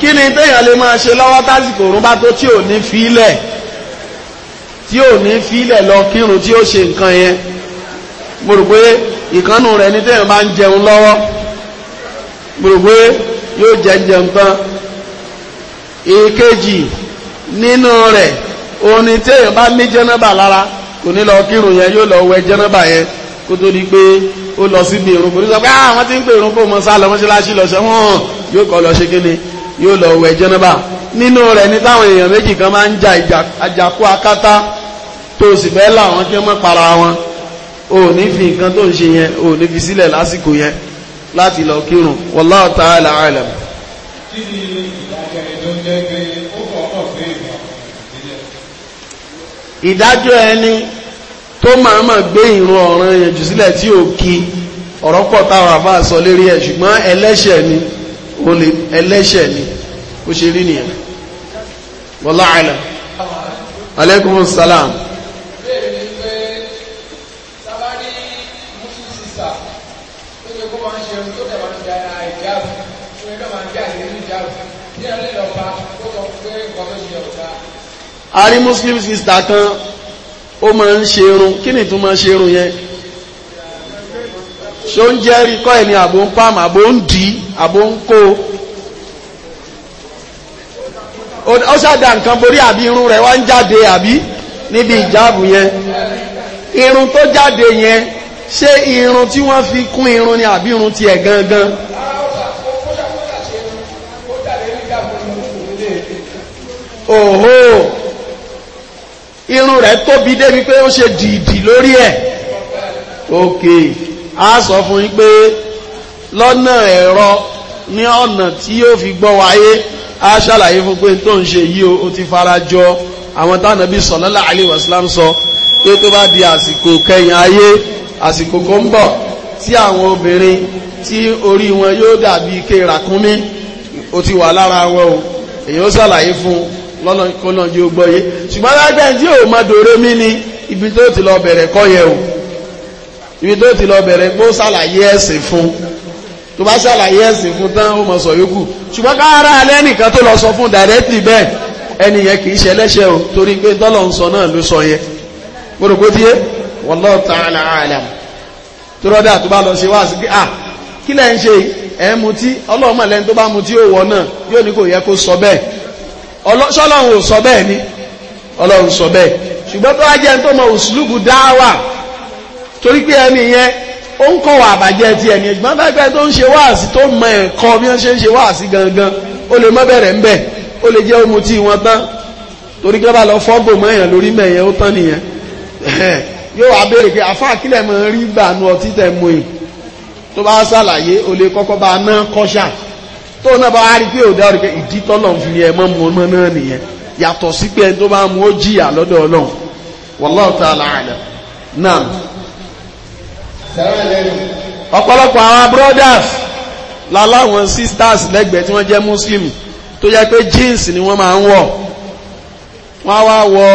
Speaker 2: kí ni téèyàn lè máa ṣe lọ́wọ́ tásìkò òrùn bá tó tí ò ní fílẹ̀ tí ò ní fílẹ̀ lọ kírun tí ó ṣe nǹkan yẹn mo rò pé ìkànnù rẹ̀ ni téèyàn bá ń jẹun lọ́wọ́ mo rò pé yóò jẹ jẹun tán èkejì nínú rẹ̀ òun ni téèyàn bá ní jẹ́nàbà lára kò ní lọ kírun yẹn yóò lọ wẹ jẹ́nàbà yẹn kó tó di pé ó lọ síbi ìrun kò ní sọ pé àwọn ah, tí ń pè ìrun kó mọ sá lọ mọ́ṣáláṣí lọ ṣe wọ́n yóò kọ́ lọ ṣe kíni yóò lọ wẹ̀ jẹ́nàbà nínú rẹ̀ ní táwọn èèyàn méjì kan máa ń ja àjàkú akátá tó sì bẹ́ẹ̀ làwọn kí wọ́n para wọn ò ní fi nǹkan tó ń ṣe yẹn ò ní fi sílẹ̀ lásìkò yẹn láti lọ kírun wallahu ta'ala alam.
Speaker 3: kí ni ìdájọ́ ẹni tó ń jẹ́ pé ó kọ́ ọ̀pọ̀ fún ìgbà ìdílé.
Speaker 2: ìdájọ́ ẹni tó máa máa gbé ìrun ọ̀ràn yẹn jù sílẹ̀ tí ò kí ọ̀rọ̀ pọ̀ táwọn àbá sọ lérí ẹ̀ ṣùgbọ́n ẹlẹ́ṣẹ̀ ni ó lè ẹlẹ́ṣẹ̀ ni ó ṣe rí nìyẹn wọ́lá àìlà alaikum salam a rí muslim sister kan ó máa ń ṣe irun kí ni tún máa ṣe irun yẹn ṣó ń jẹ́rí kọ́ ẹ̀ ní àbò ń pàm àbò ń dì í àbò ń kó ó ṣàdá nǹkan borí àbí irun rẹ̀ wá ń jáde àbí níbi ìjáàbù yẹn irun tó jáde yẹn ṣé irun tí wọ́n fi kún irun ni àbí irun tiẹ̀ gangan. òhò irun rẹ̀ tóbi débi pé ó ṣe dìídì lórí ẹ̀. okay a sọ fún yín pé lọ́nà ẹ̀rọ ní ọ̀nà tí yóò fi gbọ́ wáyé a ṣàlàyé fún pé tó ń ṣe yìí o ti fara jọ àwọn tánàbí sallallahu alaihi wasallam sọ pé tó bá di àsìkò kẹyìn ayé àsìkò kó ń bọ̀ tí àwọn obìnrin tí orí wọn yóò dàbí ike ràkúnmí o ti wà lára wọn o èyí ó ṣàlàyé fún lọ́nà kọ́nà yóò gbọ́ yé ṣùgbọ́n lágbẹ́ tí ò ibi tó ti lọ bẹ̀rẹ̀ pé ó ẹ̀sìn fún tó bá ṣàlàyé ẹ̀sìn fún tán ó mọ̀ sọ yókù ṣùgbọ́n ká ara alẹ́ nìkan tó lọ sọ fún dàrẹ́tì bẹ́ẹ̀ ẹni yẹn kì í ṣe ẹlẹ́ṣẹ̀ o torí pé tọ́lọ̀ ń sọ náà ló sọ yẹn gbọ́dọ̀gbọ́ tiye wallahu ta'ala alam tó rọ́dà tó bá lọ ṣe wá sí pé kí lẹ́ ń ṣe ẹ̀ mutí ọlọ́mọ lẹ́ni tó bá mutí òwò náà yóò ní kò yẹ kó sọ bẹ́ẹ̀ ṣọlọ́run ò sọ bẹ́ẹ̀ ni ọlọ́run sọ bẹ́ẹ̀ ṣùgbọ́n tó wá tó mọ dáwà torí pé ẹni yẹn ó ń kọ́ wà àbàjẹ́ ti ẹni ẹ̀gbọ́n pẹ́pẹ́ tó ń ṣe wáàsí tó mọ ẹ̀kọ́ bí wọ́n ṣe ń ṣe wáàsí gangan ó lè mọ́ bẹ̀rẹ̀ ń bẹ̀ ó lè jẹ́ ohun tí wọ́n tán torí pé bá lọ fọ́gbò mọ́yàn lórí mẹ́yẹn ó tán nìyẹn yóò wá béèrè pé àfa àkílẹ̀ mọ̀ ń rí gbàánu ọtí tẹ̀ mọ́ ẹ̀ tó bá ṣàlàyé ó lè kọ́kọ́ bá ná kọ́ṣà tó náà bá wá rí pé òdà rí pé ìdí tọ́lọ̀ ń fi ẹ mọ́ mu ọmọ náà nìyẹn yàtọ̀ sí pé ẹni tó bá mú ó jìyà lọ́dọ̀ ọlọ́run wallahu ta'ala náà ọ̀pọ̀lọpọ̀ àwọn brothers láláwọn sisters lẹ́gbẹ̀ẹ́ tí wọ́n jẹ́ muslim tó yẹ pé jeans ni wọ́n máa ń wọ̀ wọ́n á wá wọ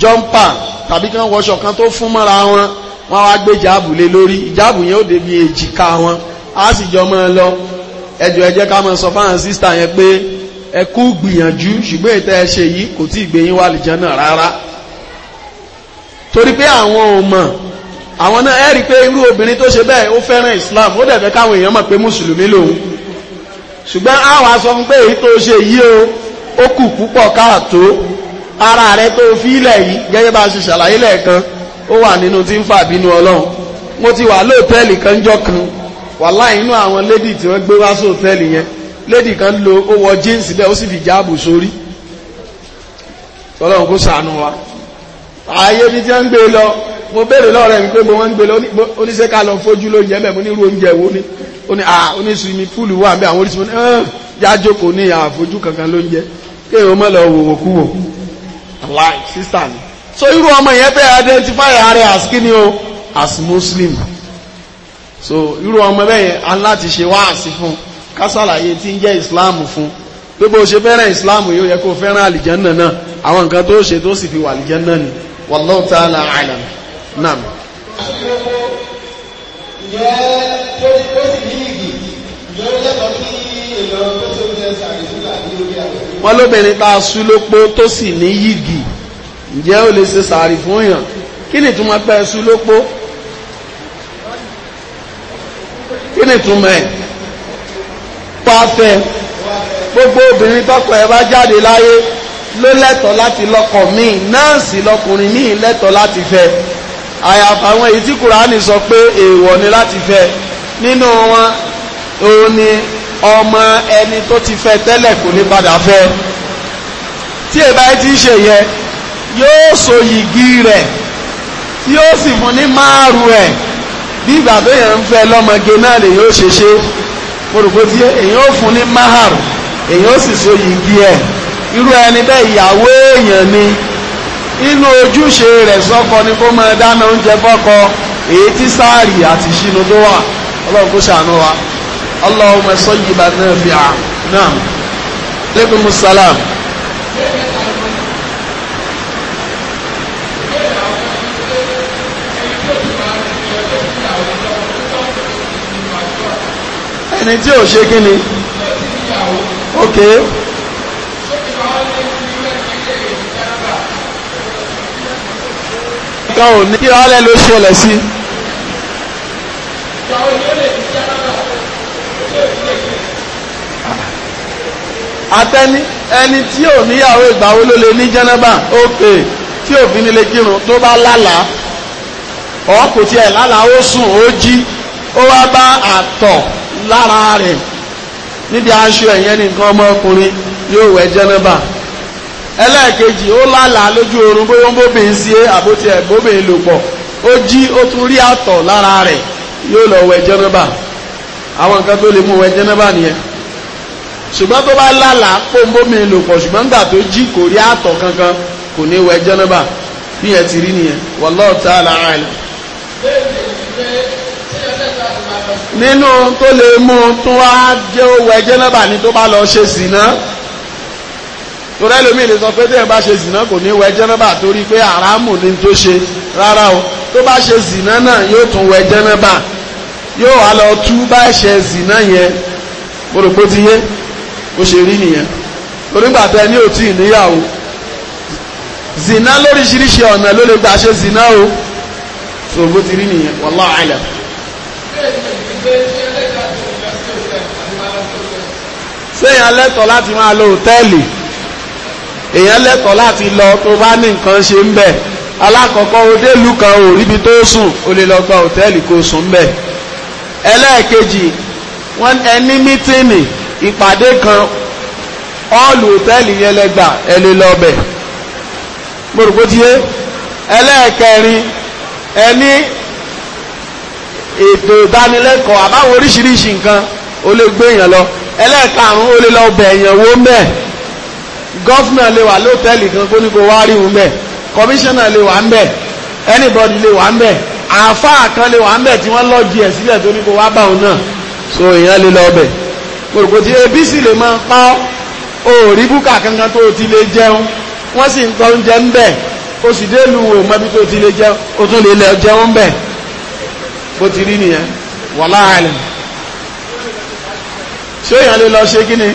Speaker 2: jọ́mpà tàbí kí wọ́n wọṣọ kan tó fún mọ́ra wọn wọ́n á wá gbé ìjáàbù lé lórí ìjáàbù yẹn ó débi èjìká wọn á sì jọ mọ́ ẹ lọ ẹjọ́ ẹ ká máa sọ fáwọn sísítà yẹn pé ẹ kú gbìyànjú ṣùgbọ́n ìtẹ́ ẹ yìí kò tí ì gbé yín wá lìjẹ́ náà rárá torí pé àwọn ò mọ̀ àwọn náà ẹ́rí pé irú obìnrin tó ṣe bẹ́ẹ̀ ó fẹ́ràn Islam ó dẹ̀ fẹ́ káwọn èèyàn mọ̀ pé mùsùlùmí lòun ṣùgbọ́n àwọn aṣọ ń pé èyí tó ṣe yìí o ó kù púpọ̀ káàtó ara rẹ tó fi ilẹ̀ yìí gẹ́gẹ́ bá ṣe ṣàlàyé lẹ́ẹ̀kan ó wà nínú tí ń fà bínú Ọlọ́run mo ti wà lóòtẹ́ẹ̀lì kan jọ kan wàláì inú àwọn lédì tí wọ́n gbé wá sóòtẹ́ẹ̀lì yẹn lédì kan lo ó wọ jíǹsì bẹ́ẹ̀ ó sì fi jáàbù sórí Ọlọ́run kó ṣàánú wa ààyè ibi tí wọ́n gbé lọ mo béèrè lọ́rẹ̀ mi pé mo wọ́n ń gbé oníṣẹ́ ká lọ fojú lóúnjẹ mẹ́ mo ní oúnjẹ wo ni ó ah, mi púùlù wà mẹ́ àwọn oríṣi wọn ẹ́n ah, yájó kò ní àfojú kankan lóúnjẹ kí èèyàn mọ́ lọ wò wò kú wò aláì sísà ni. so irú ọmọ yẹn fẹ́ identify ara as kí o as muslim so irú ọmọ bẹ́yẹn a láti ṣe wáàsí fún kásàlàyé tí ń jẹ́ islam fún pé bó ṣe fẹ́ràn islam yóò yẹ kó fẹ́ràn àlìjẹ́ náà náà àwọn nǹkan tó ṣe tó sì fi wà àlìjẹ́ náà ni wallahu ta'ala alam Naam. Ǹjẹ́ tó ti pé Wọ́n lóbìnrin tá a sú lópó tó sì ní yìgì, ǹjẹ́ ó lè ṣe sàrì fún èèyàn? Kí ni ìtumọ̀ pẹ́ sú lópó? Kí ni ìtumọ̀ ẹ̀? Pàfẹ́ gbogbo obìnrin tọkọ ẹ̀ bá jáde láyé ló lẹ́tọ̀ọ́ láti lọ́kọ míì náà sì lọkùnrin míì lẹ́tọ̀ọ́ láti fẹ́ àyàfà àwọn èyí tí kùránì sọ pé èèwọ̀ ni láti fẹ́ nínú wọn òun ni ọmọ ẹni tó ti fẹ́ tẹ́lẹ̀ kò ní padà fẹ́ tí èbá ẹ ti ń ṣe yẹ yóò so yìgì rẹ̀ yóò sì fún ní máàrù ẹ̀ bí ìgbà tó yẹn ń fẹ́ lọ́mọge náà lè yóò ṣe ṣe orùkó tí èyàn fún ní máàrù èyàn ò sì so yìgì ẹ̀ irú ẹni bẹ́ẹ̀ ìyàwó èèyàn ni inú ojúṣe rẹ̀ sọ́kọ ni kó máa dáná oúnjẹ fọ́kọ èyí tí sáàrì àti ìṣínú tó wà ọlọ́run kó ṣàánú wa Allahumma sayyiban nafi'an naam alaikum salaam. ẹni tí ò ṣe kí ni ok. nǹkan ò ní kí ọlẹ́ ló ṣẹlẹ̀ sí. atẹ́ni ẹni tí ò níyàwó ìgbàwó ló lè ní jẹ́nẹ́bà ókè tí òfin nílé kírun tó bá lálàá ọ̀ kò tiẹ̀ lálàá ó sùn ó jí ó wá bá àtọ̀ lára rẹ̀ níbi aṣọ ẹ̀yẹn nìkan ọmọkùnrin yóò wẹ̀ jẹ́nẹ́bà ẹlẹ́ẹ̀kejì ó lálàá lójú oorun bóyá bóbìnrin sí é àbótí ẹ̀ bóbìnrin lò pọ̀ ó jí ó tún rí àtọ̀ lára rẹ̀ yóò lọ wẹ̀ jẹ́nẹ́bà àwọn nǹkan tó lè mú wẹ̀ jẹ́nẹ́bà nìyẹn ṣùgbọ́n tó bá lálàá pò ń bóbìnrin lò pọ̀ ṣùgbọ́n nígbà tó jí kò rí àtọ̀ kankan kò ní wẹ̀ jẹ́nẹ́bà bí ti rí nìyẹn wallahu ta'ala alam nínú tó lè mú tó wá jẹ́ ó jẹ́nẹ́bà ni tó bá lọ ṣe sìná torí ẹlòmíì lè sọ pé tẹ́yìn bá ṣe zìnà kò ní wẹ jẹ́nẹ́bà torí pé àràmù ni tó ṣe rárá o tó bá ṣe zìnà náà yóò tún wẹ jẹ́nẹ́bà yóò wá lọ tú bá ṣe zìnà yẹn mo rò pé ó ti yé ó ṣe rí nìyẹn torí gbàtẹ́ ní òtí ìníyàwó zìnà lóríṣiríṣi ọ̀nà ló lè gbà ṣe zìnà o tó bó ti rí nìyẹn wallahu a'lam. sẹ́yìn alẹ́ tọ̀ láti máa lo hòtẹ́ẹ̀lì èèyàn lẹ́tọ̀ọ́ láti lọ tó bá ní nǹkan ṣe ń bẹ̀ alákọ̀ọ́kọ́ odélu kan ò ríbi tó sùn ó lè lọ gba òtẹ́ẹ̀lì kó sùn ń bẹ̀ ẹlẹ́ẹ̀kejì wọ́n ẹni mítìnì ìpàdé kan ọ́ọ̀lù òtẹ́ẹ̀lì yẹn lẹ́gbà ẹ lè lọ bẹ̀ gbòrògbòdìyẹ ẹlẹ́ẹ̀kẹrin ẹni ètò ìdánilẹ́kọ̀ọ́ àbáwọn oríṣiríṣi nǹkan ó lè gbé èèyàn lọ ẹlẹ́ẹ̀karùn-ún ó lè lọ bẹ̀ èèyàn wó mẹ́ẹ̀ gọ́fúnà lè wà lóòtẹ́ẹ̀lì kan kó ní kó wá rí òun kọmíṣánná lè wà ń bẹ̀ anybody lè wà ń bẹ̀ àáfàá kan lè wà ń bẹ̀ tí wọ́n lọ́ọ̀jì ẹ̀ sílẹ̀ tó ní kó wá bá òun náà so èèyàn lè lọ bẹ̀ kòròkò tí abc lè máa pa ọ́ ò rí búkà kankan tó o ti lè jẹun wọ́n sì ń tọ́ oúnjẹ ń bẹ̀ o sì dé lu òun mọ́bí tó o ti lè jẹun o tún lè lọ jẹun bẹ̀ bó ti rí nìyẹn wàhálà àlẹ́ ṣé èèyàn lè lọ ṣe kí ni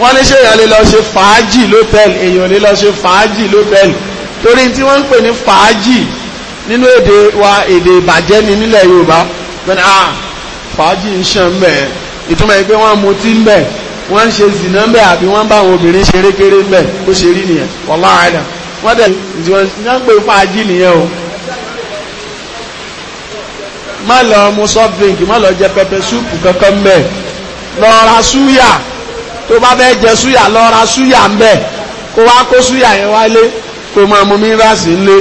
Speaker 2: wọ́n ní ṣé èèyàn lè lọ ṣe fàájì lótẹ́ẹ̀lì èèyàn lè lọ ṣe fàájì lótẹ́ẹ̀lì torí tí wọ́n ń pè ní fàájì nínú èdè wa èdè ìbàjẹ́ ni nílẹ̀ Yorùbá pẹ̀lú à ah, fàájì ń ṣàn bẹ̀ ìtumọ̀ yìí pé wọ́n mutí ń bẹ̀ wọ́n ń ṣe zìnà ń bẹ̀ àbí wọ́n bá àwọn obìnrin ṣeré kéré ń bẹ̀ ó ṣe rí nìyẹn wọ́lá àdà wọ́n dẹ̀ ìjọ ní wọ́n pè fàájì nìyẹn o má lọ mu soft drink má lọ jẹ pẹpẹ súùpù kankan bẹ̀ lọ ra tó bá fẹ́ jẹ súyà lọ ra súyà ń bẹ̀ kó wá kó súyà yẹn wálé kó máa mú mírasì ńlé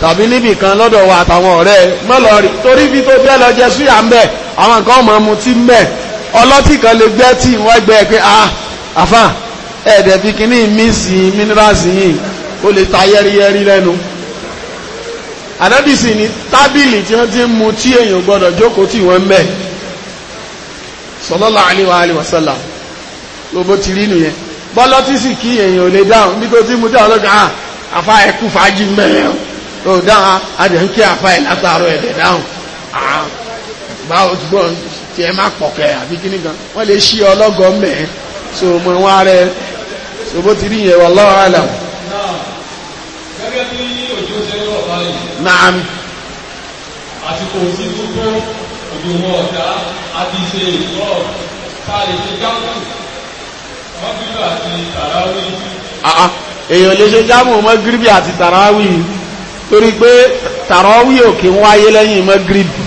Speaker 2: tàbí níbì kan lọ́dọ̀ wa àtàwọn ọ̀rẹ́ mọ́lọ́rì torí bí tó fẹ́ lọ jẹ súyà ń bẹ̀ àwọn nǹkan máa mu tí ń bẹ̀ ọlọ́tì kan lè gbẹ́ tí wọ́n gbẹ́ pé ah àfà ẹ̀ẹ́dẹ̀ fi kíní mí sí mírasì yìí ó lè ta yẹ́rìyẹ́rì lẹ́nu ànábìsì ni tábìlì tí wọ́n ti ń mu tí èèyàn gbọ́dọ̀ jókòó tí wọ́n ń bẹ̀ sallallahu alaihi wa alihi gbogbo ti rí nìyẹn bọ́lọ́tí sì kí èèyàn ò lè dáhùn bí tó ti mú dáhùn lọ́gbà afa ah, afá ẹkú fàájì mẹ́rin ò dáhùn ah, ń kí ẹ̀ látàárọ̀ dáhùn ah, bá o ti gbọ́ tí ẹ má pọ̀kẹ́ àbí kíní gan wọ́n lè ṣí ọlọ́gọ́ so mọ wá rẹ wà lọ́wọ́ àlà. naam.
Speaker 3: àsìkò sí gbogbo òjò ọ̀dà àti
Speaker 2: Ah, ah, èèyàn lè ṣe jámù mọ́gíríbì àti tàràwì torí pé tàràwì òkè ń wáyé lẹ́yìn mọ́gíríbì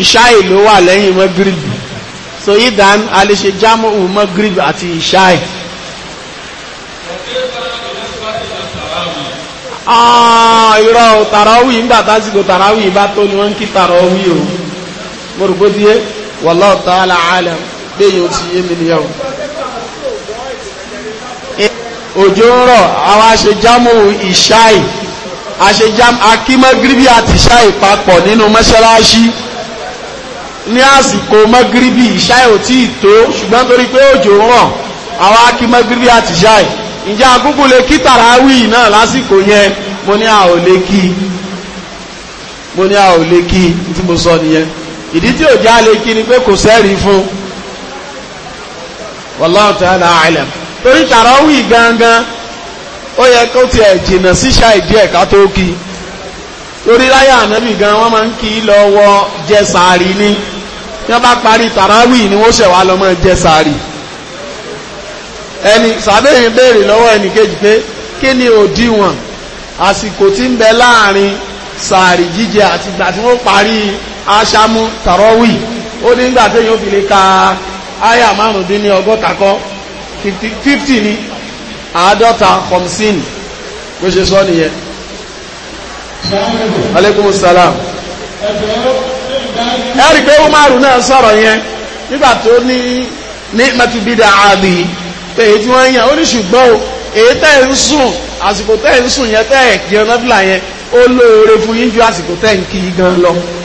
Speaker 2: ìṣáì ló wà lẹ́yìn mọ́gíríbì so idan a lè ṣe jámù mọ́gíríbì àti ìṣáì ah, irọ́ tàràwì ń gbà tásìkò tàràwì bá tó ni wọ́n ń kí tàràwì o mo rò bó díẹ̀ wallahu ta'ala alam béèyàn ti yé mi nìyàwó òjò ń rọ̀ àwọn aṣejámù ìṣáì aṣejám akímọ́gíríbì àti ìṣáì papọ̀ nínú mọ́ṣáláṣí ní àsìkò mọ́gíríbì ìṣáì ò tí ì tó ṣùgbọ́n torí pé òjò ń rọ̀ àwọn akímọ́gíríbì àti ìṣáì ǹjẹ́ agúgú lè kí tàràwì náà lásìkò yẹn mo ní a ò lè kí mo ní a ò lè kí tí mo sọ nìyẹn ìdí tí òjá lè kí ni pé kò sẹ́rí fún wallahu ta'ala a'lam torí tàràwì gangan ó yẹ kó tiẹ̀ jìnnà síṣà ìdí ẹ̀ ká tó kí torí láyé ànábì gan wọ́n máa ń kí lọ́wọ́ jẹ́sàárì ní tí wọ́n bá parí tàràwì ni wọ́n ṣẹ̀ wá jẹ jẹ́sàárì ẹni sàbẹ̀yìn béèrè lọ́wọ́ ẹnì kejì pé kí ni òdiwọ̀n àsìkò tí ń bẹ láàrin sàárì jíjẹ àti ìgbà tí wọ́n parí aṣámú tàràwì ó ní ìgbà téèyàn fi lè ka áyà márùndínlẹ́ọgọ́ta kọ́ fifty ni àádọ́ta khamsin bó ṣe sọ nìyẹn. aleykum salaam.
Speaker 3: ẹ rí i pé umaru náà sọ̀rọ̀
Speaker 2: yẹn nígbà tó ní ní matubida ali pé èyí tí wọ́n yàn ó ní ṣùgbọ́n o èyí tẹ́ ń sùn àsìkò tẹ́ ń sùn yẹn tẹ́ ẹ̀ kí ọ náà fìlà yẹn ó lóore fún yín ju àsìkò tẹ́ ń kí gan lọ.